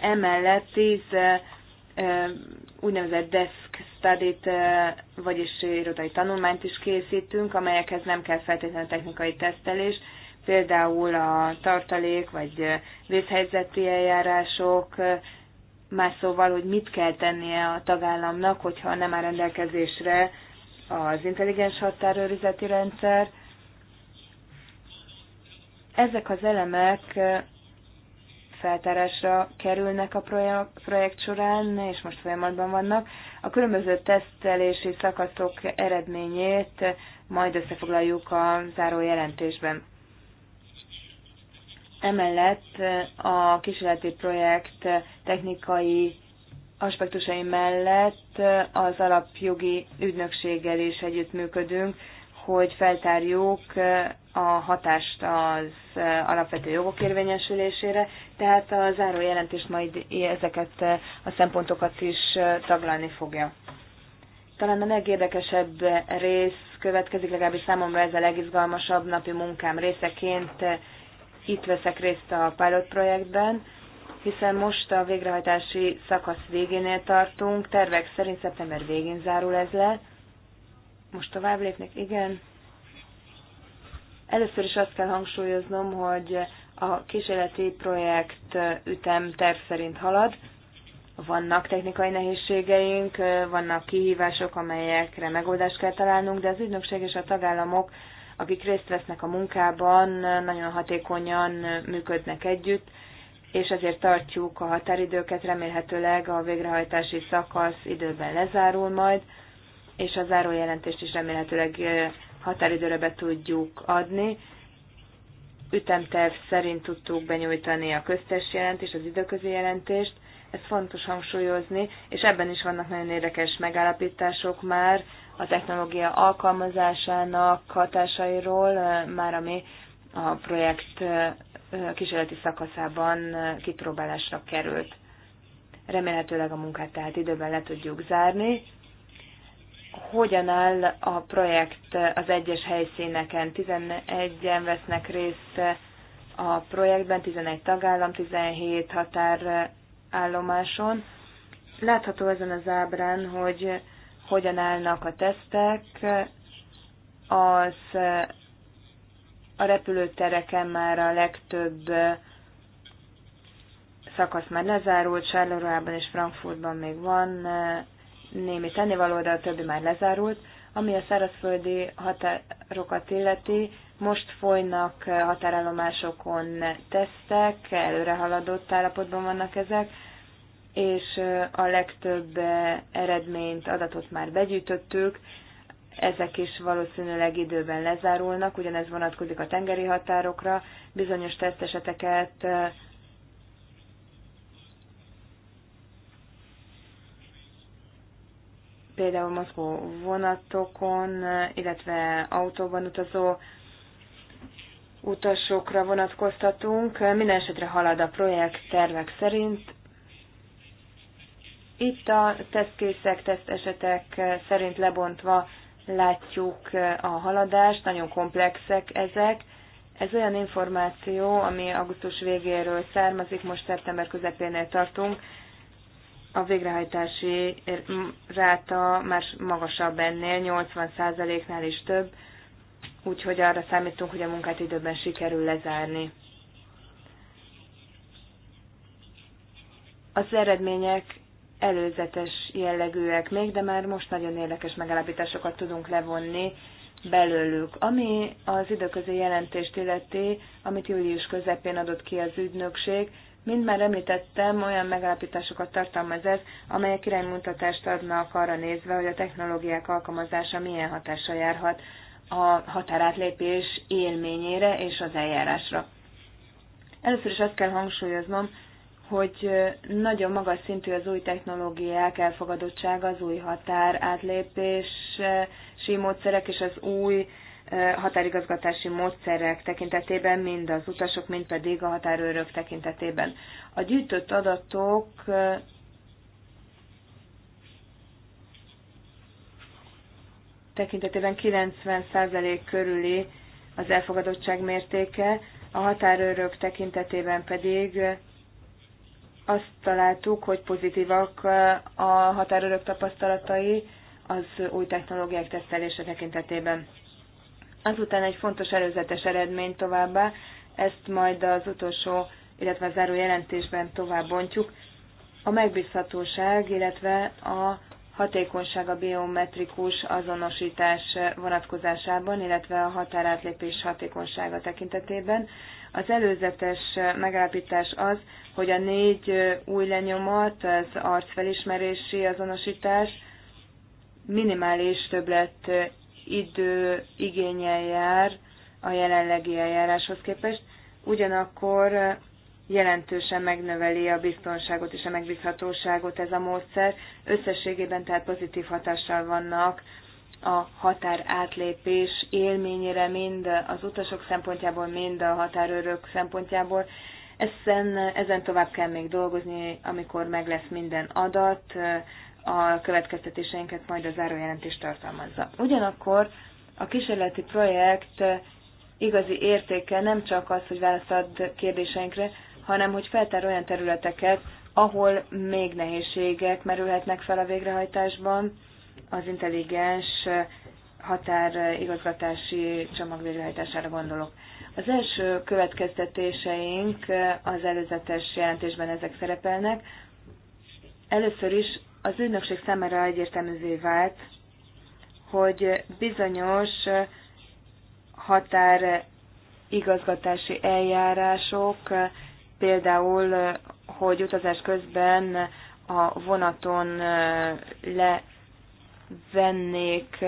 Emellett 10 úgynevezett desk study-t, vagyis irodai tanulmányt is készítünk, amelyekhez nem kell feltétlenül technikai tesztelés, például a tartalék vagy vészhelyzeti eljárások, más szóval, hogy mit kell tennie a tagállamnak, hogyha nem áll rendelkezésre az intelligens határőrizeti rendszer. Ezek az elemek feltárásra kerülnek a projekt során, és most folyamatban vannak. A különböző tesztelési szakaszok eredményét majd összefoglaljuk a záró jelentésben. Emellett a kísérleti projekt technikai aspektusai mellett az alapjogi ügynökséggel is együttműködünk, hogy feltárjuk a hatást az alapvető jogok érvényesülésére, tehát a záró jelentés majd ezeket a szempontokat is taglalni fogja. Talán a legérdekesebb rész következik, legalábbis számomra ez a legizgalmasabb napi munkám részeként itt veszek részt a pilot projektben, hiszen most a végrehajtási szakasz végénél tartunk, tervek szerint szeptember végén zárul ez le. Most tovább lépnek, igen. Először is azt kell hangsúlyoznom, hogy a kísérleti projekt ütem terv szerint halad. Vannak technikai nehézségeink, vannak kihívások, amelyekre megoldást kell találnunk, de az ügynökség és a tagállamok akik részt vesznek a munkában, nagyon hatékonyan működnek együtt, és ezért tartjuk a határidőket, remélhetőleg a végrehajtási szakasz időben lezárul majd, és a zárójelentést is remélhetőleg határidőre be tudjuk adni. Ütemterv szerint tudtuk benyújtani a köztes jelentést, az időközi jelentést, ez fontos hangsúlyozni, és ebben is vannak nagyon érdekes megállapítások már, a technológia alkalmazásának hatásairól, már ami a projekt kísérleti szakaszában kipróbálásra került. Remélhetőleg a munkát tehát időben le tudjuk zárni. Hogyan áll a projekt az egyes helyszíneken? 11-en vesznek részt a projektben, 11 tagállam, 17 határállomáson. Látható ezen az ábrán, hogy hogyan állnak a tesztek, az a repülőtereken már a legtöbb szakasz már lezárult, Sárlorában és Frankfurtban még van némi tennivaló, de a többi már lezárult. Ami a szárazföldi határokat illeti, most folynak határállomásokon tesztek, előrehaladott állapotban vannak ezek, és a legtöbb eredményt, adatot már begyűjtöttük, ezek is valószínűleg időben lezárulnak, ugyanez vonatkozik a tengeri határokra, bizonyos teszteseteket például Moszkó vonatokon, illetve autóban utazó utasokra vonatkoztatunk. Minden esetre halad a projekt tervek szerint, itt a tesztkészek, tesztesetek szerint lebontva látjuk a haladást, nagyon komplexek ezek. Ez olyan információ, ami augusztus végéről származik, most szeptember közepénél tartunk. A végrehajtási ráta már magasabb ennél, 80%-nál is több, úgyhogy arra számítunk, hogy a munkát időben sikerül lezárni. Az eredmények előzetes jellegűek még, de már most nagyon érdekes megállapításokat tudunk levonni belőlük. Ami az időközi jelentést illeti, amit július közepén adott ki az ügynökség, mint már említettem, olyan megállapításokat tartalmaz ez, amelyek iránymutatást adnak arra nézve, hogy a technológiák alkalmazása milyen hatással járhat a határátlépés élményére és az eljárásra. Először is azt kell hangsúlyoznom, hogy nagyon magas szintű az új technológiák elfogadottsága, az új határ átlépési módszerek és az új határigazgatási módszerek tekintetében, mind az utasok, mind pedig a határőrök tekintetében. A gyűjtött adatok tekintetében 90% körüli az elfogadottság mértéke, a határőrök tekintetében pedig azt találtuk, hogy pozitívak a határőrök tapasztalatai az új technológiák tesztelése tekintetében. Azután egy fontos előzetes eredmény továbbá, ezt majd az utolsó, illetve záró jelentésben tovább bontjuk. A megbízhatóság, illetve a hatékonyság a biometrikus azonosítás vonatkozásában, illetve a határátlépés hatékonysága tekintetében. Az előzetes megállapítás az, hogy a négy új lenyomat, az arcfelismerési azonosítás minimális többlet idő igényel jár a jelenlegi eljáráshoz képest, ugyanakkor jelentősen megnöveli a biztonságot és a megbízhatóságot ez a módszer. Összességében tehát pozitív hatással vannak a határ átlépés élményére, mind az utasok szempontjából, mind a határőrök szempontjából, ezen, ezen tovább kell még dolgozni, amikor meg lesz minden adat, a következtetéseinket majd a zárójelentés tartalmazza. Ugyanakkor a kísérleti projekt igazi értéke nem csak az, hogy választ ad kérdéseinkre, hanem hogy feltár olyan területeket, ahol még nehézségek merülhetnek fel a végrehajtásban, az intelligens határigazgatási csomag végrehajtására gondolok. Az első következtetéseink az előzetes jelentésben ezek szerepelnek. Először is az ügynökség számára egyértelművé vált, hogy bizonyos határ igazgatási eljárások, például, hogy utazás közben a vonaton levennék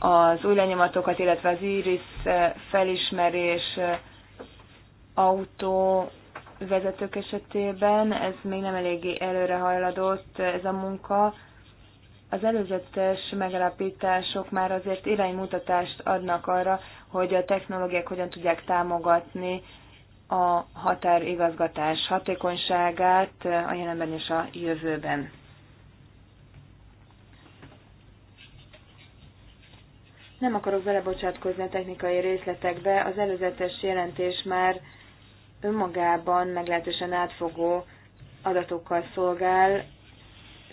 az új lenyomatokat, illetve az iris eh, felismerés eh, autó vezetők esetében, ez még nem eléggé előre hajladott eh, ez a munka. Az előzetes megalapítások már azért iránymutatást adnak arra, hogy a technológiák hogyan tudják támogatni a határigazgatás hatékonyságát a jelenben és a jövőben. Nem akarok belebocsátkozni a technikai részletekbe, az előzetes jelentés már önmagában meglehetősen átfogó adatokkal szolgál.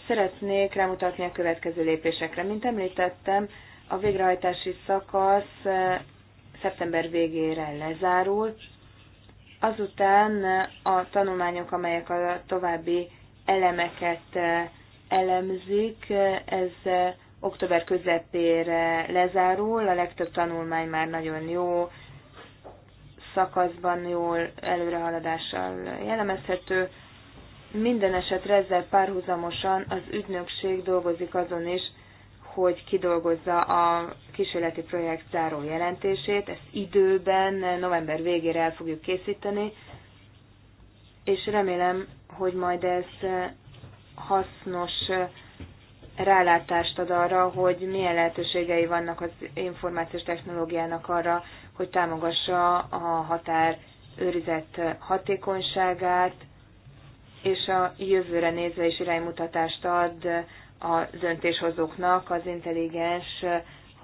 Szeretnék rámutatni a következő lépésekre. Mint említettem, a végrehajtási szakasz eh, szeptember végére lezárul. Azután eh, a tanulmányok, amelyek a további elemeket eh, elemzik, ez október közepére lezárul, a legtöbb tanulmány már nagyon jó szakaszban, jól előrehaladással jellemezhető. Minden esetre ezzel párhuzamosan az ügynökség dolgozik azon is, hogy kidolgozza a kísérleti projekt záró jelentését, ezt időben, november végére el fogjuk készíteni, és remélem, hogy majd ez hasznos rálátást ad arra, hogy milyen lehetőségei vannak az információs technológiának arra, hogy támogassa a határ őrizett hatékonyságát, és a jövőre nézve is iránymutatást ad a döntéshozóknak az intelligens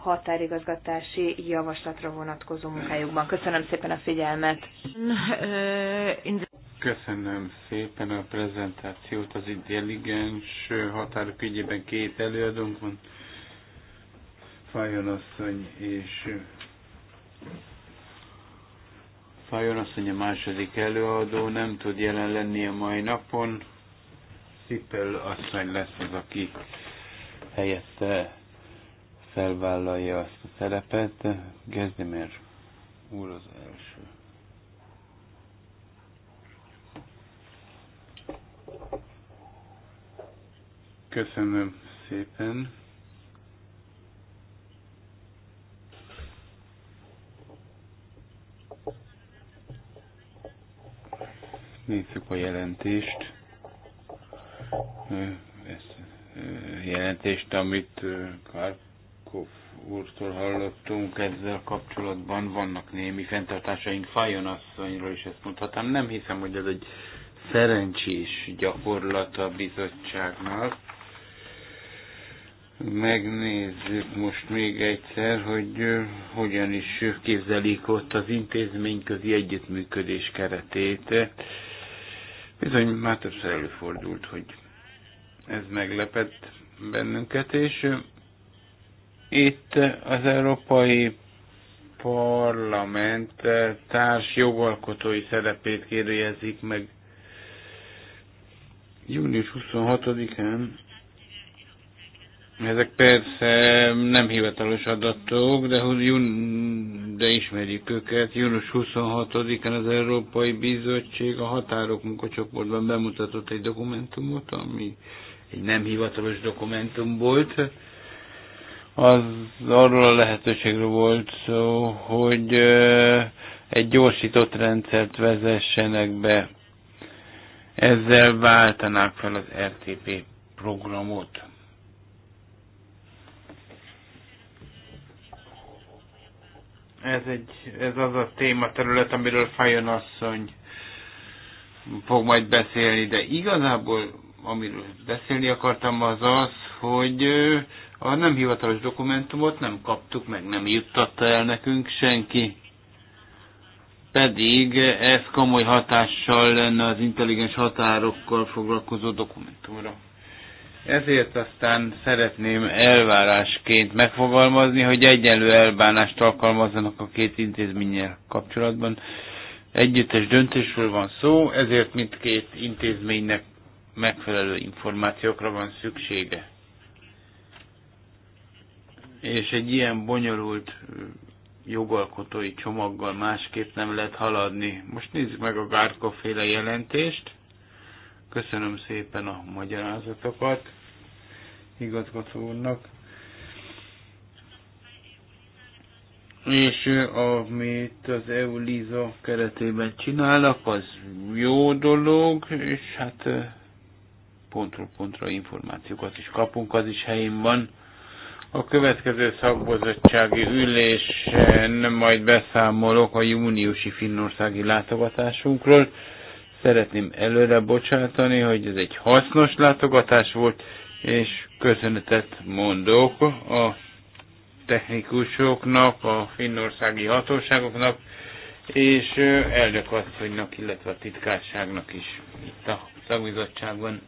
határigazgatási javaslatra vonatkozó munkájukban. Köszönöm szépen a figyelmet! Uh, Köszönöm szépen a prezentációt az intelligens határok ügyében két előadónk van. Fajon asszony és Fajon asszony a második előadó nem tud jelen lenni a mai napon. Szipel asszony lesz az, aki helyette felvállalja azt a szerepet. Gezdemér úr az első. Köszönöm szépen. Nézzük a jelentést. Ezt jelentést, amit Karkov úrtól hallottunk ezzel kapcsolatban. Vannak némi fenntartásaink Fajon asszonyról is ezt mondhatom. Nem hiszem, hogy ez egy szerencsés gyakorlat a bizottságnak megnézzük most még egyszer, hogy hogyan is képzelik ott az intézményközi együttműködés keretét. Bizony már többször előfordult, hogy ez meglepett bennünket, és itt az Európai Parlament társ jogalkotói szerepét kérdezik meg. Június 26-án ezek persze nem hivatalos adatok, de, jun, de ismerjük őket. Június 26-án az Európai Bizottság a határok munkacsoportban bemutatott egy dokumentumot, ami egy nem hivatalos dokumentum volt. Az arról a lehetőségről volt szó, hogy egy gyorsított rendszert vezessenek be. Ezzel váltanák fel az RTP programot Ez, egy, ez az a tématerület, amiről Fajon asszony fog majd beszélni, de igazából amiről beszélni akartam az az, hogy a nem hivatalos dokumentumot nem kaptuk meg, nem juttatta el nekünk senki. Pedig ez komoly hatással lenne az intelligens határokkal foglalkozó dokumentumra. Ezért aztán szeretném elvárásként megfogalmazni, hogy egyenlő elbánást alkalmazzanak a két intézménnyel kapcsolatban. Együttes döntésről van szó, ezért mindkét intézménynek megfelelő információkra van szüksége. És egy ilyen bonyolult jogalkotói csomaggal másképp nem lehet haladni. Most nézzük meg a féle jelentést Köszönöm szépen a magyarázatokat igazgatónak. És amit az eu liza keretében csinálnak, az jó dolog, és hát pontról pontra információkat is kapunk, az is helyén van. A következő szakbozottsági ülésen majd beszámolok a júniusi finnországi látogatásunkról. Szeretném előre bocsátani, hogy ez egy hasznos látogatás volt, és köszönetet mondok a technikusoknak, a finnországi hatóságoknak, és elnökasszonynak, illetve a titkárságnak is itt a szakbizottságban.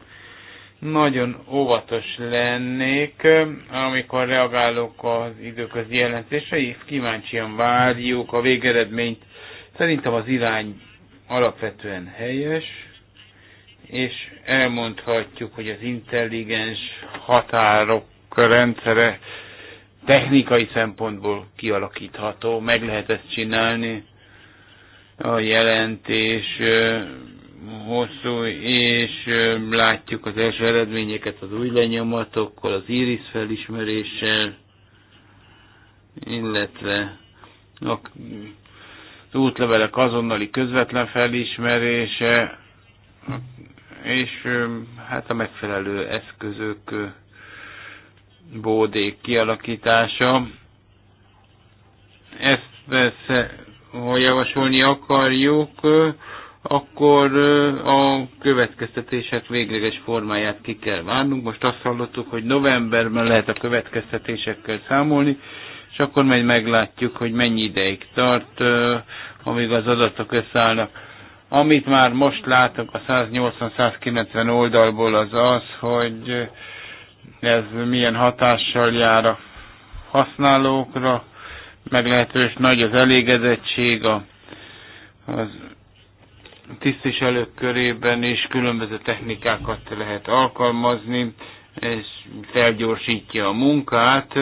Nagyon óvatos lennék, amikor reagálok az időközi jelentésre, és kíváncsian várjuk a végeredményt. Szerintem az irány alapvetően helyes, és elmondhatjuk, hogy az intelligens határok rendszere technikai szempontból kialakítható, meg lehet ezt csinálni. A jelentés hosszú, és látjuk az első eredményeket az új lenyomatokkal, az iris felismeréssel, illetve a útlevelek azonnali közvetlen felismerése, és hát a megfelelő eszközök bódék kialakítása. Ezt persze, ha javasolni akarjuk, akkor a következtetések végleges formáját ki kell várnunk. Most azt hallottuk, hogy novemberben lehet a következtetésekkel számolni, és akkor majd meglátjuk, hogy mennyi ideig tart, amíg az adatok összeállnak. Amit már most látok a 180-190 oldalból az az, hogy ez milyen hatással jár a használókra, meglehetős nagy az elégedettség a, az tisztviselők körében, és különböző technikákat lehet alkalmazni, és felgyorsítja a munkát,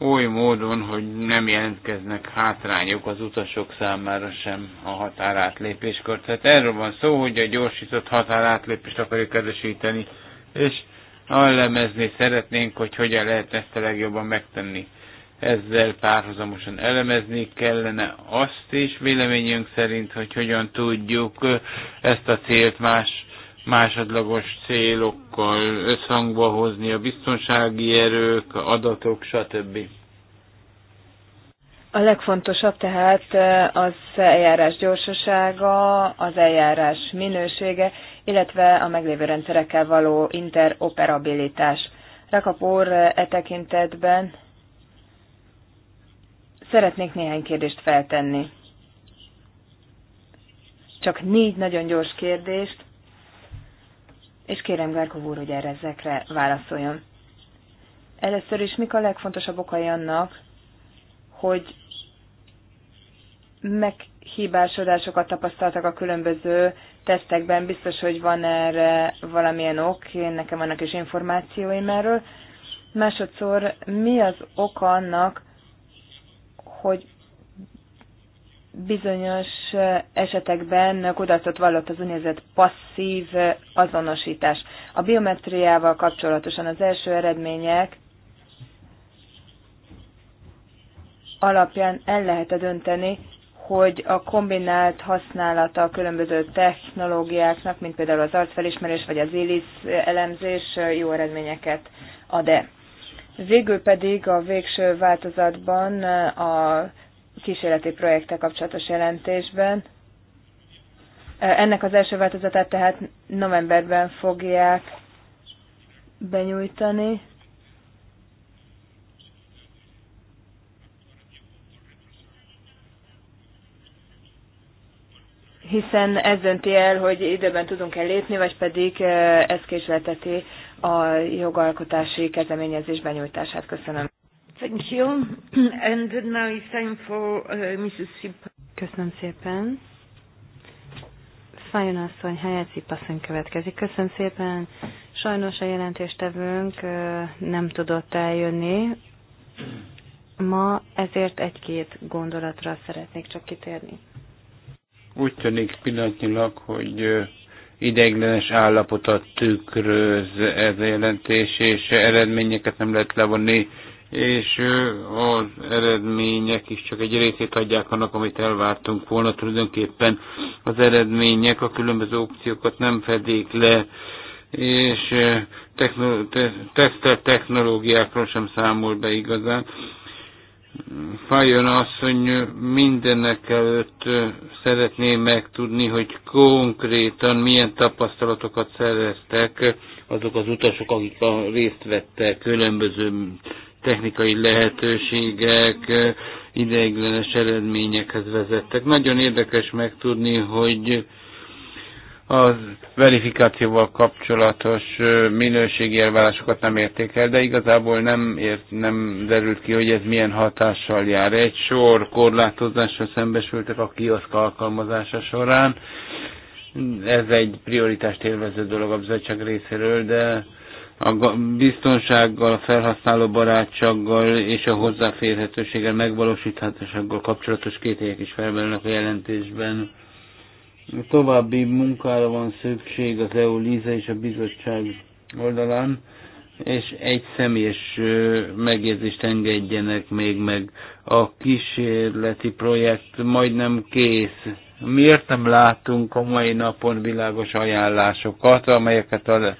oly módon, hogy nem jelentkeznek hátrányok az utasok számára sem a határátlépéskor. Tehát erről van szó, hogy a gyorsított határátlépést akarjuk erősíteni, és elemezni szeretnénk, hogy hogyan lehet ezt a legjobban megtenni. Ezzel párhuzamosan elemezni kellene azt is, véleményünk szerint, hogy hogyan tudjuk ezt a célt más másodlagos célokkal összhangba hozni a biztonsági erők, adatok, stb. A legfontosabb tehát eh, az eljárás gyorsasága, az eljárás minősége, illetve a meglévő rendszerekkel való interoperabilitás. Rakapor eh, e tekintetben szeretnék néhány kérdést feltenni. Csak négy nagyon gyors kérdést, és kérem Gárkov úr, hogy erre ezekre válaszoljon. Először is mik a legfontosabb okai annak, hogy meghibásodásokat tapasztaltak a különböző tesztekben, biztos, hogy van erre valamilyen ok, nekem vannak is információim erről. Másodszor, mi az oka annak, hogy bizonyos esetekben kudarcot vallott az úgynevezett passzív azonosítás. A biometriával kapcsolatosan az első eredmények alapján el lehet -e dönteni, hogy a kombinált használata a különböző technológiáknak, mint például az arcfelismerés vagy az ELIS elemzés jó eredményeket ad-e. Végül pedig a végső változatban a kísérleti projekte kapcsolatos jelentésben. E, ennek az első változatát tehát novemberben fogják benyújtani. hiszen ez dönti el, hogy időben tudunk-e lépni, vagy pedig e, ez késleteti a jogalkotási kezdeményezés benyújtását. Köszönöm. Thank you. And now it's time for uh, Mrs. Sip. Köszönöm szépen. Fajon asszony, helyett Szipasszony következik. Köszönöm szépen. Sajnos a jelentéstevőnk nem tudott eljönni ma, ezért egy-két gondolatra szeretnék csak kitérni. Úgy tűnik pillanatnyilag, hogy ideiglenes állapotot tükröz ez a jelentés, és eredményeket nem lehet levonni és az eredmények is csak egy részét adják annak, amit elvártunk volna. Tulajdonképpen az eredmények a különböző opciókat nem fedik le, és tesztelt technológiákról sem számol be igazán. Fajon hogy mindennek előtt szeretné megtudni, hogy konkrétan milyen tapasztalatokat szereztek azok az utasok, akik a részt vettek különböző technikai lehetőségek ideiglenes eredményekhez vezettek. Nagyon érdekes megtudni, hogy a verifikációval kapcsolatos minőségi elvárásokat nem érték el, de igazából nem, ért, nem derült ki, hogy ez milyen hatással jár. Egy sor korlátozással szembesültek a kioszk alkalmazása során. Ez egy prioritást élvező dolog a bizottság részéről, de a biztonsággal, a felhasználó barátsággal és a hozzáférhetőséggel, megvalósíthatósággal kapcsolatos kételyek is felmerülnek a jelentésben. További munkára van szükség az EU LISA és a bizottság oldalán, és egy személyes megjegyzést engedjenek még meg. A kísérleti projekt majdnem kész. Miért nem látunk a mai napon világos ajánlásokat, amelyeket a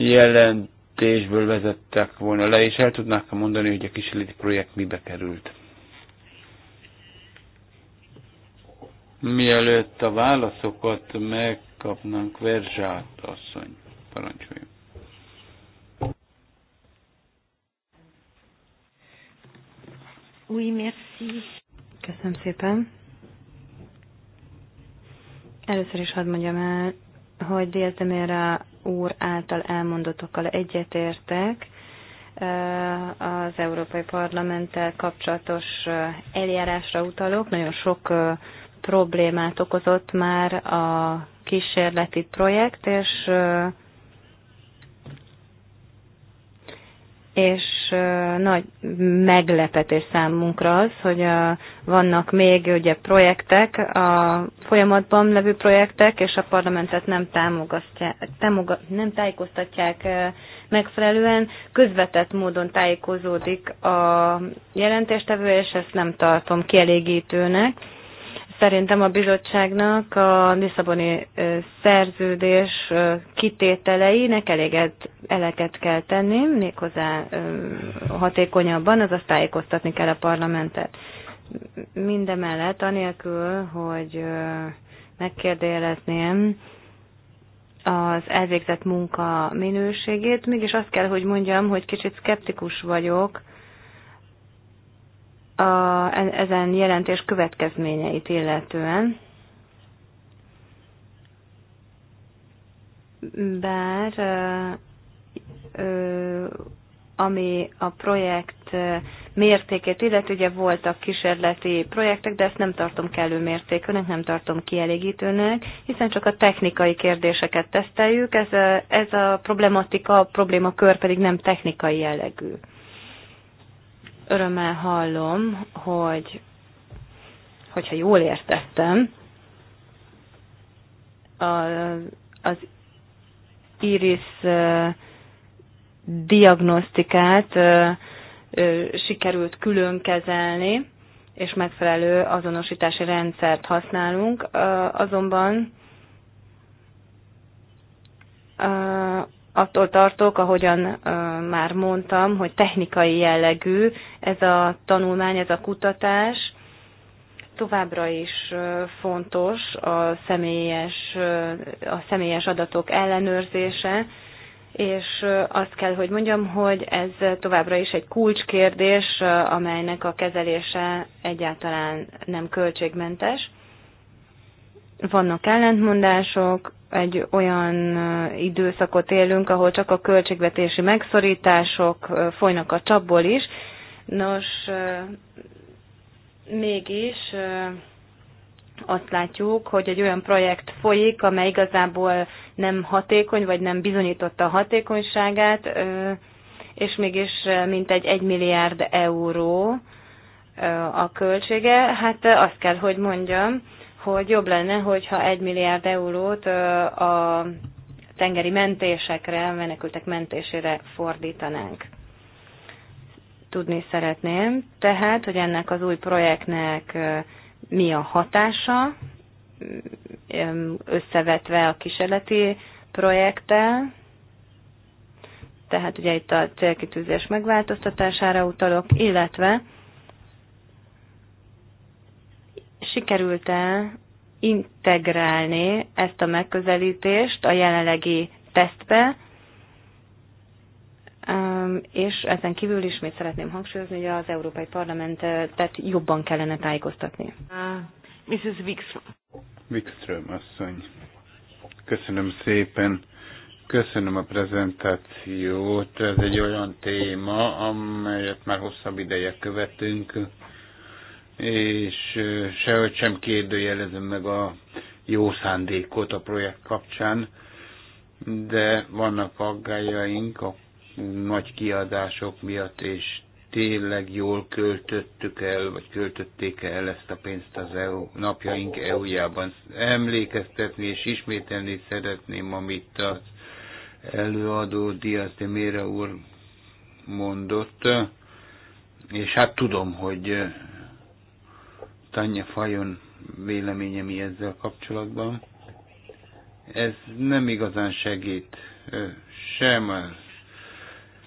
jelentésből vezettek volna le, és el tudnák mondani, hogy a kísérleti projekt mibe került. Mielőtt a válaszokat megkapnánk, Verzsát asszony, parancsoljon. Oui, merci. Köszönöm szépen. Először is hadd mondjam el, hogy Déltemére úr által elmondottakkal egyetértek az Európai Parlamenttel kapcsolatos eljárásra utalok. Nagyon sok problémát okozott már a kísérleti projekt, és és nagy meglepetés számunkra az, hogy vannak még ugye projektek, a folyamatban levő projektek, és a parlamentet nem támogat, nem tájékoztatják megfelelően, közvetett módon tájékozódik a jelentéstevő, és ezt nem tartom kielégítőnek Szerintem a bizottságnak a Lisszaboni szerződés kitételeinek eléget eleket kell tenni, méghozzá hatékonyabban, azaz tájékoztatni kell a parlamentet. Mindemellett, anélkül, hogy megkérdélezném az elvégzett munka minőségét, mégis azt kell, hogy mondjam, hogy kicsit skeptikus vagyok a, e-, ezen jelentés következményeit illetően. Bár ö, ami a projekt mértékét illeti, ugye voltak kísérleti projektek, de ezt nem tartom kellő mértékűnek, nem tartom kielégítőnek, hiszen csak a technikai kérdéseket teszteljük, ez a, ez a problematika, a problémakör pedig nem technikai jellegű. Örömmel hallom, hogy hogyha jól értettem, az iris diagnosztikát sikerült külön kezelni, és megfelelő azonosítási rendszert használunk, azonban attól tartok, ahogyan már mondtam, hogy technikai jellegű ez a tanulmány, ez a kutatás. Továbbra is fontos a személyes, a személyes adatok ellenőrzése, és azt kell, hogy mondjam, hogy ez továbbra is egy kulcskérdés, amelynek a kezelése egyáltalán nem költségmentes vannak ellentmondások, egy olyan időszakot élünk, ahol csak a költségvetési megszorítások folynak a csapból is. Nos, mégis azt látjuk, hogy egy olyan projekt folyik, amely igazából nem hatékony, vagy nem bizonyította a hatékonyságát, és mégis mintegy 1 milliárd euró a költsége. Hát azt kell, hogy mondjam, hogy jobb lenne, hogyha egy milliárd eurót a tengeri mentésekre, menekültek mentésére fordítanánk. Tudni szeretném tehát, hogy ennek az új projektnek mi a hatása, összevetve a kísérleti projekttel, tehát ugye itt a célkitűzés megváltoztatására utalok, illetve sikerült-e integrálni ezt a megközelítést a jelenlegi tesztbe, és ezen kívül ismét szeretném hangsúlyozni, hogy az Európai Parlamentet jobban kellene tájékoztatni. Uh, Mrs. Wikström. Wikström asszony. Köszönöm szépen. Köszönöm a prezentációt. Ez egy olyan téma, amelyet már hosszabb ideje követünk és sehogy sem kérdőjelezem meg a jó szándékot a projekt kapcsán, de vannak aggájaink a nagy kiadások miatt, és tényleg jól költöttük el, vagy költötték el ezt a pénzt az EU, napjaink EU-jában. Emlékeztetni és ismételni szeretném, amit az előadó Diaz de Mére úr mondott, és hát tudom, hogy Tanya Fajon véleménye mi ezzel kapcsolatban. Ez nem igazán segít sem az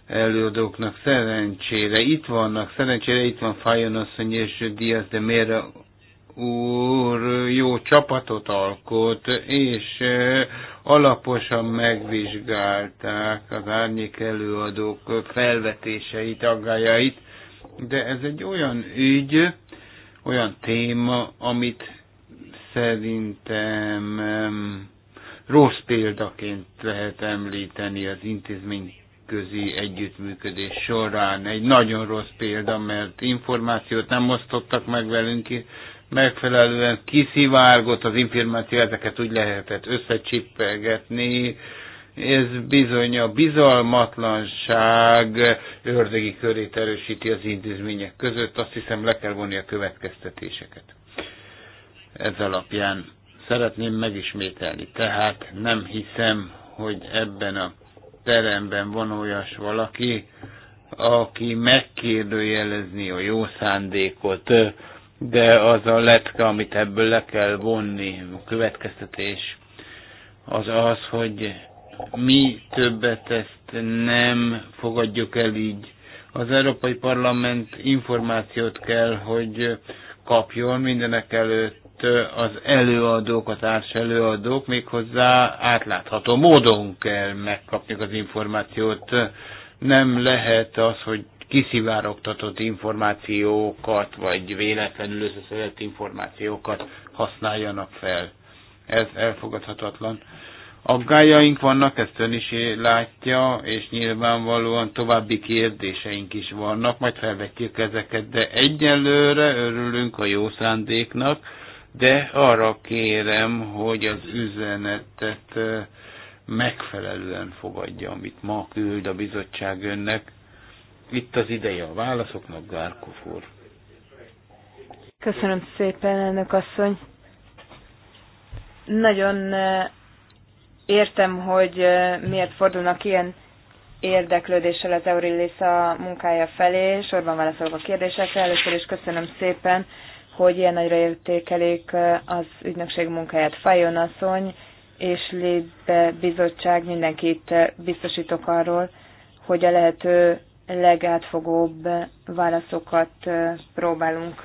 előadóknak szerencsére. Itt vannak, szerencsére itt van Fajon asszony és Diaz de miért úr jó csapatot alkot, és alaposan megvizsgálták az árnyék előadók felvetéseit, aggájait, de ez egy olyan ügy, olyan téma, amit szerintem um, rossz példaként lehet említeni az intézmény közi együttműködés során. Egy nagyon rossz példa, mert információt nem osztottak meg velünk, megfelelően kiszivárgott az információ, ezeket úgy lehetett összecsippegetni, ez bizony a bizalmatlanság ördögi körét erősíti az intézmények között. Azt hiszem le kell vonni a következtetéseket. Ez alapján szeretném megismételni. Tehát nem hiszem, hogy ebben a teremben van olyas valaki, aki megkérdőjelezni a jó szándékot, de az a letke, amit ebből le kell vonni, a következtetés, az az, hogy mi többet ezt nem fogadjuk el így. Az Európai Parlament információt kell, hogy kapjon mindenek előtt az előadók, a társ előadók, méghozzá átlátható módon kell megkapni az információt. Nem lehet az, hogy kiszivárogtatott információkat, vagy véletlenül összeszedett információkat használjanak fel. Ez elfogadhatatlan aggájaink vannak, ezt ön is látja, és nyilvánvalóan további kérdéseink is vannak, majd felvetjük ezeket, de egyelőre örülünk a jó szándéknak, de arra kérem, hogy az üzenetet megfelelően fogadja, amit ma küld a bizottság önnek. Itt az ideje a válaszoknak, Gárkov úr. Köszönöm szépen, elnök asszony. Nagyon Értem, hogy miért fordulnak ilyen érdeklődéssel az a munkája felé. Sorban válaszolok a kérdésekre. Először is köszönöm szépen, hogy ilyen nagyra értékelik az ügynökség munkáját. Fajon asszony és Libe bizottság mindenkit biztosítok arról, hogy a lehető legátfogóbb válaszokat próbálunk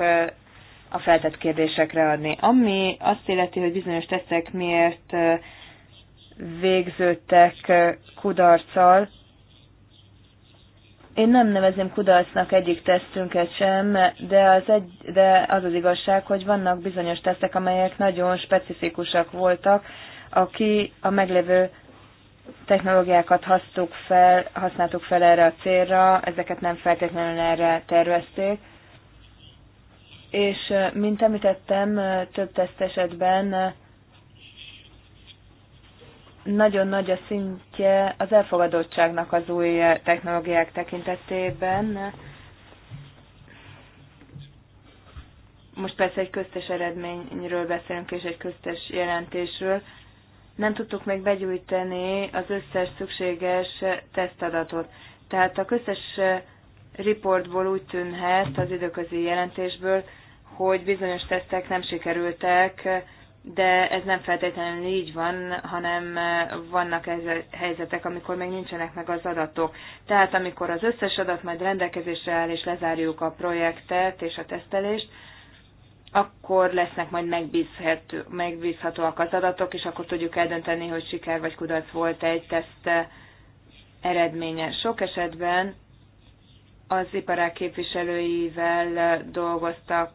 a feltett kérdésekre adni. Ami azt illeti, hogy bizonyos teszek miért végződtek kudarccal. Én nem nevezem kudarcnak egyik tesztünket sem, de az, egy, de az az igazság, hogy vannak bizonyos tesztek, amelyek nagyon specifikusak voltak, aki a meglevő technológiákat használtuk fel, használtuk fel erre a célra, ezeket nem feltétlenül erre tervezték. És mint említettem, több teszt esetben nagyon nagy a szintje az elfogadottságnak az új technológiák tekintetében. Most persze egy köztes eredményről beszélünk, és egy köztes jelentésről. Nem tudtuk még begyújtani az összes szükséges tesztadatot. Tehát a köztes reportból úgy tűnhet az időközi jelentésből, hogy bizonyos tesztek nem sikerültek de ez nem feltétlenül így van, hanem eh, vannak ez helyzetek, amikor még nincsenek meg az adatok. Tehát amikor az összes adat majd rendelkezésre áll, és lezárjuk a projektet és a tesztelést, akkor lesznek majd megbízhető, megbízhatóak az adatok, és akkor tudjuk eldönteni, hogy siker vagy kudarc volt egy teszt eh, eredménye. Sok esetben az iparák képviselőivel eh, dolgoztak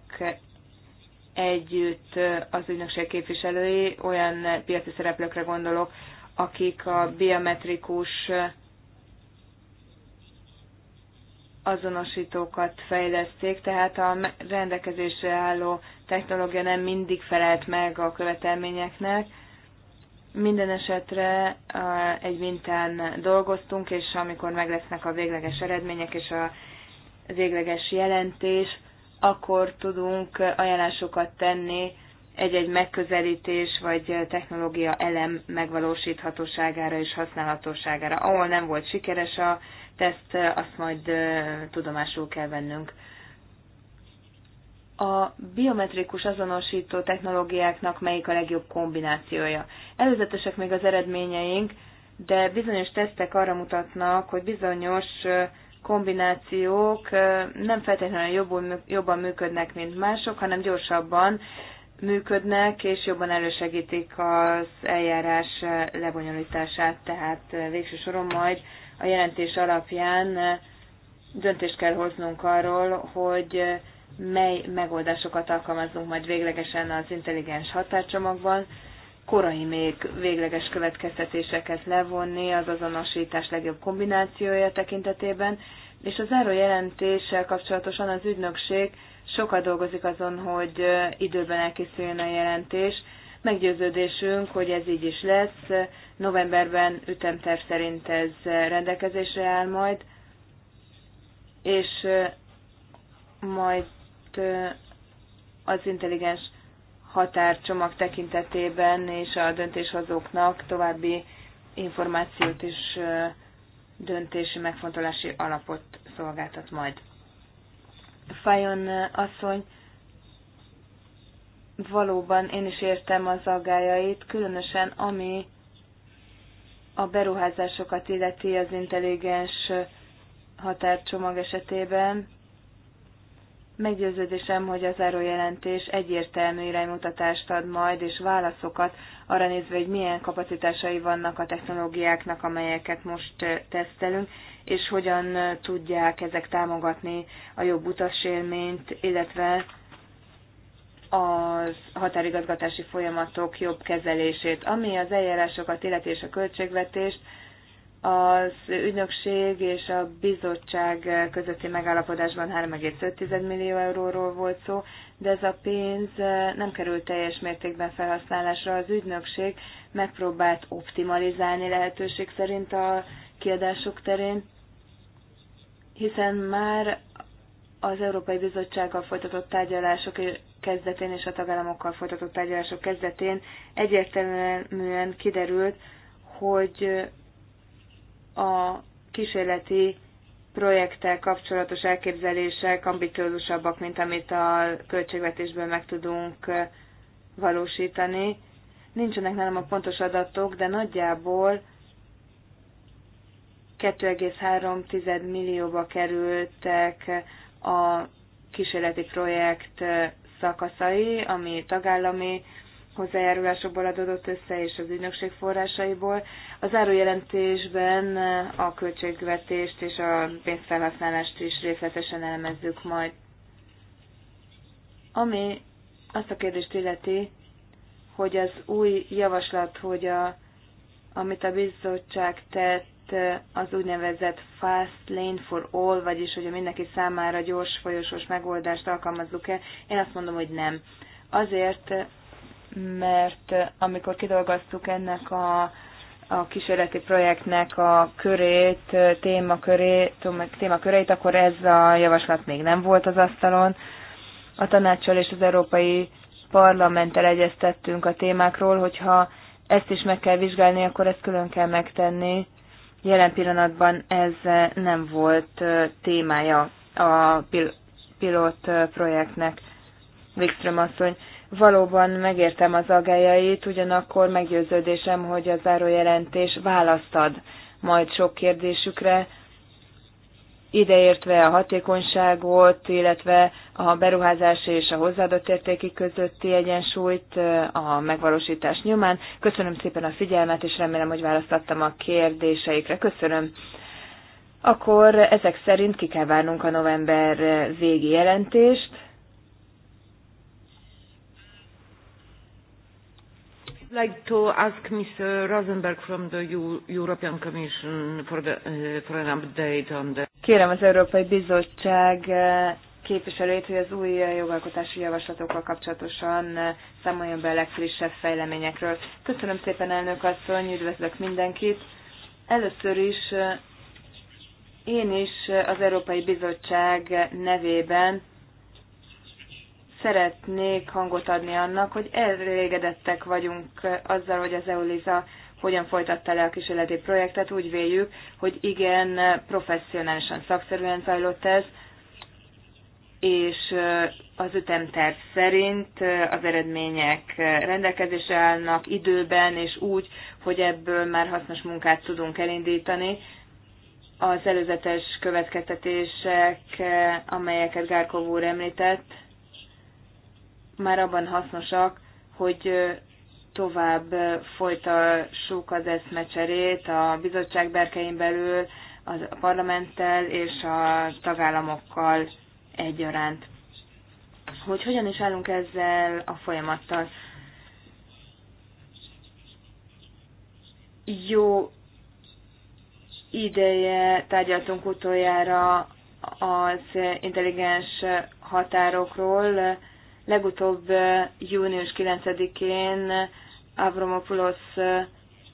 együtt az ügynökség képviselői, olyan piaci szereplőkre gondolok, akik a biometrikus azonosítókat fejleszték, tehát a rendelkezésre álló technológia nem mindig felelt meg a követelményeknek. Minden esetre egy mintán dolgoztunk, és amikor meg lesznek a végleges eredmények és a végleges jelentés, akkor tudunk ajánlásokat tenni egy-egy megközelítés vagy technológia elem megvalósíthatóságára és használhatóságára. Ahol nem volt sikeres a teszt, azt majd tudomásul kell vennünk. A biometrikus azonosító technológiáknak melyik a legjobb kombinációja? Előzetesek még az eredményeink, de bizonyos tesztek arra mutatnak, hogy bizonyos kombinációk nem feltétlenül jobban, működnek, mint mások, hanem gyorsabban működnek, és jobban elősegítik az eljárás lebonyolítását, tehát végső soron majd a jelentés alapján döntést kell hoznunk arról, hogy mely megoldásokat alkalmazunk majd véglegesen az intelligens határcsomagban, korai még végleges következtetéseket levonni az azonosítás legjobb kombinációja tekintetében, és az záró jelentéssel kapcsolatosan az ügynökség sokat dolgozik azon, hogy időben elkészüljön a jelentés. Meggyőződésünk, hogy ez így is lesz. Novemberben ütemterv szerint ez rendelkezésre áll majd, és majd az intelligens határcsomag tekintetében, és a döntéshozóknak további információt és döntési megfontolási alapot szolgáltat majd. Fajon asszony, valóban én is értem az aggájait, különösen ami a beruházásokat illeti az intelligens határcsomag esetében, Meggyőződésem, hogy erő jelentés egyértelmű iránymutatást ad majd, és válaszokat arra nézve, hogy milyen kapacitásai vannak a technológiáknak, amelyeket most eh, tesztelünk, és hogyan eh, tudják ezek támogatni a jobb utasélményt, illetve az határigazgatási folyamatok jobb kezelését. Ami az eljárásokat illetve a költségvetést, az ügynökség és a bizottság közötti megállapodásban 3,5 millió euróról volt szó, de ez a pénz nem került teljes mértékben felhasználásra. Az ügynökség megpróbált optimalizálni lehetőség szerint a kiadások terén, hiszen már az Európai Bizottsággal folytatott tárgyalások kezdetén és a tagállamokkal folytatott tárgyalások kezdetén egyértelműen kiderült, hogy a kísérleti projekttel kapcsolatos elképzelések ambiciózusabbak, mint amit a költségvetésből meg tudunk valósítani. Nincsenek nálam a pontos adatok, de nagyjából 2,3 millióba kerültek a kísérleti projekt szakaszai, ami tagállami hozzájárulásokból adódott össze és az ügynökség forrásaiból. A zárójelentésben a költségvetést és a pénzfelhasználást is részletesen elemezzük majd. Ami azt a kérdést illeti, hogy az új javaslat, hogy a, amit a bizottság tett, az úgynevezett fast lane for all, vagyis hogy a mindenki számára gyors folyosós megoldást alkalmazzuk-e, én azt mondom, hogy nem. Azért, mert amikor kidolgoztuk ennek a, a kísérleti projektnek a körét, témakörét, témakörét, akkor ez a javaslat még nem volt az asztalon. A tanácssal és az Európai Parlamenttel egyeztettünk a témákról, hogyha ezt is meg kell vizsgálni, akkor ezt külön kell megtenni. Jelen pillanatban ez nem volt témája a pil- pilot projektnek. Wikström asszony, Valóban megértem az agájait, ugyanakkor meggyőződésem, hogy a zárójelentés választ ad majd sok kérdésükre, ideértve a hatékonyságot, illetve a beruházás és a hozzáadott értéki közötti egyensúlyt a megvalósítás nyomán. Köszönöm szépen a figyelmet, és remélem, hogy választattam a kérdéseikre. Köszönöm. Akkor ezek szerint ki kell várnunk a november végi jelentést. like to ask Mr. Rosenberg from the European Commission for, the, uh, for an update on the... Kérem az Európai Bizottság uh, képviselőjét, hogy az új uh, jogalkotási javaslatokkal kapcsolatosan uh, számoljon be a legfrissebb fejleményekről. Köszönöm szépen, elnök asszony, üdvözlök mindenkit. Először is én is az Európai Bizottság nevében szeretnék hangot adni annak, hogy elégedettek vagyunk azzal, hogy az EULISA hogyan folytatta le a kísérleti projektet. Úgy véljük, hogy igen, professzionálisan, szakszerűen zajlott ez, és az ütemterv szerint az eredmények rendelkezésre állnak időben, és úgy, hogy ebből már hasznos munkát tudunk elindítani. Az előzetes következtetések, amelyeket Gárkov úr említett, már abban hasznosak, hogy tovább folytassuk az eszmecserét a bizottság berkein belül, a parlamenttel és a tagállamokkal egyaránt. Hogy hogyan is állunk ezzel a folyamattal? Jó ideje tárgyaltunk utoljára az intelligens határokról, Legutóbb eh, június 9-én eh, Avromopoulos eh,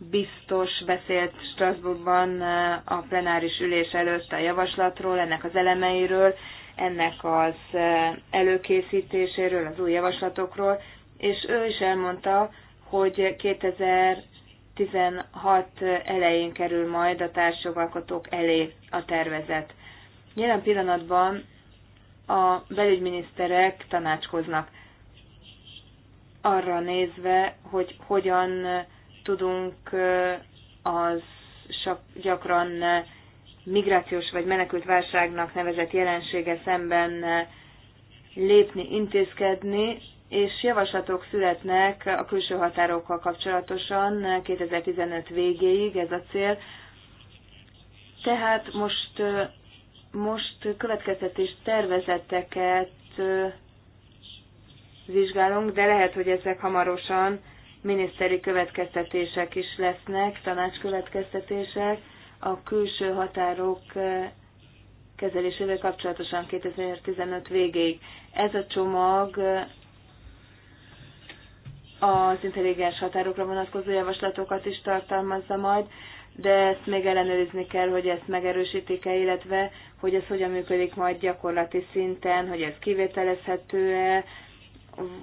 biztos beszélt Strasbourgban a plenáris ülés előtt a javaslatról, ennek az elemeiről, ennek az előkészítéséről, az új javaslatokról, és ő is elmondta, hogy 2016 elején kerül majd a társjogalkotók elé a tervezet. Jelen pillanatban a belügyminiszterek tanácskoznak. Arra nézve, hogy hogyan tudunk az gyakran migrációs vagy menekült válságnak nevezett jelensége szemben lépni, intézkedni, és javaslatok születnek a külső határokkal kapcsolatosan 2015 végéig ez a cél. Tehát most most következtetés tervezeteket vizsgálunk, de lehet, hogy ezek hamarosan miniszteri következtetések is lesznek, tanácskövetkeztetések a külső határok kezelésével kapcsolatosan 2015 végéig. Ez a csomag az intelligens határokra vonatkozó javaslatokat is tartalmazza majd de ezt még ellenőrizni kell, hogy ezt megerősítik-e, illetve hogy ez hogyan működik majd gyakorlati szinten, hogy ez kivételezhető-e,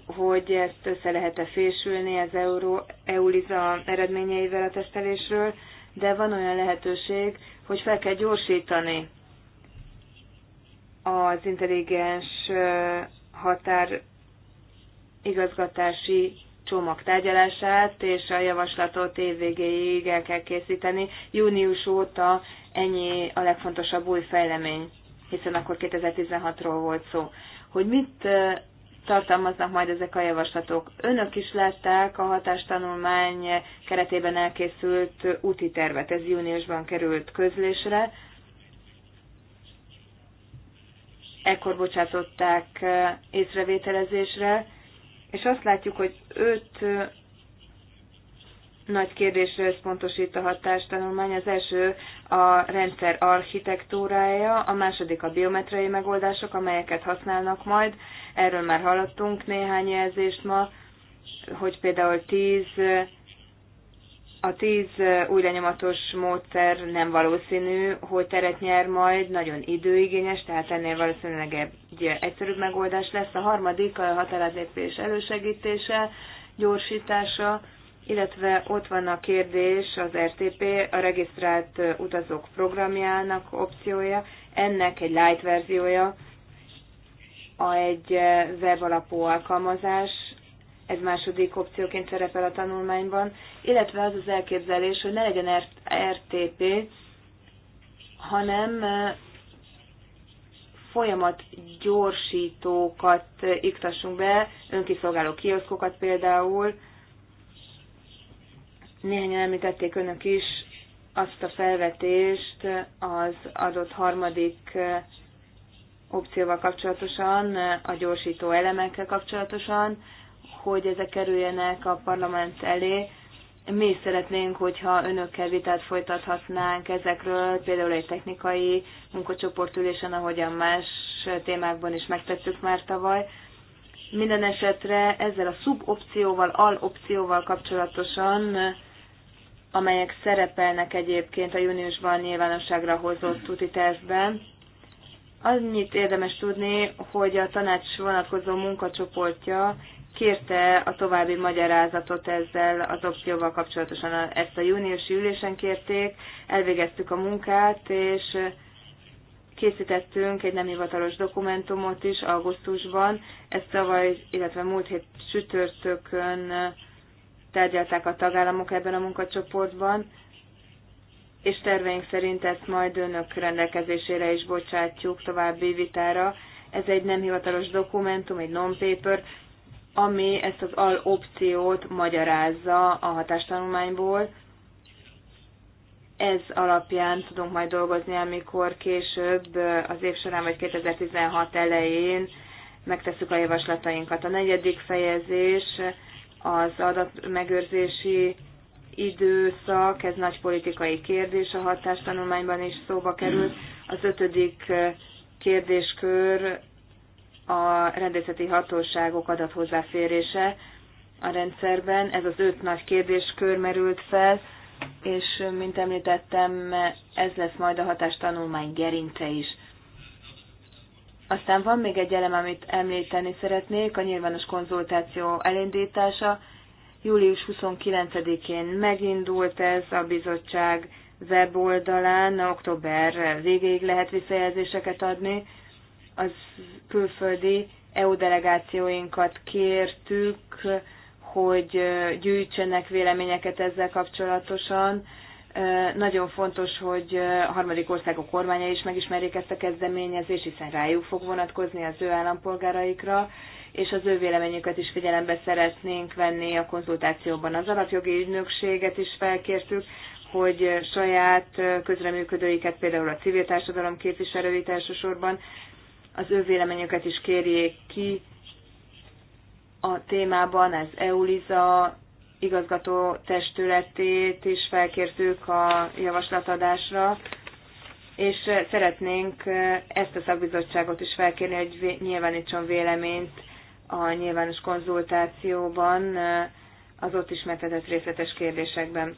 hogy ezt össze lehet-e fésülni az Euró, EULIZA eredményeivel a tesztelésről, de van olyan lehetőség, hogy fel kell gyorsítani az intelligens határ igazgatási csomag tárgyalását, és a javaslatot évvégéig el kell készíteni. Június óta ennyi a legfontosabb új fejlemény, hiszen akkor 2016-ról volt szó. Hogy mit tartalmaznak majd ezek a javaslatok. Önök is látták a hatástanulmány keretében elkészült úti tervet, ez júniusban került közlésre. Ekkor bocsátották észrevételezésre, és azt látjuk, hogy öt nagy kérdésre összpontosít a hatástanulmány. Az első a rendszer architektúrája, a második a biometriai megoldások, amelyeket használnak majd. Erről már hallottunk néhány jelzést ma, hogy például tíz a tíz új lenyomatos módszer nem valószínű, hogy teret nyer majd, nagyon időigényes, tehát ennél valószínűleg egy egyszerűbb megoldás lesz. A harmadik a határátlépés elősegítése, gyorsítása, illetve ott van a kérdés az RTP, a regisztrált utazók programjának opciója, ennek egy light verziója, a egy webalapú alkalmazás, ez második opcióként szerepel a tanulmányban, illetve az az elképzelés, hogy ne legyen RTP, hanem folyamat gyorsítókat iktassunk be, önkiszolgáló kioszkokat például. Néhányan említették önök is azt a felvetést az adott harmadik opcióval kapcsolatosan, a gyorsító elemekkel kapcsolatosan, hogy ezek kerüljenek a parlament elé. Mi is szeretnénk, hogyha önökkel vitát folytathatnánk ezekről, például egy technikai munkacsoportülésen, ahogyan más témákban is megtettük már tavaly. Minden esetre ezzel a szubopcióval, alopcióval kapcsolatosan, amelyek szerepelnek egyébként a júniusban nyilvánosságra hozott tuti tervben, annyit érdemes tudni, hogy a tanács vonatkozó munkacsoportja kérte a további magyarázatot ezzel az opcióval kapcsolatosan. Ezt a júniusi ülésen kérték, elvégeztük a munkát, és készítettünk egy nem hivatalos dokumentumot is augusztusban. Ezt tavaly, illetve múlt hét csütörtökön tárgyalták a tagállamok ebben a munkacsoportban, és terveink szerint ezt majd önök rendelkezésére is bocsátjuk további vitára. Ez egy nem hivatalos dokumentum, egy non-paper, ami ezt az al opciót magyarázza a hatástanulmányból. Ez alapján tudunk majd dolgozni, amikor később eh, az év során vagy 2016 elején megtesszük a javaslatainkat. A negyedik fejezés az adatmegőrzési időszak, ez nagy politikai kérdés, a hatástanulmányban is szóba került. Az ötödik eh, kérdéskör a rendészeti hatóságok adathozzáférése a rendszerben. Ez az öt nagy kérdéskör merült fel, és mint említettem, ez lesz majd a hatástanulmány gerince is. Aztán van még egy elem, amit említeni szeretnék, a nyilvános konzultáció elindítása. Július 29-én megindult ez a bizottság weboldalán, október végéig lehet visszajelzéseket adni az külföldi EU delegációinkat kértük, hogy gyűjtsenek véleményeket ezzel kapcsolatosan. Nagyon fontos, hogy a harmadik országok kormánya is megismerjék ezt a kezdeményezést, hiszen rájuk fog vonatkozni az ő állampolgáraikra, és az ő véleményüket is figyelembe szeretnénk venni a konzultációban. Az alapjogi ügynökséget is felkértük, hogy saját közreműködőiket, például a civil társadalom képviselőit elsősorban az ő véleményüket is kérjék ki a témában, ez EULIZA igazgató testületét is felkértük a javaslatadásra, és szeretnénk ezt a szakbizottságot is felkérni, hogy nyilvánítson véleményt a nyilvános konzultációban az ott ismertetett részletes kérdésekben.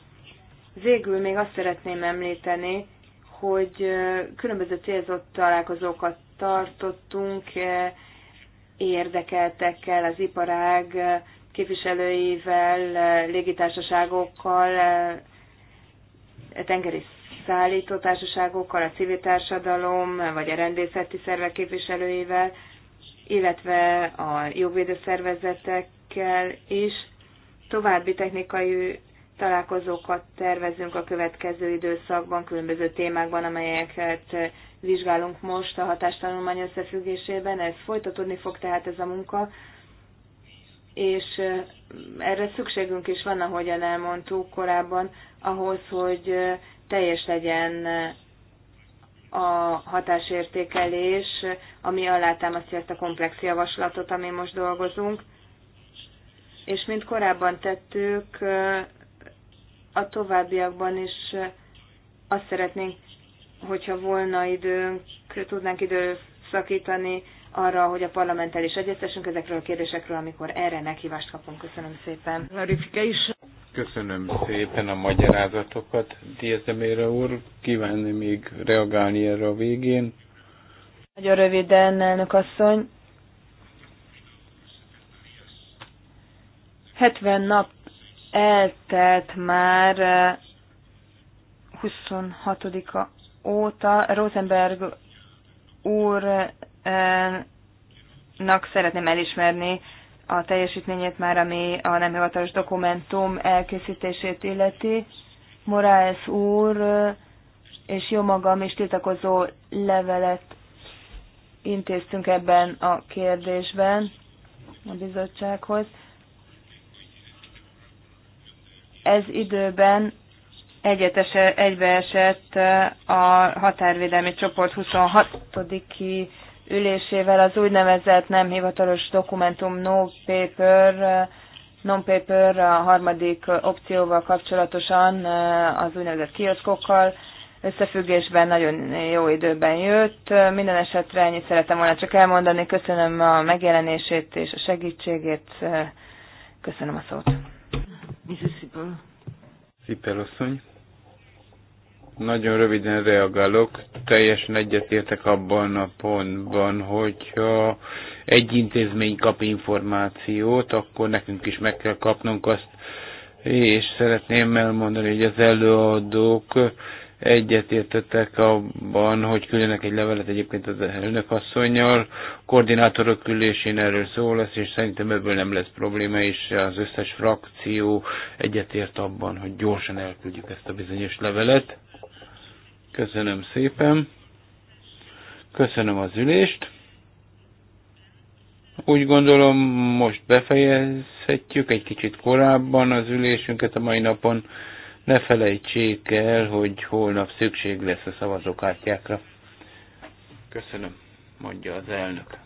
Végül még azt szeretném említeni, hogy különböző célzott találkozókat tartottunk érdekeltekkel, az iparág képviselőivel, légitársaságokkal, tengeri szállítótársaságokkal, a civil társadalom vagy a rendészeti szervek képviselőivel, illetve a jogvédőszervezetekkel is. További technikai találkozókat tervezünk a következő időszakban, különböző témákban, amelyeket vizsgálunk most a hatástanulmány összefüggésében. Ez folytatódni fog tehát ez a munka, és erre szükségünk is van, ahogyan elmondtuk korábban, ahhoz, hogy teljes legyen a hatásértékelés, ami alátámasztja ezt a komplex javaslatot, ami most dolgozunk. És mint korábban tettük, a továbbiakban is azt szeretnénk, hogyha volna időnk, tudnánk időszakítani arra, hogy a parlamenttel is egyeztessünk ezekről a kérdésekről, amikor erre meghívást kapunk. Köszönöm szépen. Köszönöm szépen a magyarázatokat. Diezemére úr, kívánni még reagálni erre a végén? Nagyon röviden, elnök asszony. 70 nap eltelt már 26-a eh, óta. Rosenberg úrnak eh, szeretném elismerni a teljesítményét már, ami a nem hivatalos dokumentum elkészítését illeti. Morales úr eh, és jó magam is tiltakozó levelet intéztünk ebben a kérdésben a bizottsághoz. Ez időben egyetes, egybeesett a határvédelmi csoport 26. ülésével az úgynevezett nem hivatalos dokumentum no paper non-paper a harmadik opcióval kapcsolatosan az úgynevezett kioszkokkal összefüggésben nagyon jó időben jött. Minden esetre ennyit szeretem volna csak elmondani. Köszönöm a megjelenését és a segítségét. Köszönöm a szót. Mrs. Sipel. Sipel asszony. Nagyon röviden reagálok. Teljesen egyetértek abban a pontban, hogyha egy intézmény kap információt, akkor nekünk is meg kell kapnunk azt, és szeretném elmondani, hogy az előadók egyetértettek abban, hogy küldenek egy levelet egyébként az elnök asszonynal. Koordinátorok ülésén erről szó lesz, és szerintem ebből nem lesz probléma, és az összes frakció egyetért abban, hogy gyorsan elküldjük ezt a bizonyos levelet. Köszönöm szépen. Köszönöm az ülést. Úgy gondolom, most befejezhetjük egy kicsit korábban az ülésünket a mai napon. Ne felejtsék el, hogy holnap szükség lesz a szavazókártyákra. Köszönöm, mondja az elnök.